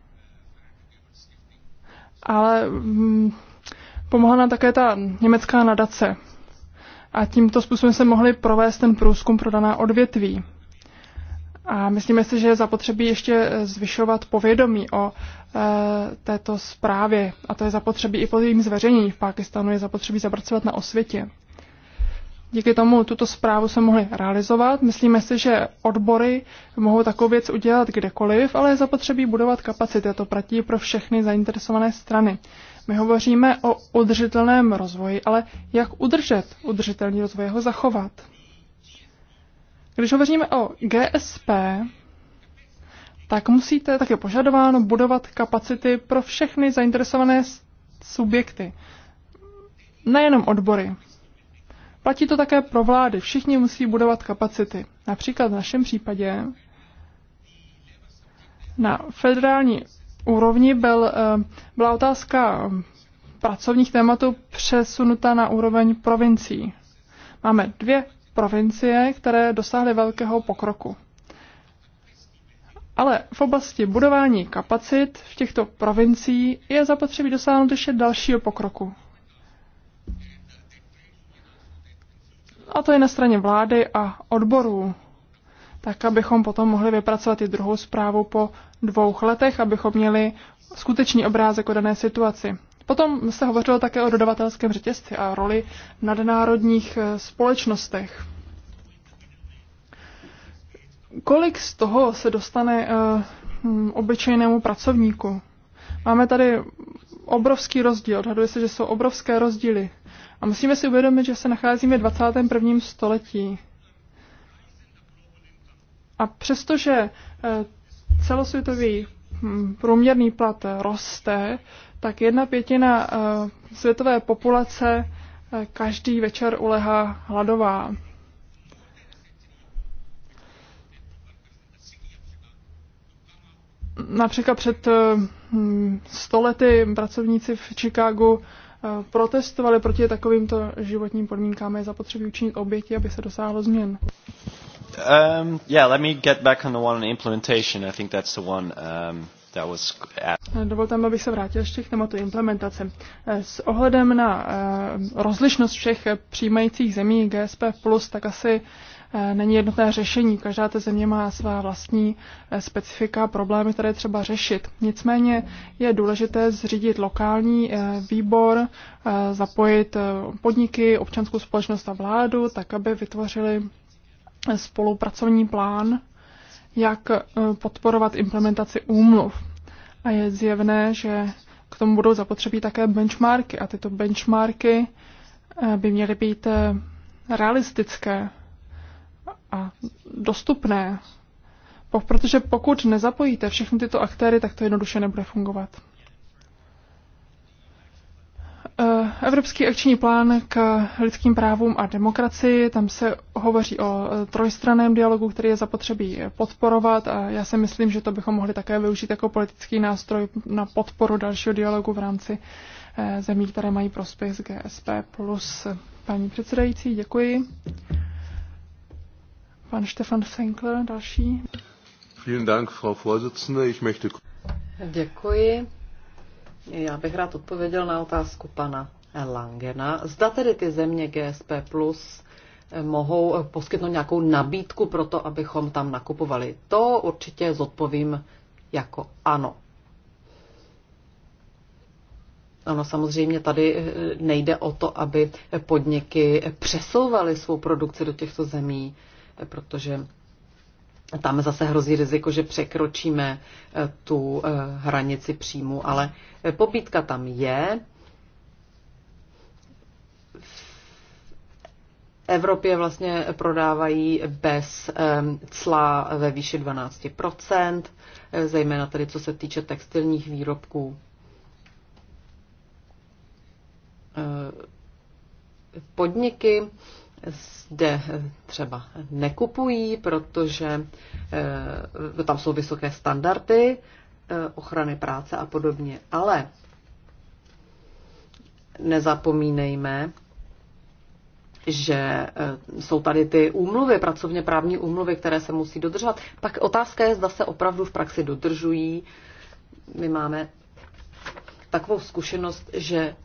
ale mm, pomohla nám také ta německá nadace. A tímto způsobem se mohli provést ten průzkum pro daná odvětví. A myslíme si, že je zapotřebí ještě zvyšovat povědomí o Eh, této zprávě. A to je zapotřebí i po jejím zveřejnění v Pákistánu, je zapotřebí zapracovat na osvětě. Díky tomu tuto zprávu se mohli realizovat. Myslíme si, že odbory mohou takovou věc udělat kdekoliv, ale je zapotřebí budovat kapacity. To platí pro všechny zainteresované strany. My hovoříme o udržitelném rozvoji, ale jak udržet udržitelný rozvoj, ho zachovat? Když hovoříme o GSP, tak musíte, tak je požadováno budovat kapacity pro všechny zainteresované subjekty, nejenom odbory. Platí to také pro vlády, všichni musí budovat kapacity. Například v našem případě na federální úrovni byl, eh, byla otázka pracovních tématů přesunuta na úroveň provincií. Máme dvě provincie, které dosáhly velkého pokroku. Ale v oblasti budování kapacit v těchto provincií je zapotřebí dosáhnout ještě dalšího pokroku. A to je na straně vlády a odborů, tak abychom potom mohli vypracovat i druhou zprávu po dvou letech, abychom měli skutečný obrázek o dané situaci. Potom se hovořilo také o dodavatelském řetězci a roli nadnárodních eh, společnostech kolik z toho se dostane uh, obyčejnému pracovníku? Máme tady obrovský rozdíl, odhaduje se, že jsou obrovské rozdíly. A musíme si uvědomit, že se nacházíme v 21. století. A přestože eh, celosvětový hm, průměrný plat roste, tak jedna pětina eh, světové populace každý večer ulehá hladová. Například před eh, hm, stolety pracovníci v Chicagu eh, protestovali proti takovýmto životním podmínkám. Je zapotřebí učinit oběti, aby se dosáhlo změn. Um, yeah, let me get back on the one on implementation. I think that's the one um, that was asked. Eh, dovolte mi, abych se vrátil ještě k tématu implementace. S ohledem na uh, rozlišnost všech přijímajících zemí GSP+, tak asi uh, Eh, není jednotné řešení. Každá ta země má svá vlastní eh, specifika, problémy, které třeba řešit. Nicméně je důležité zřídit lokální eh, výbor, zapojit podniky, občanskou společnost a vládu, tak aby vytvořili spolupracovní plán, jak podporovat implementaci úmluv. A je zjevné, že k tomu budou zapotřebí také benchmarky a tyto benchmarky by měly být realistické a dostupné. Protože pokud nezapojíte všechny tyto aktéry, tak to jednoduše nebude fungovat. E, Evropský akční plán k lidským právům a demokracii, tam se hovoří o trojstraném dialogu, který je zapotřebí podporovat a já si myslím, že to bychom mohli také využít jako politický nástroj na podporu dalšího dialogu v rámci e, zemí, které mají prospěch z GSP+. Paní předsedající, děkuji. Pan Stefan Fenkler, další. Vielen Dank, Frau Vorsitzende. Ich möchte... Děkuji. Já bych rád odpověděl na otázku pana Langena. Zda tedy ty země GSP Plus eh, mohou eh, poskytnout nějakou nabídku pro to, abychom tam nakupovali. To určitě zodpovím jako ano. Ano, samozřejmě tady eh, nejde o to, aby podniky přesouvaly svou produkci do těchto zemí protože tam zase hrozí riziko, že překročíme eh, tu eh, hranici příjmu, ale eh, pobítka tam je. Evropě vlastně prodávají bez cla ve výši 12%, zejména tedy co se týče textilních výrobků podniky zde třeba nekupují, protože eh, tam jsou vysoké standardy eh, ochrany práce a podobně. Ale nezapomínejme, že eh, jsou tady ty úmluvy, pracovně právní úmluvy, které se musí dodržovat. Pak otázka je, zda se opravdu v praxi dodržují. My máme takovou zkušenost, že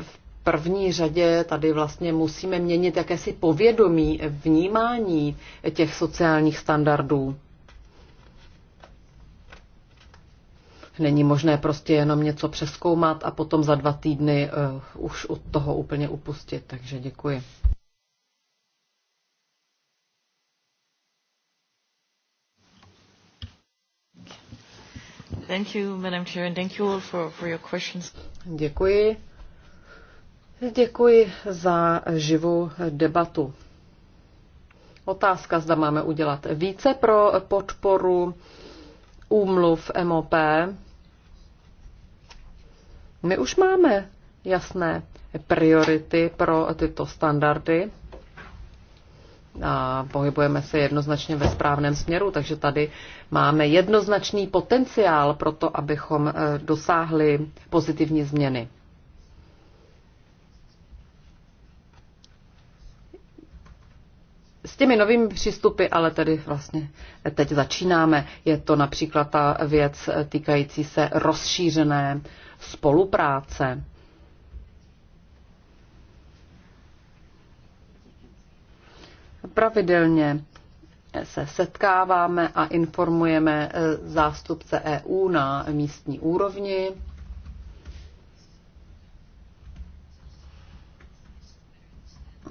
v první řadě tady vlastně musíme měnit jakési povědomí, vnímání těch sociálních standardů. Není možné prostě jenom něco přeskoumat a potom za dva týdny uh, už od toho úplně upustit. Takže děkuji. Thank you, Madam Chair, and thank you all for, for your questions. Děkuji. Děkuji za živou debatu. Otázka, zda máme udělat více pro podporu úmluv MOP. My už máme jasné priority pro tyto standardy a pohybujeme se jednoznačně ve správném směru, takže tady máme jednoznačný potenciál pro to, abychom dosáhli pozitivní změny. těmi novými přístupy, ale tedy vlastně teď začínáme. Je to například ta věc týkající se rozšířené spolupráce. Pravidelně se setkáváme a informujeme eh, zástupce EU na místní úrovni.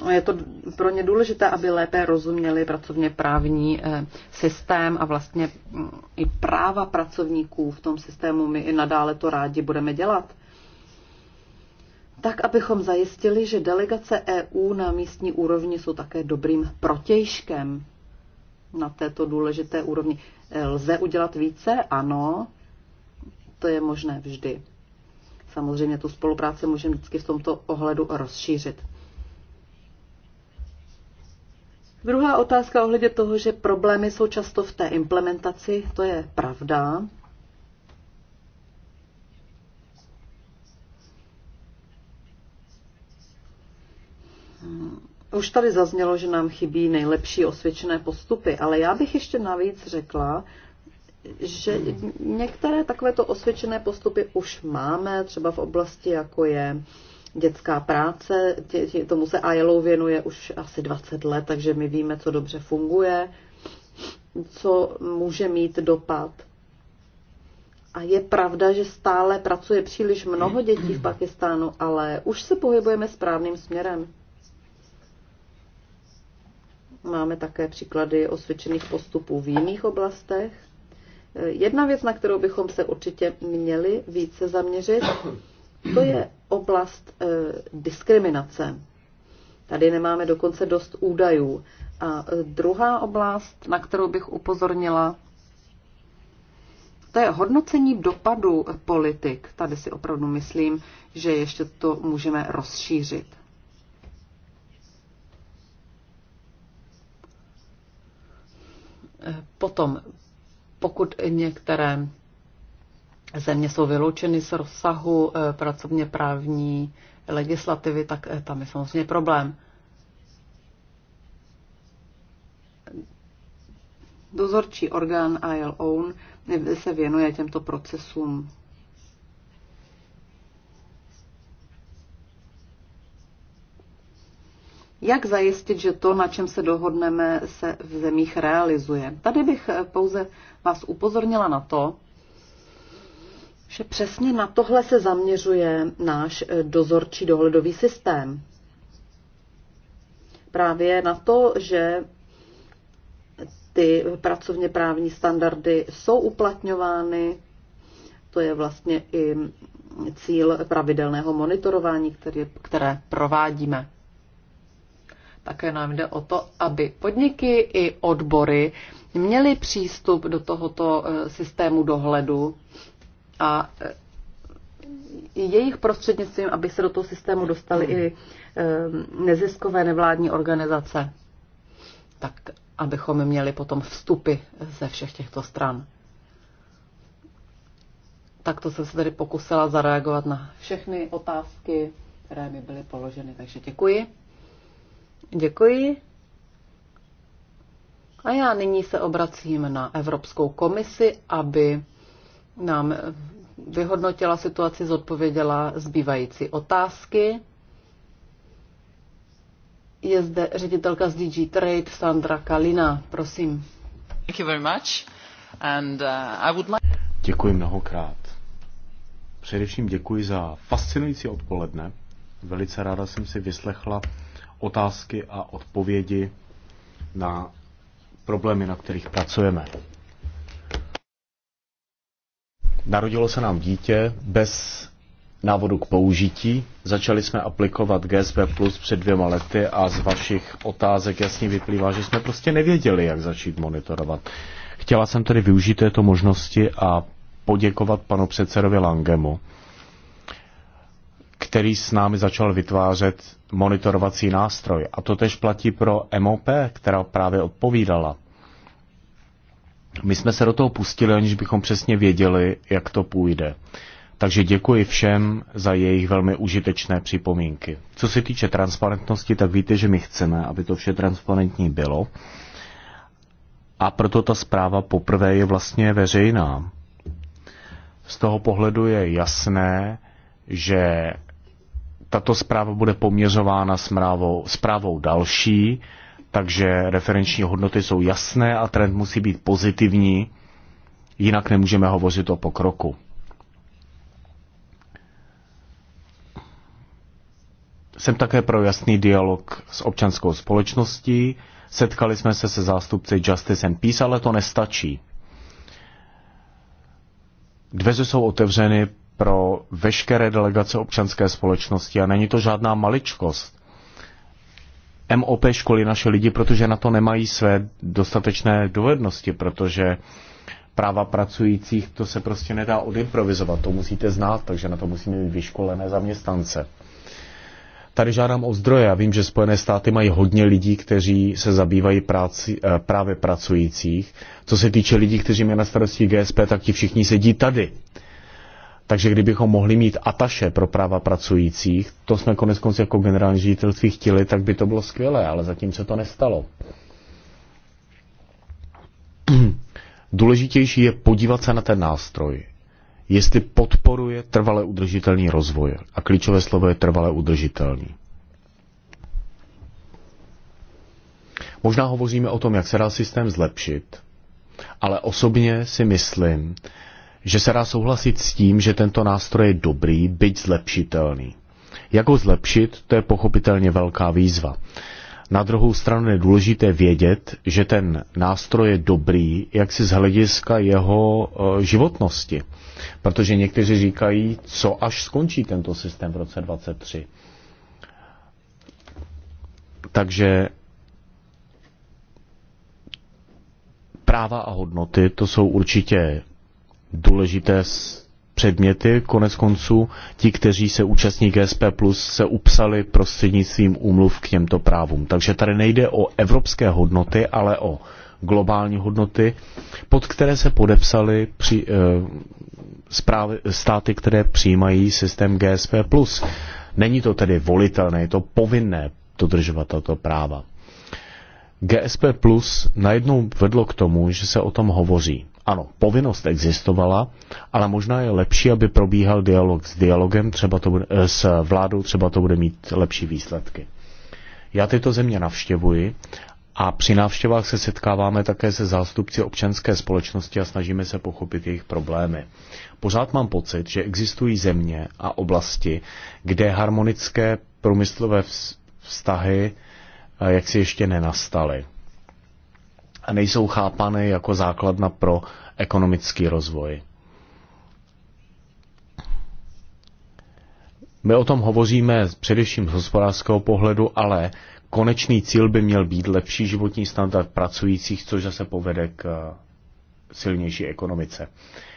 je to pro ně důležité, aby lépe rozuměli pracovně právní eh, systém a vlastně mm, i práva pracovníků v tom systému. My i nadále to rádi budeme dělat. Tak, abychom zajistili, že delegace EU na místní úrovni jsou také dobrým protějškem na této důležité úrovni. Eh, lze udělat více? Ano, to je možné vždy. Samozřejmě tu spolupráci můžeme vždycky v tomto ohledu rozšířit. Druhá otázka ohledně toho, že problémy jsou často v té implementaci, to je pravda. Hmm, už tady zaznělo, že nám chybí nejlepší osvědčené postupy, ale já bych ještě navíc řekla, že některé takovéto osvědčené postupy už máme, třeba v oblasti, jako je uh, dětská práce, tě, tě, tomu se ILO věnuje už asi 20 let, takže my víme, co dobře funguje, co může mít dopad. A je pravda, že stále pracuje příliš mnoho dětí v Pakistánu, ale už se pohybujeme správným směrem. Máme také příklady osvědčených postupů v jiných oblastech. Jedna věc, na kterou bychom se určitě měli více zaměřit, to je oblast eh, diskriminace. Tady nemáme dokonce dost údajů. A eh, druhá oblast, na kterou bych upozornila, to je hodnocení dopadu politik. Tady si opravdu myslím, že ještě to můžeme rozšířit. Eh, potom, pokud některé země jsou vyloučeny z rozsahu eh, pracovně právní legislativy, tak eh, tam je samozřejmě problém. Dozorčí orgán ILO se věnuje těmto procesům. Jak zajistit, že to, na čem se dohodneme, se v zemích realizuje? Tady bych eh, pouze vás upozornila na to, že přesně na tohle se zaměřuje náš eh, dozorčí dohledový systém. Právě na to, že ty pracovně právní standardy jsou uplatňovány, to je vlastně i cíl pravidelného monitorování, které, které provádíme. Také nám jde o to, aby podniky i odbory měly přístup do tohoto eh, systému dohledu, a e, jejich prostřednictvím, aby se do toho systému dostaly i e, neziskové nevládní organizace, tak abychom měli potom vstupy ze všech těchto stran. Takto jsem se tedy pokusila zareagovat na všechny otázky, které mi byly položeny, takže děkuji. Děkuji. A já nyní se obracím na Evropskou komisi, aby nám vyhodnotila situaci, zodpověděla zbývající otázky. Je zde ředitelka z DG Trade Sandra Kalina. Prosím. Thank you very much. And, uh, I would like... Děkuji mnohokrát. Především děkuji za fascinující odpoledne. Velice ráda jsem si vyslechla otázky a odpovědi na problémy, na kterých pracujeme. Narodilo se nám dítě bez návodu k použití. Začali jsme aplikovat GSP Plus před dvěma lety a z vašich otázek jasně vyplývá, že jsme prostě nevěděli, jak začít monitorovat. Chtěla jsem tedy využít této možnosti a poděkovat panu předsedovi Langemu, který s námi začal vytvářet monitorovací nástroj. A to tež platí pro MOP, která právě odpovídala. My jsme se do toho pustili, aniž bychom přesně věděli, jak to půjde. Takže děkuji všem za jejich velmi užitečné připomínky. Co se týče transparentnosti, tak víte, že my chceme, aby to vše transparentní bylo. A proto ta zpráva poprvé je vlastně veřejná. Z toho pohledu je jasné, že tato zpráva bude poměřována zprávou, další, takže referenční hodnoty jsou jasné a trend musí být pozitivní, jinak nemůžeme hovořit o pokroku. Jsem také pro jasný dialog s občanskou společností. Setkali jsme se se zástupci Justice and Peace, ale to nestačí. Dveře jsou otevřeny pro veškeré delegace občanské společnosti a není to žádná maličkost. MOP školy naše lidi, protože na to nemají své dostatečné dovednosti, protože práva pracujících to se prostě nedá odimprovizovat, to musíte znát, takže na to musíme mít vyškolené zaměstnance. Tady žádám o zdroje. Já vím, že Spojené státy mají hodně lidí, kteří se zabývají práci, eh, právě pracujících. Co se týče lidí, kteří mají na starosti GSP, tak ti všichni sedí tady. Takže kdybychom mohli mít ataše pro práva pracujících, to jsme konec konců jako generální ředitelství chtěli, tak by to bylo skvělé, ale zatím se to nestalo. Důležitější je podívat se na ten nástroj, jestli podporuje trvale udržitelný rozvoj. A klíčové slovo je trvale udržitelný. Možná hovoříme o tom, jak se dá systém zlepšit, ale osobně si myslím, že se dá souhlasit s tím, že tento nástroj je dobrý, byť zlepšitelný. Jak ho zlepšit, to je pochopitelně velká výzva. Na druhou stranu je důležité vědět, že ten nástroj je dobrý, jak si z hlediska jeho e, životnosti. Protože někteří říkají, co až skončí tento systém v roce 23. Takže práva a hodnoty, to jsou určitě důležité předměty, konec konců ti, kteří se účastní GSP+, se upsali prostřednictvím úmluv k těmto právům. Takže tady nejde o evropské hodnoty, ale o globální hodnoty, pod které se podepsaly při, e, zprávy, státy, které přijímají systém GSP+. Není to tedy volitelné, je to povinné dodržovat tato práva. GSP Plus najednou vedlo k tomu, že se o tom hovoří. Ano, povinnost existovala, ale možná je lepší, aby probíhal dialog s dialogem, třeba to bude, eh, s vládou, třeba to bude mít lepší výsledky. Já tyto země navštěvuji a při návštěvách se setkáváme také se zástupci občanské společnosti a snažíme se pochopit jejich problémy. Pořád mám pocit, že existují země a oblasti, kde harmonické průmyslové vztahy eh, jak si ještě nenastaly a nejsou chápané jako základna pro ekonomický rozvoj. My o tom hovoříme především z hospodářského pohledu, ale konečný cíl by měl být lepší životní standard pracujících, což zase povede k eh, silnější ekonomice.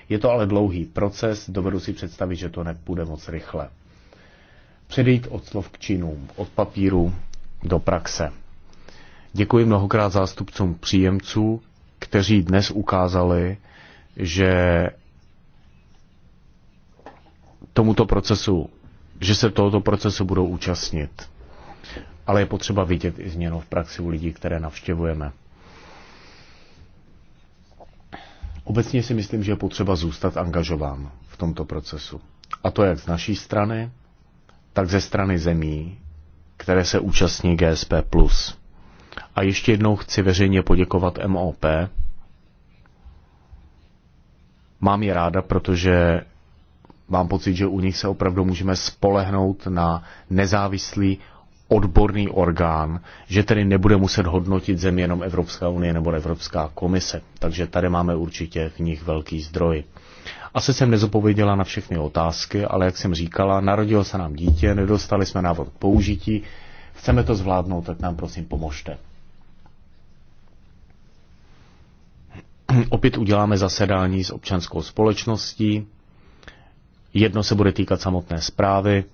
Je to ale dlouhý proces, dovedu si představit, že to nepůjde moc rychle. Předejít od slov k činům, od papíru do praxe. Děkuji mnohokrát zástupcům příjemců, kteří dnes ukázali, že tomuto procesu, že se tohoto procesu budou účastnit. Ale je potřeba vidět i změnu v praxi u lidí, které navštěvujeme. Obecně si myslím, že je potřeba zůstat angažován v tomto procesu. A to jak z naší strany, tak ze strany zemí, které se účastní GSP+. A ještě jednou chci veřejně poděkovat MOP. Mám je ráda, protože mám pocit, že u nich se opravdu můžeme spolehnout na nezávislý odborný orgán, že tedy nebude muset hodnotit zemi jenom Evropská unie nebo Evropská komise. Takže tady máme určitě v nich velký zdroj. Asi jsem nezopověděla na všechny otázky, ale jak jsem říkala, narodilo se nám dítě, nedostali jsme návod k použití, chceme to zvládnout, tak nám prosím pomožte. Opět uděláme zasedání s občanskou společností. Jedno se bude týkat samotné zprávy,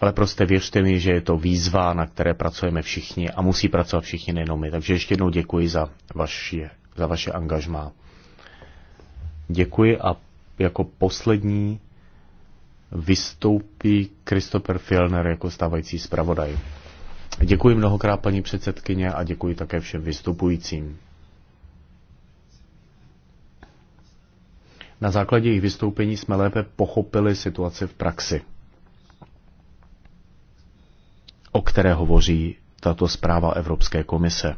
ale prostě věřte mi, že je to výzva, na které pracujeme všichni a musí pracovat všichni nejenom my. Takže ještě jednou děkuji za vaše, za vaše angažmá. Děkuji a jako poslední vystoupí Christopher Filner jako stávající zpravodaj. Děkuji mnohokrát paní předsedkyně a děkuji také všem vystupujícím. Na základě jejich vystoupení jsme lépe pochopili situaci v praxi, o které hovoří tato zpráva Evropské komise.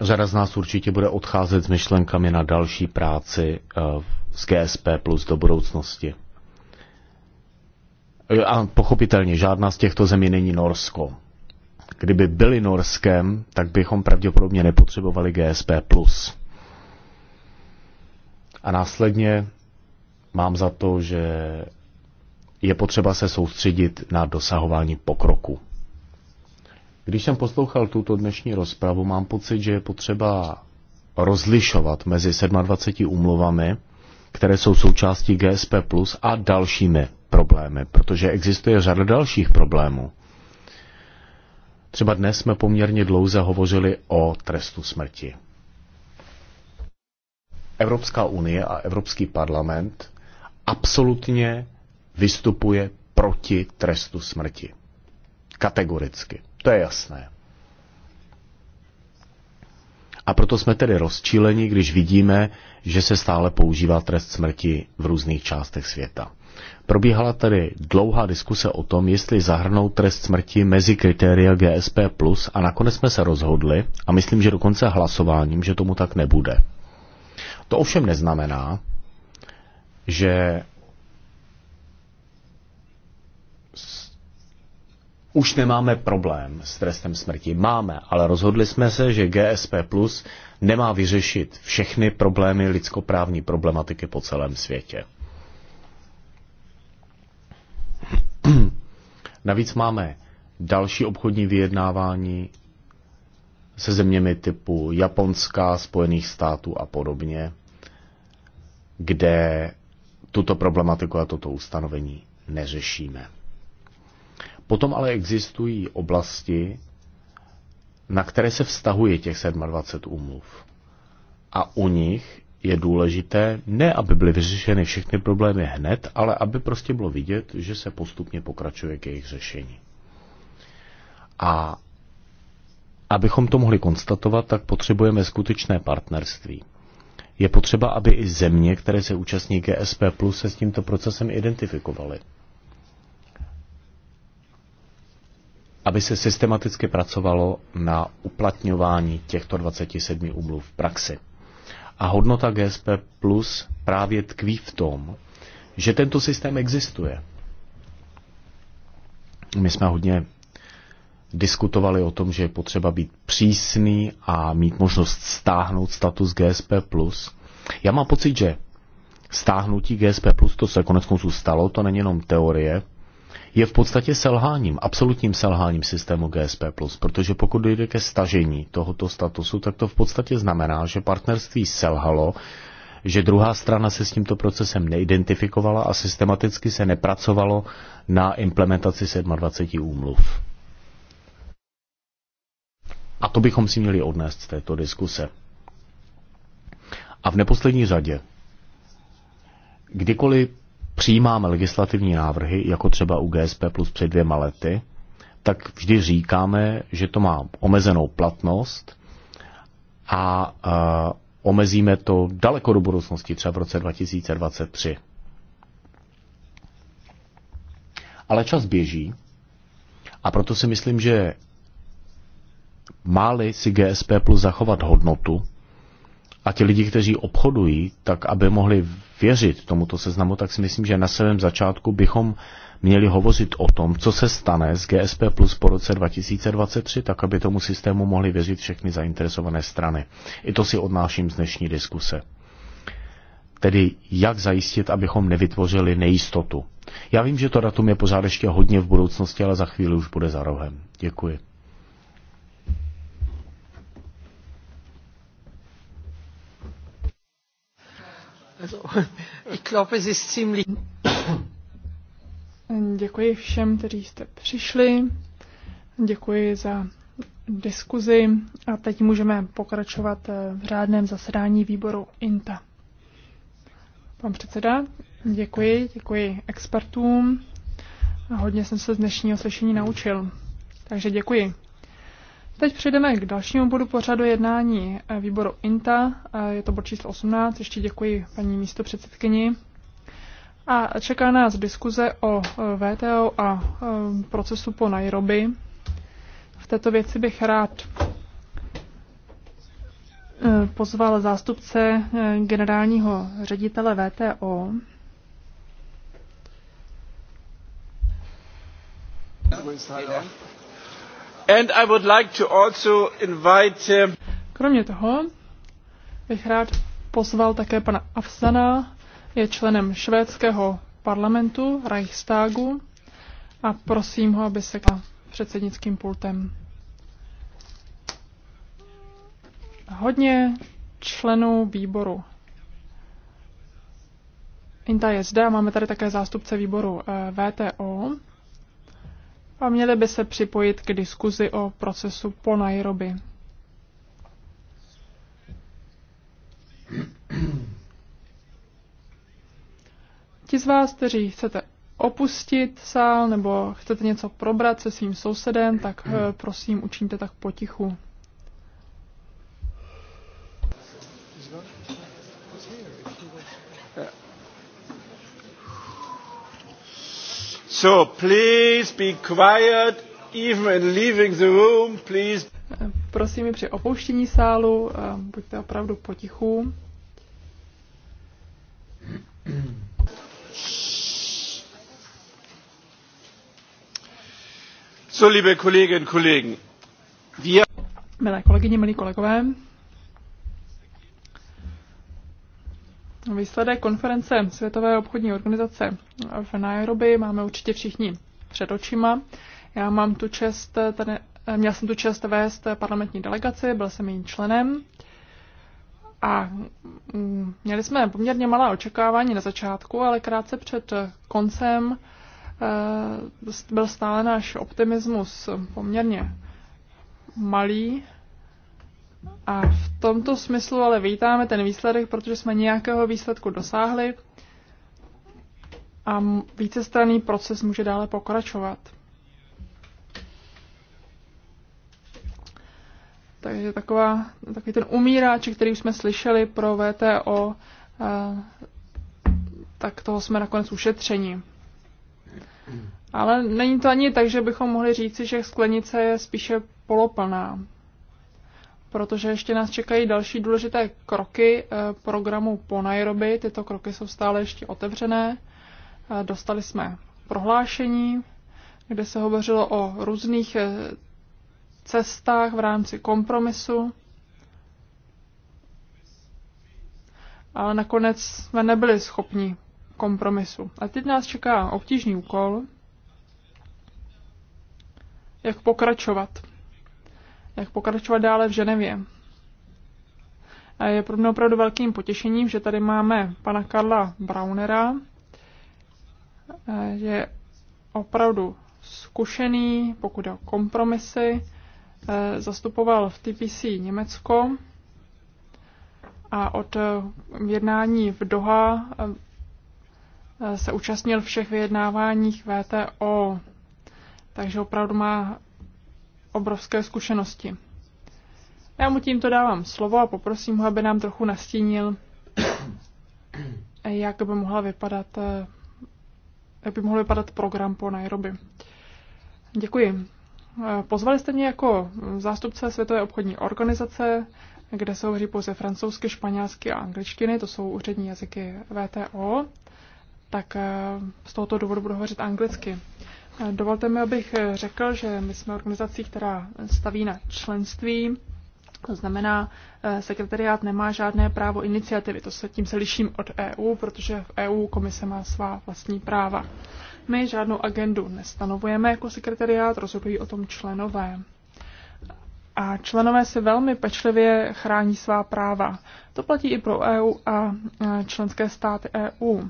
Řada z nás určitě bude odcházet s myšlenkami na další práci z eh, GSP plus do budoucnosti. A pochopitelně žádná z těchto zemí není Norsko. Kdyby byli Norskem, tak bychom pravděpodobně nepotřebovali GSP plus. A následně mám za to, že je potřeba se soustředit na dosahování pokroku. Když jsem poslouchal tuto dnešní rozpravu, mám pocit, že je potřeba rozlišovat mezi 27 umluvami, které jsou součástí GSP+, a dalšími problémy, protože existuje řada dalších problémů. Třeba dnes jsme poměrně dlouze hovořili o trestu smrti. Evropská unie a Evropský parlament absolutně vystupuje proti trestu smrti. Kategoricky. To je jasné. A proto jsme tedy rozčíleni, když vidíme, že se stále používá trest smrti v různých částech světa. Probíhala tedy dlouhá diskuse o tom, jestli zahrnout trest smrti mezi kritéria GSP+, a nakonec jsme se rozhodli, a myslím, že dokonce hlasováním, že tomu tak nebude. To ovšem neznamená, že už nemáme problém s trestem smrti. Máme, ale rozhodli jsme se, že GSP Plus nemá vyřešit všechny problémy lidskoprávní problematiky po celém světě. Navíc máme další obchodní vyjednávání se zeměmi typu Japonska, Spojených států a podobně, kde tuto problematiku a toto ustanovení neřešíme. Potom ale existují oblasti, na které se vztahuje těch 27 úmluv. A u nich je důležité ne, aby byly vyřešeny všechny problémy hned, ale aby prostě bylo vidět, že se postupně pokračuje k jejich řešení. A abychom to mohli konstatovat, tak potřebujeme skutečné partnerství. Je potřeba, aby i země, které se účastní GSP+, se s tímto procesem identifikovaly. Aby se systematicky pracovalo na uplatňování těchto 27 umluv v praxi. A hodnota GSP Plus právě tkví v tom, že tento systém existuje. My jsme hodně diskutovali o tom, že je potřeba být přísný a mít možnost stáhnout status GSP+. Já mám pocit, že stáhnutí GSP+, to se konec konců stalo, to není jenom teorie, je v podstatě selháním, absolutním selháním systému GSP+, protože pokud dojde ke stažení tohoto statusu, tak to v podstatě znamená, že partnerství selhalo, že druhá strana se s tímto procesem neidentifikovala a systematicky se nepracovalo na implementaci 27 úmluv. A to bychom si měli odnést z této diskuse. A v neposlední řadě, kdykoliv přijímáme legislativní návrhy, jako třeba u GSP plus před dvěma lety, tak vždy říkáme, že to má omezenou platnost a a e, omezíme to daleko do budoucnosti, třeba v roce 2023. Ale čas běží a proto si myslím, že Máli si GSP plus zachovat hodnotu a ti lidi, kteří obchodují, tak aby mohli věřit tomuto seznamu, tak si myslím, že na svém začátku bychom měli hovořit o tom, co se stane s GSP plus po roce 2023, tak aby tomu systému mohli věřit všechny zainteresované strany. I to si odnáším z dnešní diskuse. Tedy jak zajistit, abychom nevytvořili nejistotu. Já vím, že to datum je pořád ještě hodně v budoucnosti, ale za chvíli už bude za rohem. Děkuji. Děkuji všem, kteří jste přišli. Děkuji za diskuzi a teď můžeme pokračovat eh, v řádném zasedání výboru INTA. Pan předseda, děkuji, děkuji expertům. Hodně jsem se z dnešního slyšení naučil, takže děkuji. Teď přejdeme k dalšímu bodu pořadu jednání eh, výboru INTA. Eh, je to bod číslo 18. Ještě děkuji paní místo předsedkyni. A čeká nás diskuze o eh, VTO a procesu po Nairobi. V této věci bych rád pozval zástupce generálního ředitele VTO. Where's And I would like to also invite... Uh, Kromě toho bych rád pozval také pana Afsana, je členem švédského parlamentu Reichstagu a prosím ho, aby se k předsednickým pultem. Hodně členů výboru. Inta je zde a máme tady také zástupce výboru eh, VTO a měli by se připojit k diskuzi o procesu po Nairobi. Ti z vás, kteří chcete opustit sál nebo chcete něco probrat se svým sousedem, tak eh, prosím učiňte tak potichu. So please be quiet, even leaving the room, please. Prosím při opouštění sálu, eh, buďte opravdu potichu. So, liebe Kolleginnen und Kollegen, wir... Milé kolegyně, milí kolegové, výsledek konference Světové obchodní organizace v Nairobi máme určitě všichni před očima. Já mám tu čest, tady, měl jsem tu čest vést parlamentní delegaci, byl jsem jejím členem. A mm, měli jsme poměrně malá očekávání na začátku, ale krátce před koncem eh, byl stále náš optimismus poměrně malý, a v tomto smyslu ale vítáme ten výsledek, protože jsme nějakého výsledku dosáhli a vícestranný proces může dále pokračovat. Takže taková, takový ten umíráč, který už jsme slyšeli pro VTO, eh, tak toho jsme nakonec ušetřeni. Ale není to ani tak, že bychom mohli říci, že sklenice je spíše poloplná protože ještě nás čekají další důležité kroky eh, programu po Nairobi. Tyto kroky jsou stále ještě otevřené. Eh, dostali jsme prohlášení, kde se hovořilo o různých eh, cestách v rámci kompromisu. Ale nakonec jsme nebyli schopni kompromisu. A teď nás čeká obtížný úkol, jak pokračovat jak pokračovat dále v Ženevě. A je pro mě opravdu velkým potěšením, že tady máme pana Karla Braunera. Eh, je opravdu zkušený, pokud o kompromisy, eh, zastupoval v TPC Německo a od eh, jednání v Doha se účastnil všech vyjednáváních VTO, takže opravdu má obrovské zkušenosti. Já mu tímto dávám slovo a poprosím ho, aby nám trochu nastínil, jak by mohla vypadat, eh, jak by mohl vypadat program po Nairobi. Děkuji. Eh, pozvali jste mě jako zástupce Světové obchodní organizace, kde se hovoří pouze francouzsky, španělsky a angličtiny, to jsou úřední jazyky VTO, tak eh, z tohoto důvodu budu hovořit anglicky. Dovolte mi, abych řekl, že my jsme organizací, která staví na členství. To znamená, eh, sekretariát nemá žádné právo iniciativy. To se tím se liším od EU, protože v EU komise má svá vlastní práva. My žádnou agendu nestanovujeme jako sekretariát, rozhodují o tom členové. A členové se velmi pečlivě chrání svá práva. To platí i pro EU a eh, členské státy EU.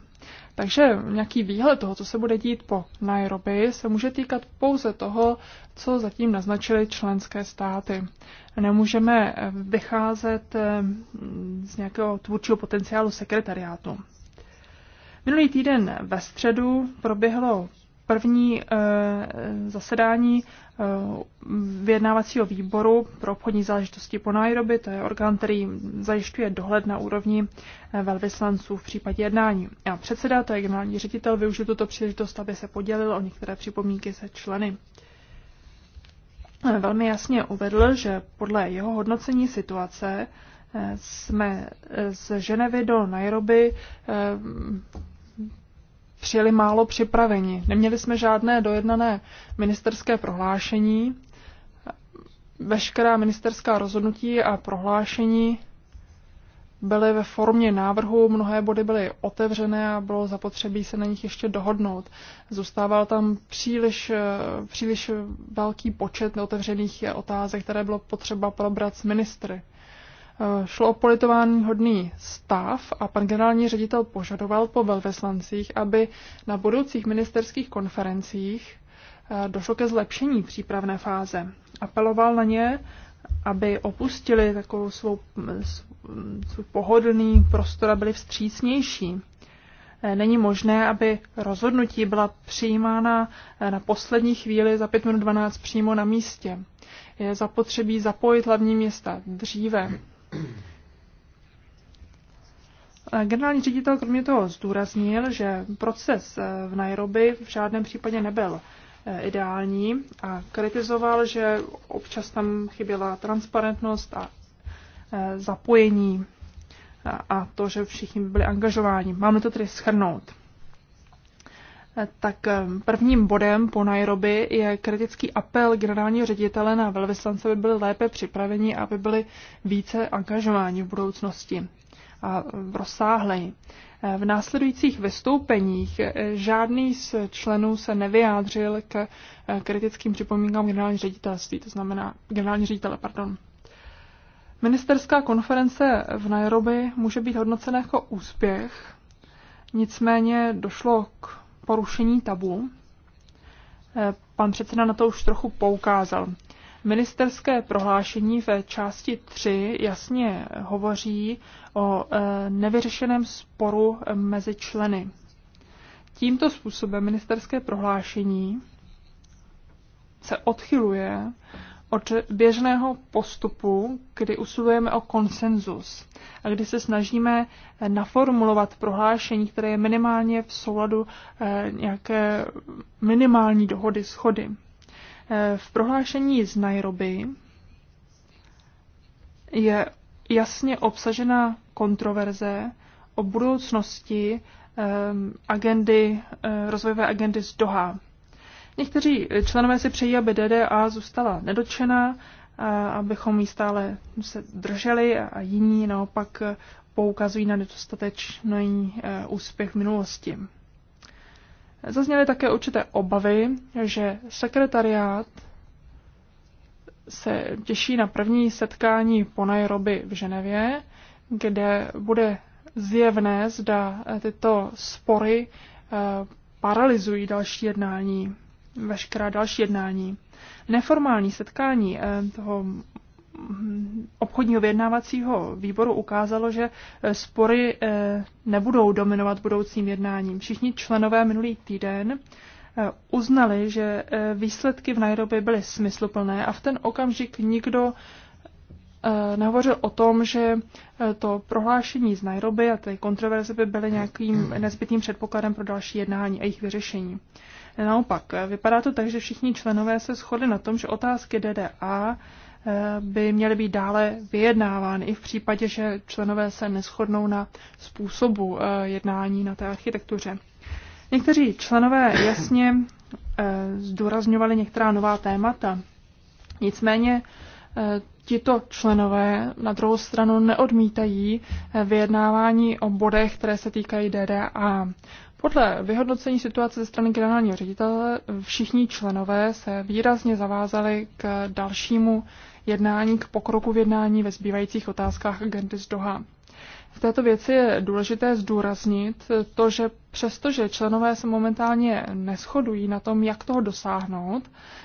Takže nějaký výhled toho, co se bude dít po Nairobi, se může týkat pouze toho, co zatím naznačily členské státy. Nemůžeme vycházet z nějakého tvůrčího potenciálu sekretariátu. Minulý týden ve středu proběhlo první eh, zasedání eh, vyjednávacího výboru pro obchodní záležitosti po Nairobi, to je orgán, který zajišťuje dohled na úrovni eh, velvyslanců v případě jednání. A předseda, to je generální ředitel, využil tuto příležitost, aby se podělil o některé připomínky se členy. Velmi jasně uvedl, že podle jeho hodnocení situace jsme z Ženevy do Nairobi přijeli málo připraveni. Neměli jsme žádné dojednané ministerské prohlášení. Veškerá ministerská rozhodnutí a prohlášení byly ve formě návrhu, mnohé body byly otevřené a bylo zapotřebí se na nich ještě dohodnout. Zůstával tam příliš, eh, příliš velký počet neotevřených otázek, které bylo potřeba probrat s ministry. Eh, šlo o politování hodný stav a pan generální ředitel požadoval po velveslancích, aby na budoucích ministerských konferencích eh, došlo ke zlepšení přípravné fáze. Apeloval na ně, aby opustili takovou svou, mm, mm, svou pohodlný prostor a byli vstřícnější. Eh, není možné, aby rozhodnutí byla přijímána na poslední chvíli za 5 minut 12 přímo na místě. Je zapotřebí zapojit hlavní města dříve. Generální ředitel kromě toho zdůraznil, že proces eh, v Nairobi v žádném případě nebyl eh, ideální a kritizoval, že občas tam chyběla transparentnost a eh, zapojení a to, že všichni byli angažováni. Máme to tedy schrnout tak ehm, prvním bodem po Nairobi je kritický apel generálního ředitele na velvyslance, aby byli lépe připraveni a aby byli více angažováni v budoucnosti a rozsáhleji. Eh, v následujících vystoupeních eh, žádný z členů se nevyjádřil k eh, kritickým připomínkám generální ředitelství, to znamená generální ředitele, pardon. Ministerská konference v Nairobi může být hodnocena jako úspěch, nicméně došlo k porušení tabu. Eh, pan předseda na to už trochu poukázal. Ministerské prohlášení ve části 3 jasně hovoří o eh, nevyřešeném sporu mezi členy. Tímto způsobem ministerské prohlášení se odchyluje od běžného postupu, kdy usilujeme o konsenzus a kdy se snažíme eh, naformulovat prohlášení, které je minimálně v souladu eh, nějaké minimální dohody, schody. Eh, v prohlášení z Nairobi je jasně obsažena kontroverze o budoucnosti agendy, rozvojové agendy z Doha. Někteří členové si přejí, aby DDA zůstala nedotčená, abychom ji stále se drželi a jiní naopak poukazují na nedostatečný e, úspěch v minulosti. Zazněly také určité obavy, že sekretariát se těší na první setkání po Nairobi v Ženevě, kde bude zjevné, zda tyto spory e, paralizují další jednání veškerá další jednání. Neformální setkání eh, toho hm, obchodního vyjednávacího výboru ukázalo, že eh, spory eh, nebudou dominovat budoucím jednáním. Všichni členové minulý týden uznali, že výsledky v Nairobi byly smysluplné a v ten okamžik nikdo nehovořil o tom, že to prohlášení z Nairobi a ty kontroverze by byly nějakým nezbytným předpokladem pro další jednání a jejich vyřešení. Naopak, vypadá to tak, že všichni členové se shodli na tom, že otázky DDA eh, by měly být dále vyjednávány i v případě, že členové se neschodnou na způsobu eh, jednání na té architektuře. Někteří členové jasně eh, zdůrazňovali některá nová témata. Nicméně tito členové na druhou stranu neodmítají vyjednávání o bodech, které se týkají DDA. Podle vyhodnocení situace ze strany generálního ředitele všichni členové se výrazně zavázali k dalšímu jednání, k pokroku v jednání ve zbývajících otázkách agendy z Doha. V této věci je důležité zdůraznit to, že přestože členové se momentálně neschodují na tom, jak toho dosáhnout,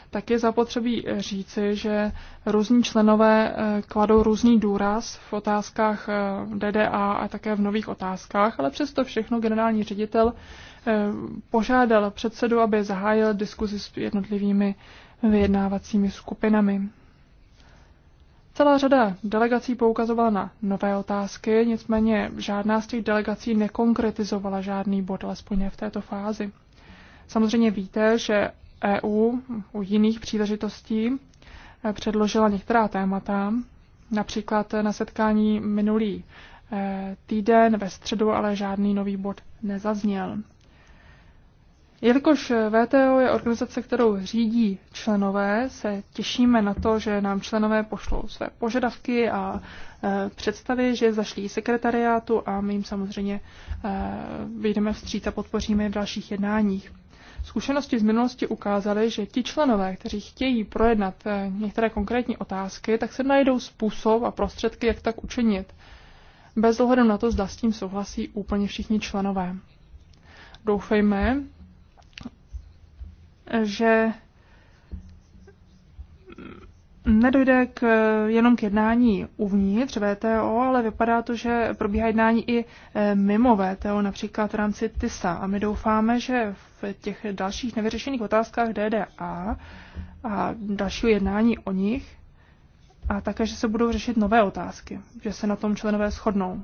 tak je zapotřebí říci, že různí členové eh, kladou různý důraz v otázkách eh, DDA a také v nových otázkách, ale přesto všechno generální ředitel eh, požádal předsedu, aby zahájil diskuzi s jednotlivými vyjednávacími skupinami. Celá řada delegací poukazovala na nové otázky, nicméně žádná z těch delegací nekonkretizovala žádný bod, alespoň ne v této fázi. Samozřejmě víte, že EU u jiných příležitostí eh, předložila některá témata, například na setkání minulý eh, týden ve středu, ale žádný nový bod nezazněl. Jelikož VTO je organizace, kterou řídí členové, se těšíme na to, že nám členové pošlou své požadavky a e, představy, že zašlí sekretariátu a my jim samozřejmě e, vyjdeme vstříc a podpoříme je v dalších jednáních. Zkušenosti z minulosti ukázaly, že ti členové, kteří chtějí projednat e, některé konkrétní otázky, tak se najdou způsob a prostředky, jak tak učinit. Bez ohledu na to, zda s tím souhlasí úplně všichni členové. Doufejme, že nedojde k, jenom k jednání uvnitř VTO, ale vypadá to, že probíhá jednání i eh, mimo VTO, například v rámci TISA. A my doufáme, že v těch dalších nevyřešených otázkách DDA a dalšího jednání o nich a také, že se budou řešit nové otázky, že se na tom členové shodnou.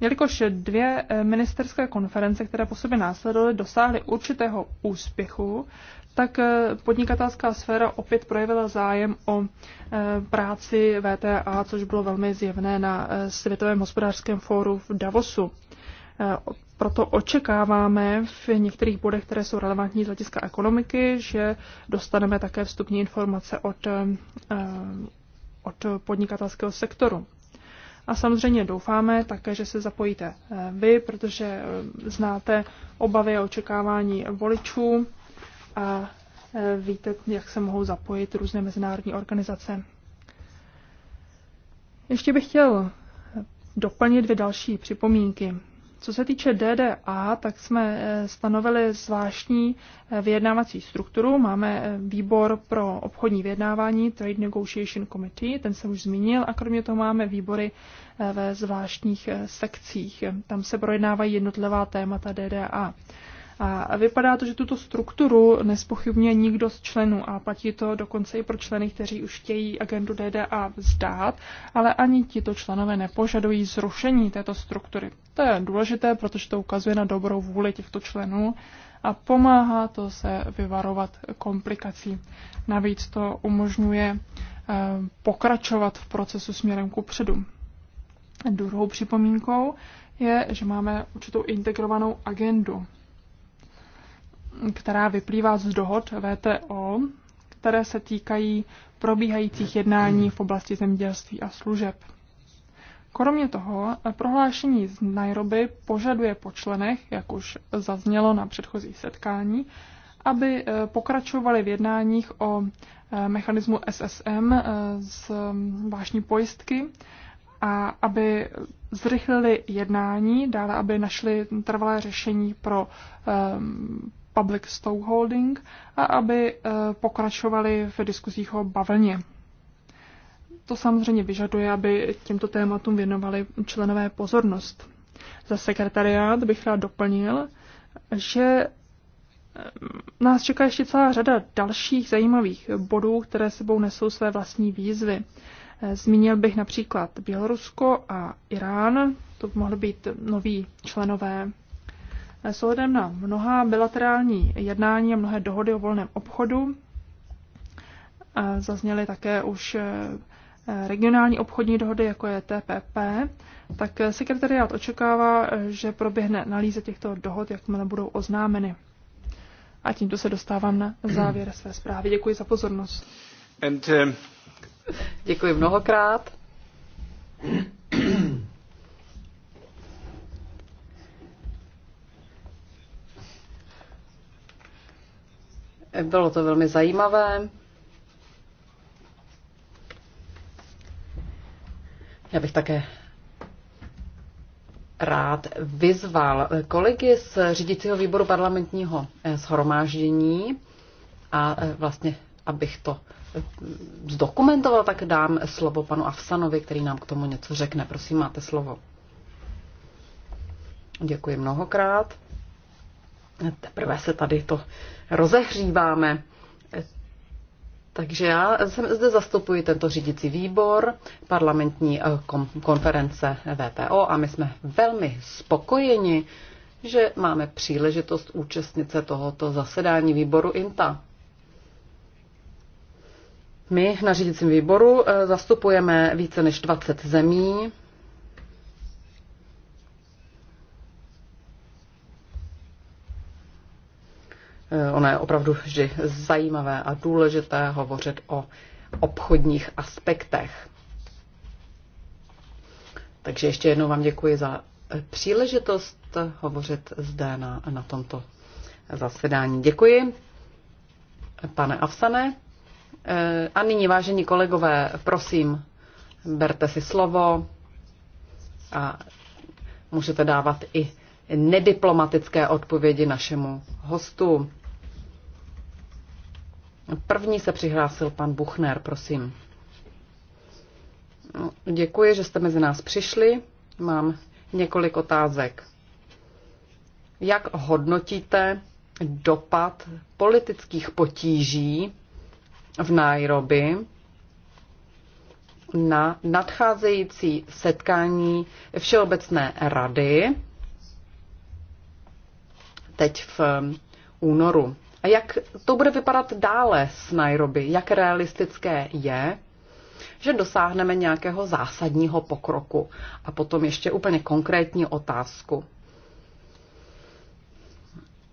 Jelikož dvě eh, ministerské konference, které po sobě následovaly, dosáhly určitého úspěchu, tak eh, podnikatelská sféra opět projevila zájem o eh, práci VTA, což bylo velmi zjevné na Světovém hospodářském fóru v Davosu. Proto očekáváme v některých bodech, které jsou relevantní z hlediska ekonomiky, že dostaneme také vstupní informace od, od podnikatelského sektoru. A samozřejmě doufáme také, že se zapojíte eh, vy, protože eh, znáte obavy a očekávání voličů a eh, víte, jak se mohou zapojit různé mezinárodní organizace. Ještě bych chtěl doplnit dvě další připomínky. Co se týče DDA, tak jsme eh, stanovili zvláštní eh, vyjednávací strukturu. Máme eh, výbor pro obchodní vyjednávání, Trade Negotiation Committee, ten se už zmínil, a kromě toho máme výbory ve zvláštních sekcích. Tam se projednávají jednotlivá témata DDA. A vypadá to, že tuto strukturu nespochybně nikdo z členů a platí to dokonce i pro členy, kteří už chtějí agendu DDA vzdát, ale ani tito členové nepožadují zrušení této struktury. To je důležité, protože to ukazuje na dobrou vůli těchto členů a pomáhá to se vyvarovat komplikací. Navíc to umožňuje eh, pokračovat v procesu směrem ku předu. Druhou připomínkou je, že máme určitou integrovanou agendu která vyplývá z dohod VTO, které se týkají probíhajících jednání v oblasti zemědělství a služeb. Kromě toho, prohlášení z Nairobi požaduje po členech, jak už zaznělo na předchozí setkání, aby eh, pokračovali v jednáních o eh, mechanismu SSM eh, z mm, vážní pojistky a aby zrychlili jednání, dále aby našli trvalé řešení pro public stockholding a aby eh, pokračovali v diskuzích o bavlně. To samozřejmě vyžaduje, aby těmto tématům věnovali členové pozornost. Za sekretariát bych rád doplnil, že eh, nás čeká ještě celá řada dalších zajímavých bodů, které sebou nesou své vlastní výzvy. Eh, zmínil bych například Bělorusko a Irán, to by mohly být noví členové s ohledem na mnoha bilaterální jednání a mnohé dohody o volném obchodu zazněly také už e, regionální obchodní dohody, jako je TPP, tak sekretariát očekává, e, že proběhne analýza těchto dohod, jakmile budou oznámeny. A tímto se dostávám na závěr své zprávy. Děkuji za pozornost. And, uh... Děkuji mnohokrát. Bylo to velmi zajímavé. Já bych také rád vyzval kolegy z řídícího výboru parlamentního eh, shromáždění a eh, vlastně, abych to eh, zdokumentoval, tak dám slovo panu Afsanovi, který nám k tomu něco řekne. Prosím, máte slovo. Děkuji mnohokrát. Teprve se tady to rozehříváme. Takže já jsem zde zastupuji tento řídící výbor parlamentní eh, konference VPO a my jsme velmi spokojeni, že máme příležitost účastnit se tohoto zasedání výboru INTA. My na řídícím výboru eh, zastupujeme více než 20 zemí, Ono je opravdu vždy zajímavé a důležité hovořit o obchodních aspektech. Takže ještě jednou vám děkuji za příležitost hovořit zde na, na tomto zasedání. Děkuji, pane Avsane. E, a nyní, vážení kolegové, prosím, berte si slovo a můžete dávat i nediplomatické odpovědi našemu hostu. První se přihlásil pan Buchner, prosím. Děkuji, že jste mezi nás přišli. Mám několik otázek. Jak hodnotíte dopad politických potíží v Nairobi na nadcházející setkání Všeobecné rady teď v um, únoru. A jak to bude vypadat dále s Nairobi? Jak realistické je, že dosáhneme nějakého zásadního pokroku? A potom ještě úplně konkrétní otázku.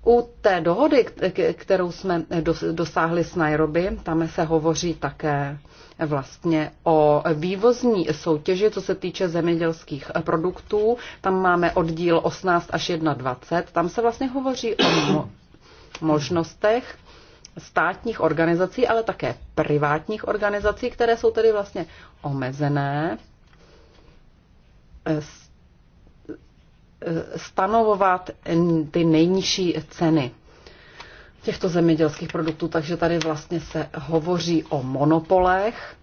U té dohody, kterou jsme dosáhli s Nairobi, tam se hovoří také vlastně o vývozní soutěži, co se týče zemědělských produktů. Tam máme oddíl 18 až 21. Tam se vlastně hovoří o možnostech státních organizací, ale také privátních organizací, které jsou tedy vlastně omezené stanovovat ty nejnižší ceny těchto zemědělských produktů, takže tady vlastně se hovoří o monopolech.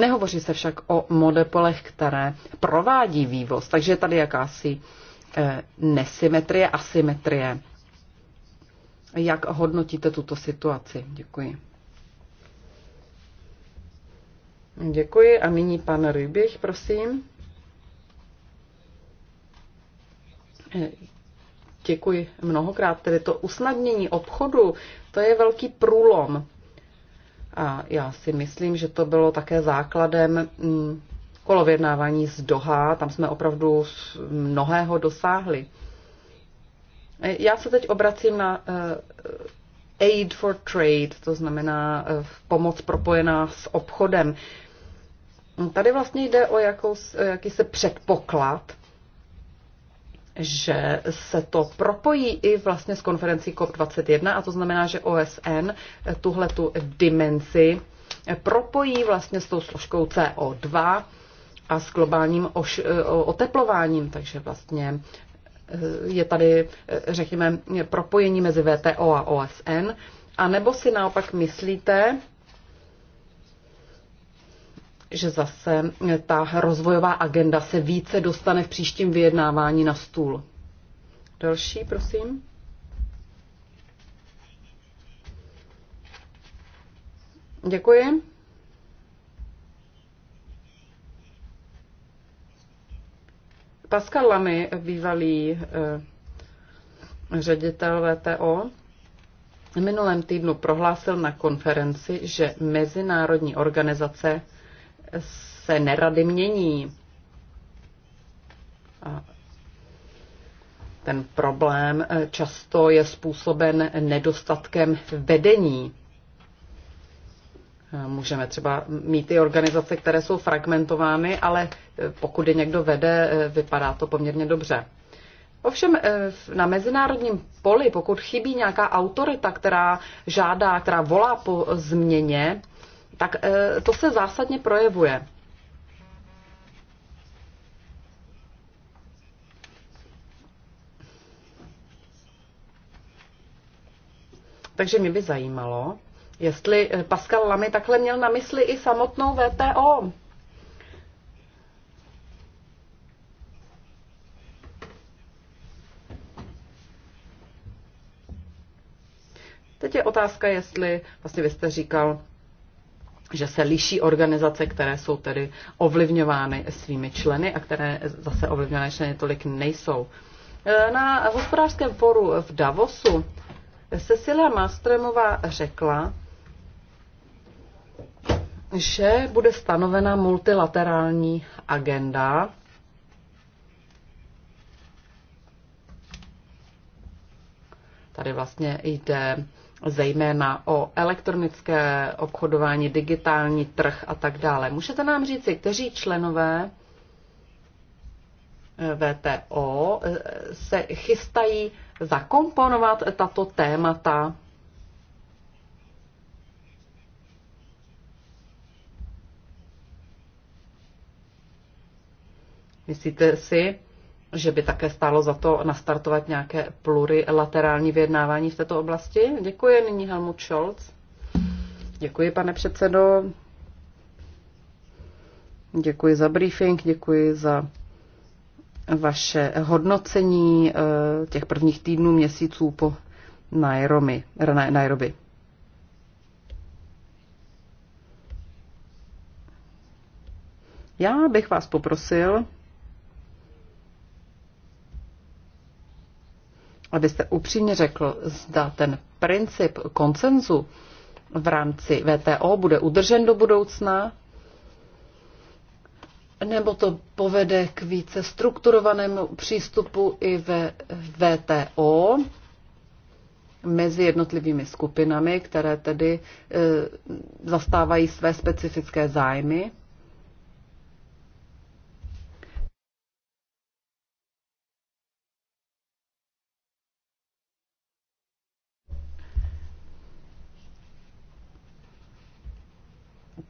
Nehovoří se však o monopolech, které provádí vývoz, takže je tady jakási eh, nesymetrie, asymetrie. Jak hodnotíte tuto situaci? Děkuji. Děkuji a nyní pan Rybich, prosím. Eh, děkuji mnohokrát. Tedy to usnadnění obchodu, to je velký průlom. A já si myslím, že to bylo také základem mm, kolovědnávání z Doha. Tam jsme opravdu mnohého dosáhli. Eh, já se teď obracím na eh, Aid for Trade, to znamená pomoc propojená s obchodem. Tady vlastně jde o jakou, jakýsi předpoklad, že se to propojí i vlastně s konferencí COP21 a to znamená, že OSN tuhle tu dimenzi propojí vlastně s tou složkou CO2 a s globálním oteplováním, takže vlastně eh, je tady, eh, řekněme, propojení mezi VTO a OSN. A nebo si naopak myslíte, že zase ta rozvojová agenda se více dostane v příštím vyjednávání na stůl. Další, prosím. Děkuji. Pascal Lamy, bývalý eh, ředitel VTO, minulém týdnu prohlásil na konferenci, že mezinárodní organizace se nerady mění. A ten problém eh, často je způsoben nedostatkem vedení. Eh, můžeme třeba mít i organizace, které jsou fragmentovány, ale eh, pokud je někdo vede, vypadá to poměrně dobře. Ovšem na mezinárodním poli, pokud chybí nějaká autorita, která žádá, která volá po změně, tak eh, to se zásadně projevuje. Takže mě by zajímalo, jestli eh, Pascal Lamy takhle měl na mysli i samotnou VTO. Teď je otázka, jestli, vlastně vy jste říkal, že se liší organizace, které jsou tedy ovlivňovány svými členy a které zase ovlivňované členy tolik nejsou. E, na hospodářském foru v Davosu Cecilia Mastremová řekla, že bude stanovena multilaterální agenda Tady vlastně jde zejména o elektronické obchodování, digitální trh a tak dále. Můžete nám říci, kteří členové eh, VTO eh, se chystají zakomponovat tato témata Myslíte si, že by také stálo za to nastartovat nějaké plurilaterální vyjednávání v této oblasti. Děkuji, nyní Helmut Scholz. Děkuji, pane předsedo. Děkuji za briefing, děkuji za vaše hodnocení eh, těch prvních týdnů, měsíců po Nairobi. Eh, Nairobi. Já bych vás poprosil, abyste upřímně řekl, zda ten princip koncenzu v rámci VTO bude udržen do budoucna, nebo to povede k více strukturovanému přístupu i ve VTO mezi jednotlivými skupinami, které tedy e, zastávají své specifické zájmy.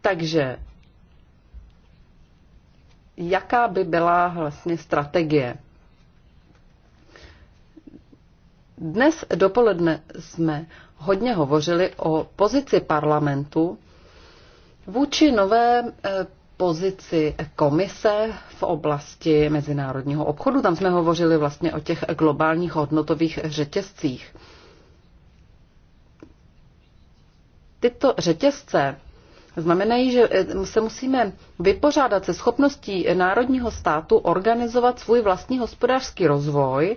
Takže jaká by byla vlastně strategie? Dnes dopoledne jsme hodně hovořili o pozici parlamentu vůči nové eh, pozici komise v oblasti mezinárodního obchodu. Tam jsme hovořili vlastně o těch globálních hodnotových řetězcích. Tyto řetězce znamenají, že eh, se musíme vypořádat se schopností národního státu organizovat svůj vlastní hospodářský rozvoj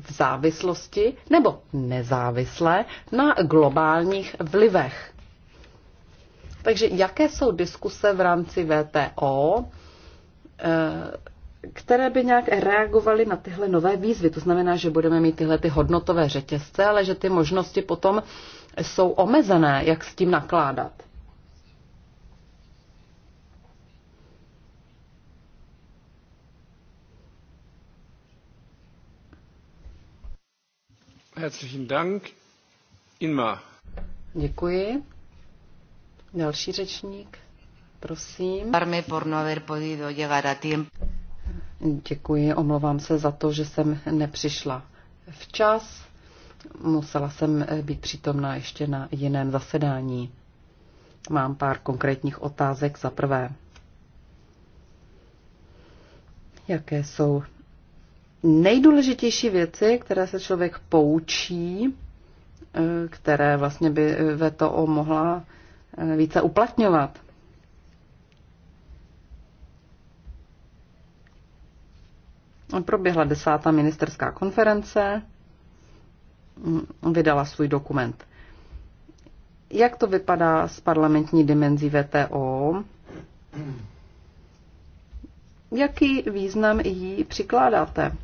v závislosti nebo nezávisle na globálních vlivech. Takže jaké jsou diskuse v rámci VTO, eh, které by nějak reagovaly na tyhle nové výzvy? To znamená, že budeme mít tyhle ty hodnotové řetězce, ale že ty možnosti potom jsou omezené, jak s tím nakládat. Herzlichen Dank. Inma. Děkuji. Další řečník, prosím. por no haber podido llegar a tiempo. Děkuji, omlouvám se za to, že jsem nepřišla včas. Musela jsem eh, být přítomna ještě na jiném zasedání. Mám pár konkrétních otázek. Za prvé, jaké jsou nejdůležitější věci, které se člověk poučí, eh, které vlastně by eh, VTO mohla více uplatňovat. Proběhla desátá ministerská konference Mm, vydala svůj dokument. Jak to vypadá s parlamentní dimenzí VTO? Jaký význam jí přikládáte?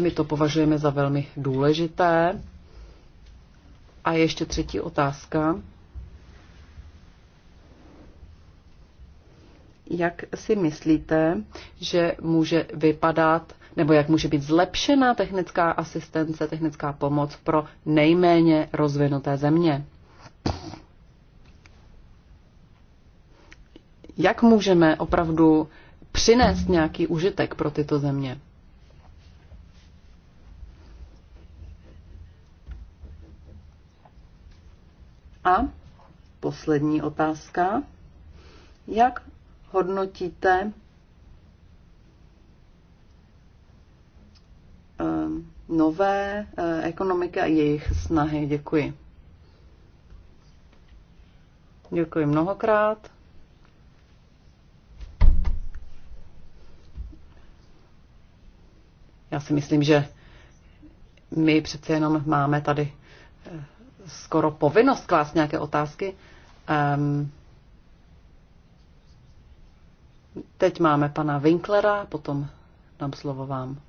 My to považujeme za velmi důležité. A ještě třetí otázka. Jak si myslíte, že může vypadat nebo jak může být zlepšena technická asistence, technická pomoc pro nejméně rozvinuté země? Jak můžeme opravdu přinést nějaký užitek pro tyto země? A poslední otázka. Jak hodnotíte eh, nové eh, ekonomiky a jejich snahy. Děkuji. Děkuji mnohokrát. Já si myslím, že my přece jenom máme tady eh, skoro povinnost klást nějaké otázky. Um, Teď máme pana Winklera, potom dám slovo vám.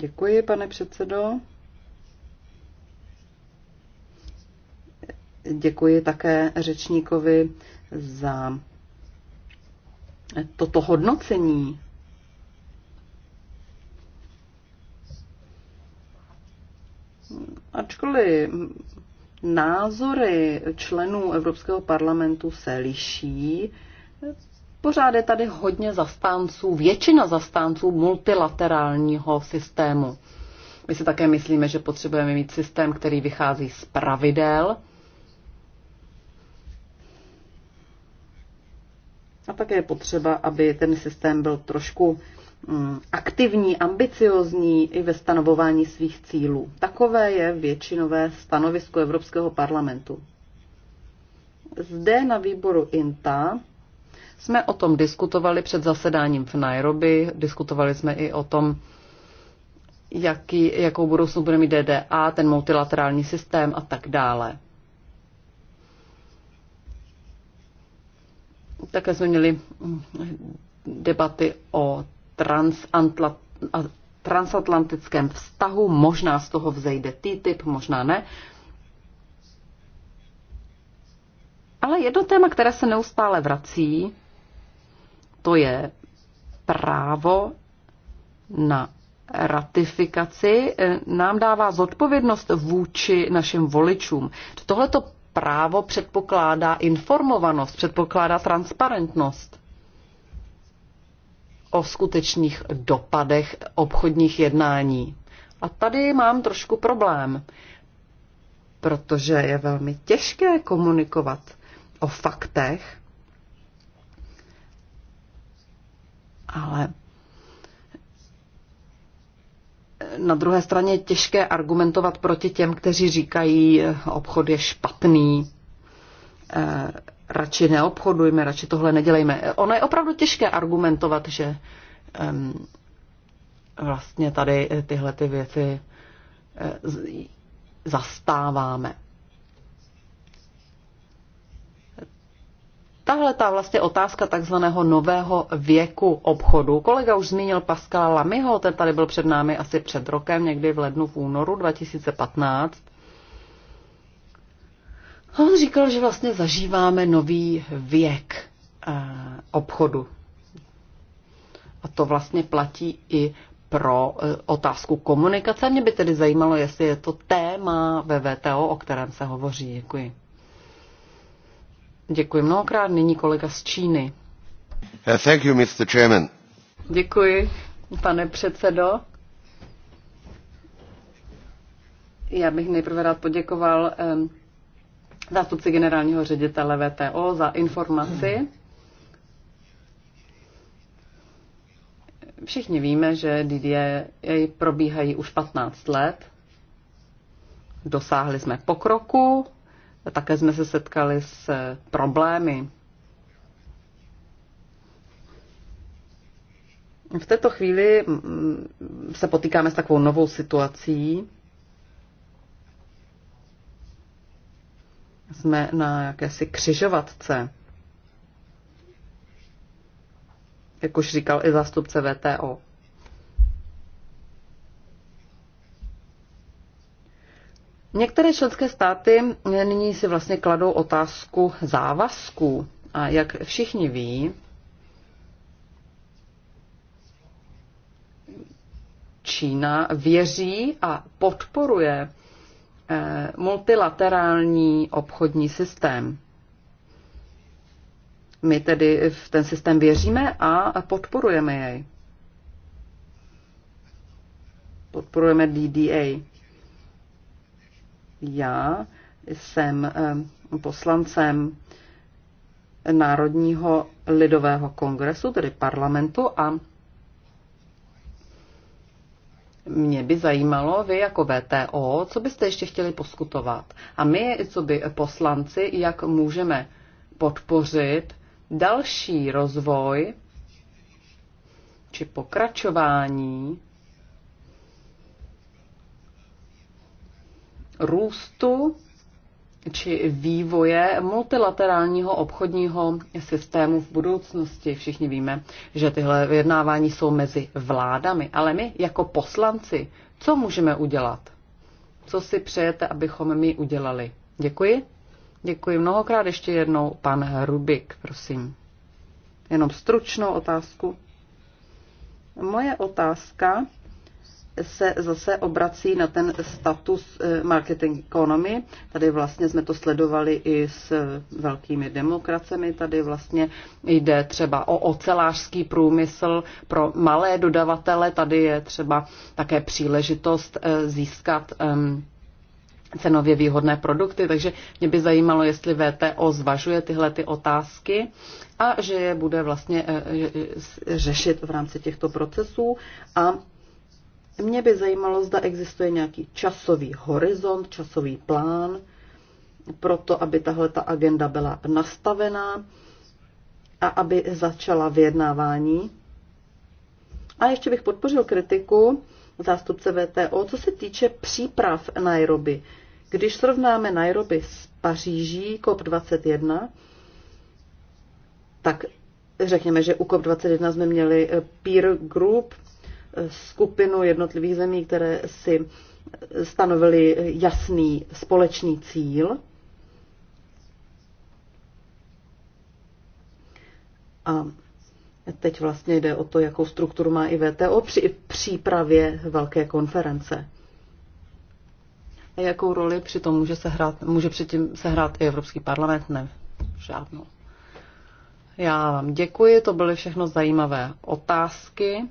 Děkuji, pane předsedo. Děkuji také řečníkovi za toto hodnocení. Ačkoliv názory členů Evropského parlamentu se liší, Pořád je tady hodně zastánců, většina zastánců multilaterálního systému. My si také myslíme, že potřebujeme mít systém, který vychází z pravidel. A také je potřeba, aby ten systém byl trošku mm, aktivní, ambiciozní i ve stanovování svých cílů. Takové je většinové stanovisko Evropského parlamentu. Zde na výboru INTA jsme o tom diskutovali před zasedáním v Nairobi, diskutovali jsme i o tom, jaký, jakou budoucnost bude mít DDA, ten multilaterální systém a tak dále. Také jsme měli debaty o transatlantickém vztahu. Možná z toho vzejde TTIP, možná ne. Ale jedno téma, které se neustále vrací, to je právo na ratifikaci e, nám dává zodpovědnost vůči našim voličům. Tohleto právo předpokládá informovanost, předpokládá transparentnost o skutečných dopadech obchodních jednání. A tady mám trošku problém, protože je velmi těžké komunikovat o faktech, ale na druhé straně je těžké argumentovat proti těm, kteří říkají, eh, obchod je špatný, eh, radši neobchodujme, radši tohle nedělejme. Ono je opravdu těžké argumentovat, že ehm, vlastně tady eh, tyhle ty věci zastáváme. Tahle ta vlastně otázka takzvaného nového věku obchodu. Kolega už zmínil Pascala Lamyho, ten tady byl před námi asi před rokem, někdy v lednu, v únoru 2015. On říkal, že vlastně zažíváme nový věk eh, obchodu. A to vlastně platí i pro eh, otázku komunikace. Mě by tedy zajímalo, jestli je to téma ve VTO, o kterém se hovoří. Děkuji. Děkuji mnohokrát. Nyní kolega z Číny. Uh, thank you, Mr. Chairman. Děkuji, pane předsedo. Já bych nejprve rád poděkoval um, zástupci generálního ředitele VTO za informaci. Všichni víme, že DDA probíhají už 15 let. Dosáhli jsme pokroku, také jsme se setkali s problémy. V této chvíli mm, mm, se potýkáme s takovou novou situací. Jsme na jakési křižovatce. Jak už říkal i zástupce VTO. Některé členské státy eh, nyní si vlastně kladou otázku závazků. A jak všichni ví, Čína věří a podporuje eh, multilaterální obchodní systém. My tedy v ten systém věříme a podporujeme jej. Podporujeme DDA. Já jsem eh, poslancem Národního lidového kongresu, tedy parlamentu, a mě by zajímalo, vy jako VTO, co byste ještě chtěli poskutovat? A my, co by poslanci, jak můžeme podpořit další rozvoj či pokračování růstu či vývoje multilaterálního obchodního systému v budoucnosti. Všichni víme, že tyhle vyjednávání jsou mezi vládami, ale my jako poslanci, co můžeme udělat? Co si přejete, abychom my udělali? Děkuji. Děkuji mnohokrát ještě jednou. Pan Rubik, prosím. Jenom stručnou otázku. Moje otázka se zase obrací na ten status eh, marketing economy. Tady vlastně jsme to sledovali i s eh, velkými demokracemi. Tady vlastně jde třeba o ocelářský průmysl pro malé dodavatele. Tady je třeba také příležitost eh, získat ehm, cenově výhodné produkty, takže mě by zajímalo, jestli VTO zvažuje tyhle ty otázky a že je bude vlastně řešit v rámci těchto procesů a mě by zajímalo, zda existuje nějaký časový horizont, časový plán pro to, aby tahle ta agenda byla nastavená a aby začala vyjednávání. A ještě bych podpořil kritiku zástupce VTO, co se týče příprav Nairobi. Když srovnáme Nairobi s Paříží COP21, tak řekněme, že u COP21 jsme měli peer group, skupinu jednotlivých zemí, které si stanovili jasný společný cíl. A teď vlastně jde o to, jakou strukturu má i VTO při přípravě velké konference. A jakou roli při tom může, se hrát, může předtím sehrát i Evropský parlament? Ne, žádnou. Já vám děkuji, to byly všechno zajímavé otázky.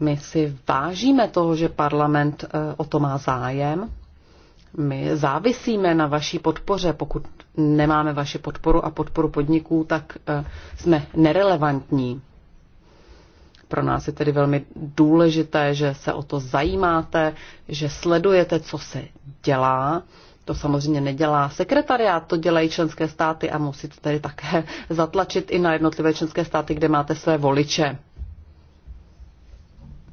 My si vážíme toho, že parlament eh, o to má zájem. My závisíme na vaší podpoře. Pokud nemáme vaši podporu a podporu podniků, tak eh, jsme nerelevantní. Pro nás je tedy velmi důležité, že se o to zajímáte, že sledujete, co se dělá. To samozřejmě nedělá sekretariát, to dělají členské státy a musíte tedy také zatlačit i na jednotlivé členské státy, kde máte své voliče.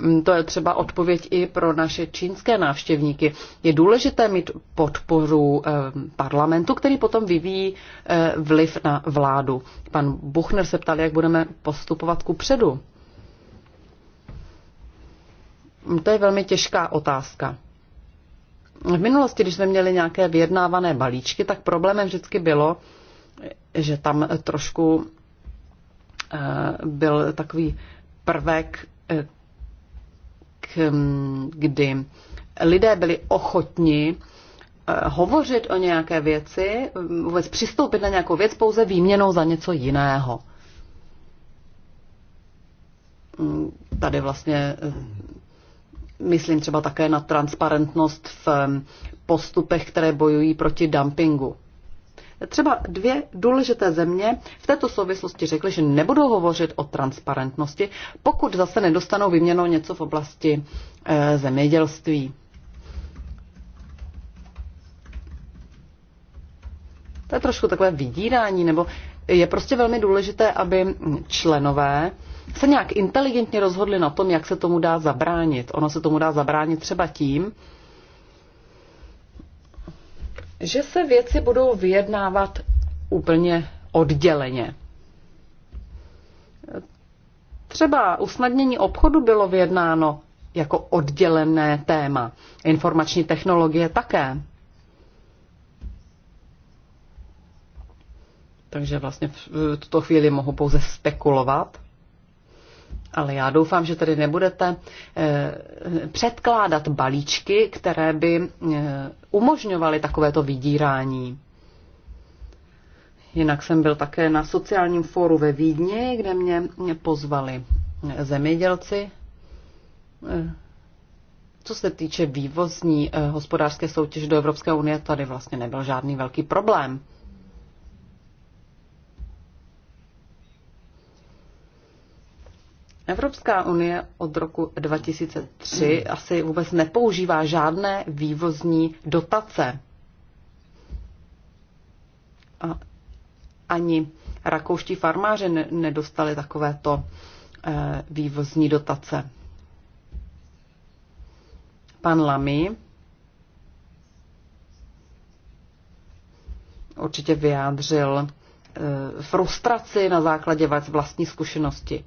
Mm, to je třeba odpověď i pro naše čínské návštěvníky. Je důležité mít podporu ehm, parlamentu, který potom vyvíjí eh, vliv na vládu. Pan Buchner se ptal, jak budeme postupovat ku předu. Mm, to je velmi těžká otázka. V minulosti, když jsme měli nějaké vyjednávané balíčky, tak problémem vždycky bylo, že tam trošku eh, byl takový prvek eh, Mm, kdy lidé byli ochotni eh, hovořit o nějaké věci, mm, vůbec přistoupit na nějakou věc pouze výměnou za něco jiného. Mm, tady vlastně eh, myslím třeba také na transparentnost v postupech, které bojují proti dumpingu. Třeba dvě důležité země v této souvislosti řekly, že nebudou hovořit o transparentnosti, pokud zase nedostanou vyměnou něco v oblasti eh, zemědělství. To je trošku takové vydírání, nebo je prostě velmi důležité, aby členové se nějak inteligentně rozhodli na tom, jak se tomu dá zabránit. Ono se tomu dá zabránit třeba tím, že se věci budou vyjednávat úplně odděleně. Třeba usnadnění obchodu bylo vyjednáno jako oddělené téma. Informační technologie také. Takže vlastně v tuto chvíli mohu pouze spekulovat ale já doufám, že tedy nebudete eh, předkládat balíčky, které by eh, umožňovaly takovéto vydírání. Jinak jsem byl také na sociálním fóru ve Vídni, kde mě pozvali zemědělci. Eh, co se týče vývozní hospodářské soutěže do Evropské unie, tady vlastně nebyl žádný velký problém. Evropská unie od roku 2003 asi vůbec nepoužívá žádné vývozní dotace. A ani rakouští farmáři nedostali takovéto eh, vývozní dotace. Pan Lamy určitě vyjádřil eh, frustraci na základě vlastní zkušenosti.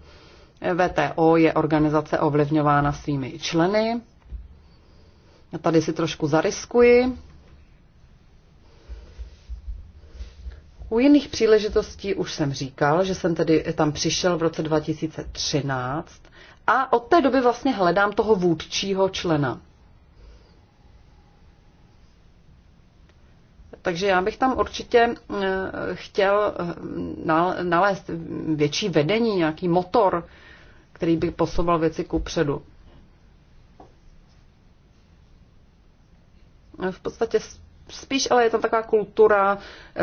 VTO je organizace ovlivňována svými členy. Já tady si trošku zariskuji. U jiných příležitostí už jsem říkal, že jsem tedy tam přišel v roce 2013 a od té doby vlastně hledám toho vůdčího člena. Takže já bych tam určitě eh, chtěl eh, nalézt větší vedení, nějaký motor, který by posouval věci ku předu. Eh, v podstatě spíš ale je tam taková kultura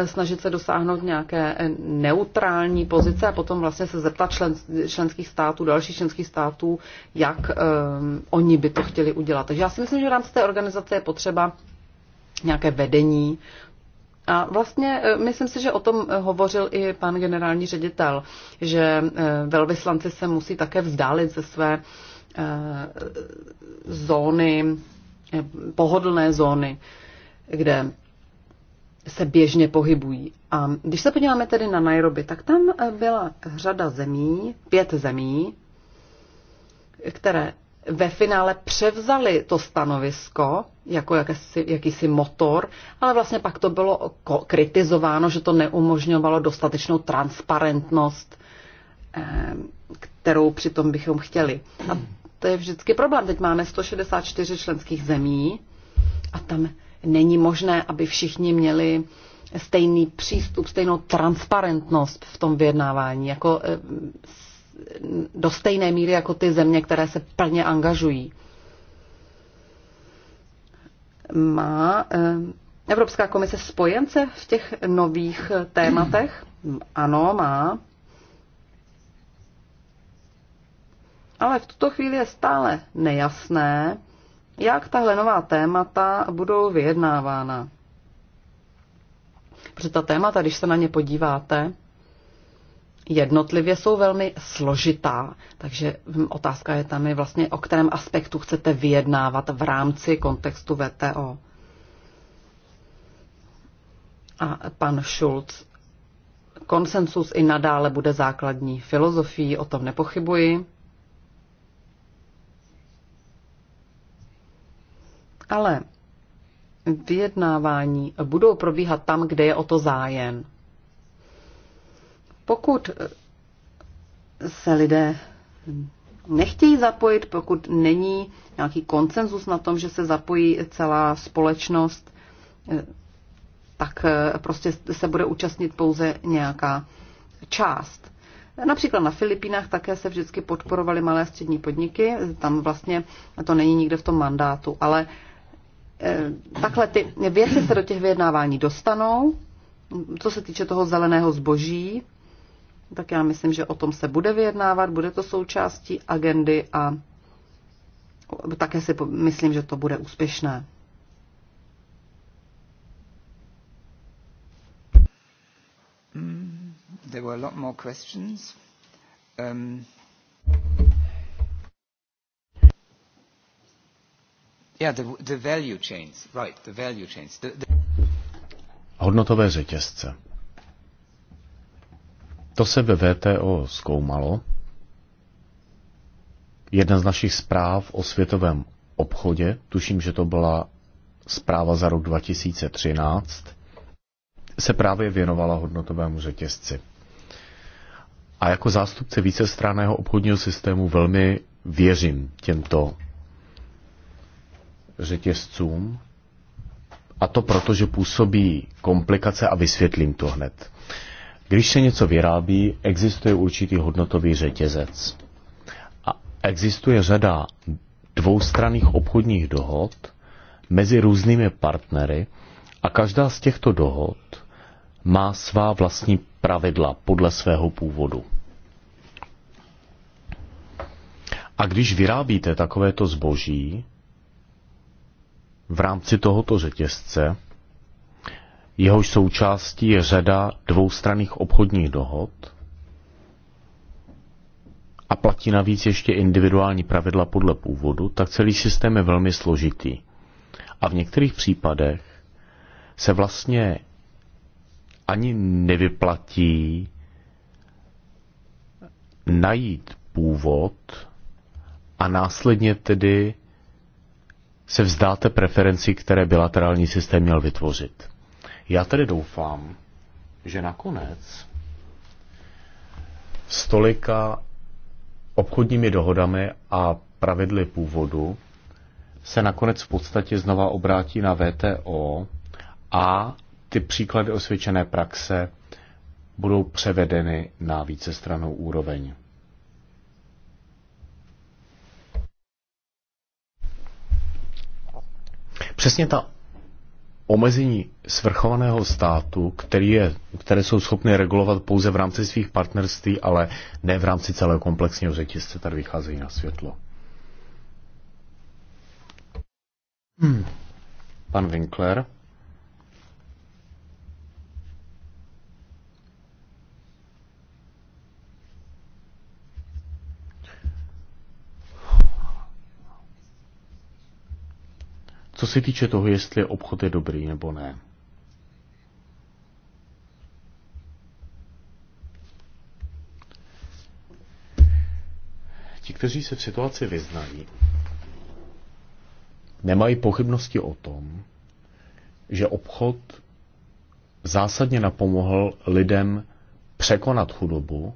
snažit se dosáhnout nějaké neutrální pozice a potom vlastně se zeptat člen, členských států, dalších členských států, jak um, oni by to chtěli udělat. Takže já si myslím, že v rámci té organizace je potřeba nějaké vedení. A vlastně e, myslím si, že o tom hovořil i pan generální ředitel, že e, velvyslanci se musí také vzdálit ze své e, zóny, pohodlné zóny, kde se běžně pohybují. A když se podíváme tedy na Nairobi, tak tam byla řada zemí, pět zemí, které ve finále převzali to stanovisko jako jakýsi, jakýsi motor, ale vlastně pak to bylo kritizováno, že to neumožňovalo dostatečnou transparentnost, eh, kterou přitom bychom chtěli. A to je vždycky problém. Teď máme 164 členských zemí a tam není možné, aby všichni měli stejný přístup, stejnou transparentnost v tom vyjednávání. Jako eh, do stejné míry jako ty země, které se plně angažují. Má eh, Evropská komise spojence v těch nových tématech? Ano, má. Ale v tuto chvíli je stále nejasné, jak tahle nová témata budou vyjednávána. Protože ta témata, když se na ně podíváte, jednotlivě jsou velmi složitá. Takže otázka je tam je vlastně, o kterém aspektu chcete vyjednávat v rámci kontextu VTO. A pan Schulz, konsensus i nadále bude základní filozofií, o tom nepochybuji. Ale vyjednávání budou probíhat tam, kde je o to zájem. Pokud se lidé nechtějí zapojit, pokud není nějaký konsenzus na tom, že se zapojí celá společnost, tak eh, prostě se bude účastnit pouze nějaká část. Například na Filipínách také se vždycky podporovaly malé a střední podniky, tam vlastně to není nikde v tom mandátu, ale eh, takhle ty věci se do těch vyjednávání dostanou, co se týče toho zeleného zboží, tak já myslím, že o tom se bude vyjednávat, bude to součástí agendy a také si myslím, že to bude úspěšné. Mm, there were a lot more questions. Um, yeah, the, the value chains, right, the value chains. The, the... Hodnotové řetězce. To se ve VTO zkoumalo. Jedna z našich zpráv o světovém obchodě, tuším, že to byla zpráva za rok 2013, se právě věnovala hodnotovému řetězci. A jako zástupce vícestranného obchodního systému velmi věřím těmto řetězcům. A to proto, že působí komplikace a vysvětlím to hned. Když se něco vyrábí, existuje určitý hodnotový řetězec. A existuje řada dvoustranných obchodních dohod mezi různými partnery a každá z těchto dohod má svá vlastní pravidla podle svého původu. A když vyrábíte takovéto zboží v rámci tohoto řetězce, jehož součástí je řada dvoustranných obchodních dohod a platí navíc ještě individuální pravidla podle původu, tak celý systém je velmi složitý. A v některých případech se vlastně ani nevyplatí najít původ a následně tedy se vzdáte preferenci, které bilaterální systém měl vytvořit. Já tedy doufám, že nakonec s tolika obchodními dohodami a pravidly původu se nakonec v podstatě znova obrátí na VTO a ty příklady osvědčené praxe budou převedeny na vícestranou úroveň. Přesně ta omezení svrchovaného státu, který je, které jsou schopny regulovat pouze v rámci svých partnerství, ale ne v rámci celého komplexního řetězce, tady vycházejí na světlo. Hmm. Pan Winkler. co se týče toho, jestli obchod je dobrý nebo ne. Ti, kteří se v situaci vyznají, nemají pochybnosti o tom, že obchod zásadně napomohl lidem překonat chudobu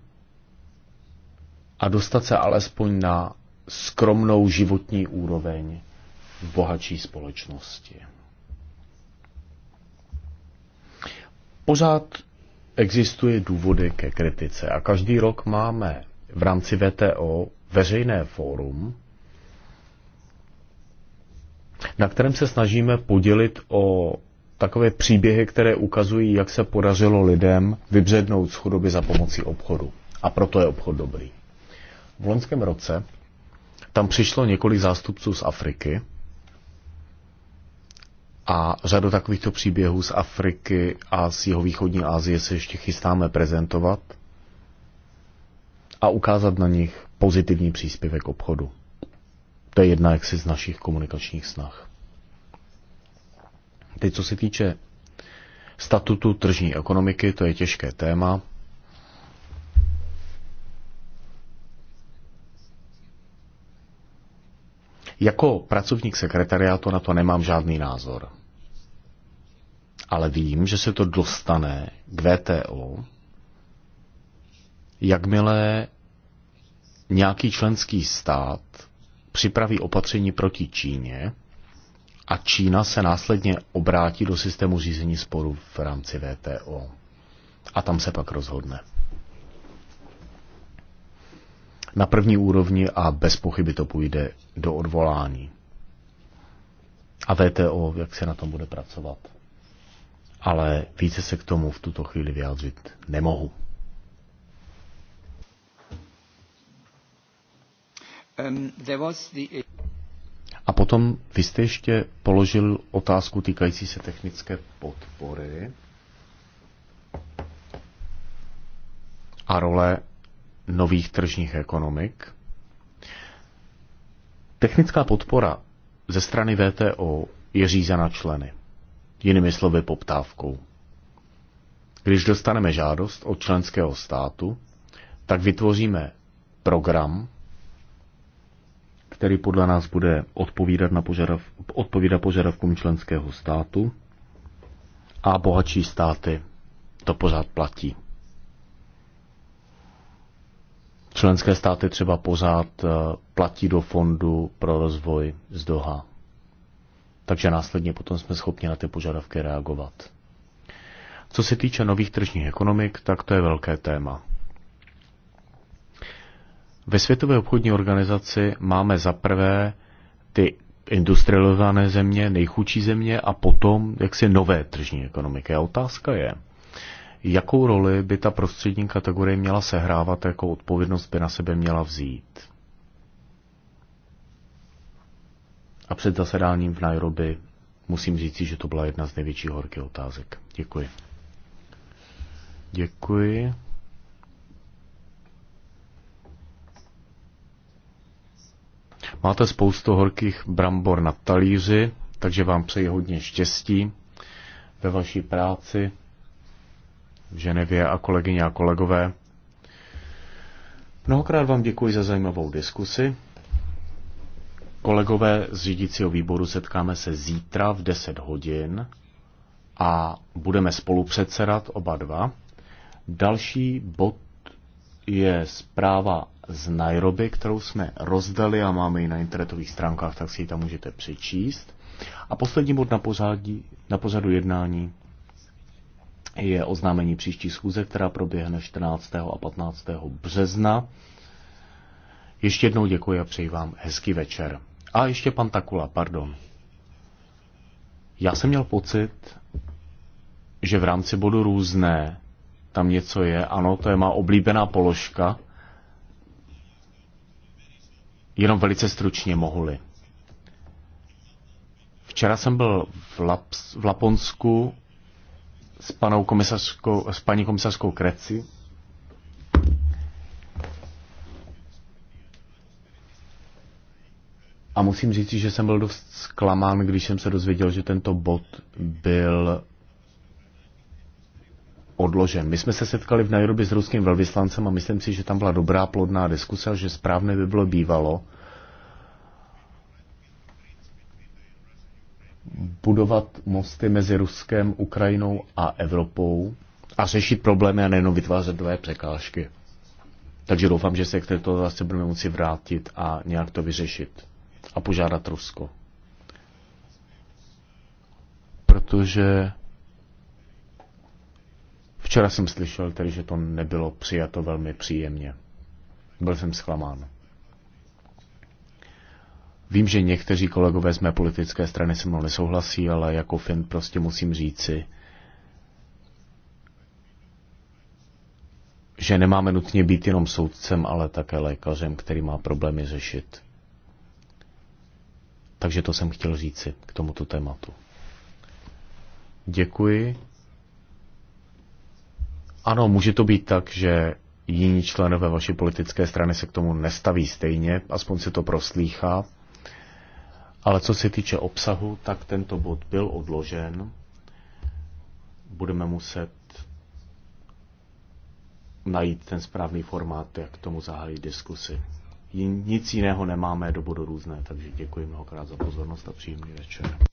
a dostat se alespoň na skromnou životní úroveň v bohatší společnosti. Pořád existuje důvody ke kritice a každý rok máme v rámci VTO veřejné fórum, na kterém se snažíme podělit o takové příběhy, které ukazují, jak se podařilo lidem vybřednout z chudoby za pomocí obchodu. A proto je obchod dobrý. V loňském roce tam přišlo několik zástupců z Afriky a řadu takovýchto příběhů z Afriky a z jeho východní Asie se ještě chystáme prezentovat a ukázat na nich pozitivní příspěvek obchodu. To je jedna jaksi z našich komunikačních snah. Teď, co se týče statutu tržní ekonomiky, to je těžké téma. Jako pracovník sekretariátu na to nemám žádný názor ale vím, že se to dostane k VTO, jakmile nějaký členský stát připraví opatření proti Číně a Čína se následně obrátí do systému řízení sporu v rámci VTO. A tam se pak rozhodne. Na první úrovni a bez pochyby to půjde do odvolání. A VTO, jak se na tom bude pracovat? ale více se k tomu v tuto chvíli vyjádřit nemohu. Um, a potom vy jste ještě položil otázku týkající se technické podpory a role nových tržních ekonomik. Technická podpora ze strany VTO je řízena členy jinými slovy poptávkou. Když dostaneme žádost od členského státu, tak vytvoříme program, který podle nás bude odpovídat, na požadav, odpovídat požadavkům členského státu a bohatší státy to pořád platí. Členské státy třeba pořád eh, platí do fondu pro rozvoj z Doha takže následně potom jsme schopni na ty požadavky reagovat. Co se týče nových tržních ekonomik, tak to je velké téma. Ve Světové obchodní organizaci máme zaprvé ty industrializované země, nejchudší země a potom jaksi nové tržní ekonomiky. A otázka je, jakou roli by ta prostřední kategorie měla sehrávat, jakou odpovědnost by na sebe měla vzít. A před zasedáním v Nairobi musím říci, že to byla jedna z největších horkých otázek. Děkuji. Děkuji. Máte spoustu horkých brambor na talíři, takže vám přeji hodně štěstí ve vaší práci v Ženevě a kolegyně a kolegové. Mnohokrát vám děkuji za zajímavou diskusi. Kolegové z řídícího výboru setkáme se zítra v 10 hodin a budeme spolu předsedat oba dva. Další bod je zpráva z Nairobi, kterou jsme rozdali a máme ji na internetových stránkách, tak si ji tam můžete přečíst. A poslední bod na, pořádí, na pořadu jednání je oznámení příští schůze, která proběhne 14. a 15. března. Ještě jednou děkuji a přeji vám hezký večer. A ještě pan Takula, pardon. Já jsem měl pocit, že v rámci bodu různé tam něco je. Ano, to je má oblíbená položka. Jenom velice stručně mohli. Včera jsem byl v, Laps, v Laponsku s, panou komisařkou, s paní komisařskou Kreci A musím říct, že jsem byl dost zklamán, když jsem se dozvěděl, že tento bod byl odložen. My jsme se setkali v Nairobi s ruským velvyslancem a myslím si, že tam byla dobrá plodná diskuse a že správné by bylo bývalo budovat mosty mezi Ruskem, Ukrajinou a Evropou a řešit problémy a nejenom vytvářet dvě překážky. Takže doufám, že se k této zase budeme moci vrátit a nějak to vyřešit a požádat Rusko. Protože včera jsem slyšel tedy, že to nebylo přijato velmi příjemně. Byl jsem zklamán. Vím, že někteří kolegové z mé politické strany se mnou nesouhlasí, ale jako Fin prostě musím říci, že nemáme nutně být jenom soudcem, ale také lékařem, který má problémy řešit. Takže to jsem chtěl říci k tomuto tématu. Děkuji. Ano, může to být tak, že jiní členové vaší politické strany se k tomu nestaví stejně, aspoň se to proslýchá. Ale co se týče obsahu, tak tento bod byl odložen. Budeme muset najít ten správný formát, jak k tomu zahájit diskusi nic jiného nemáme do bodu různé, takže děkuji mnohokrát za pozornost a příjemný večer.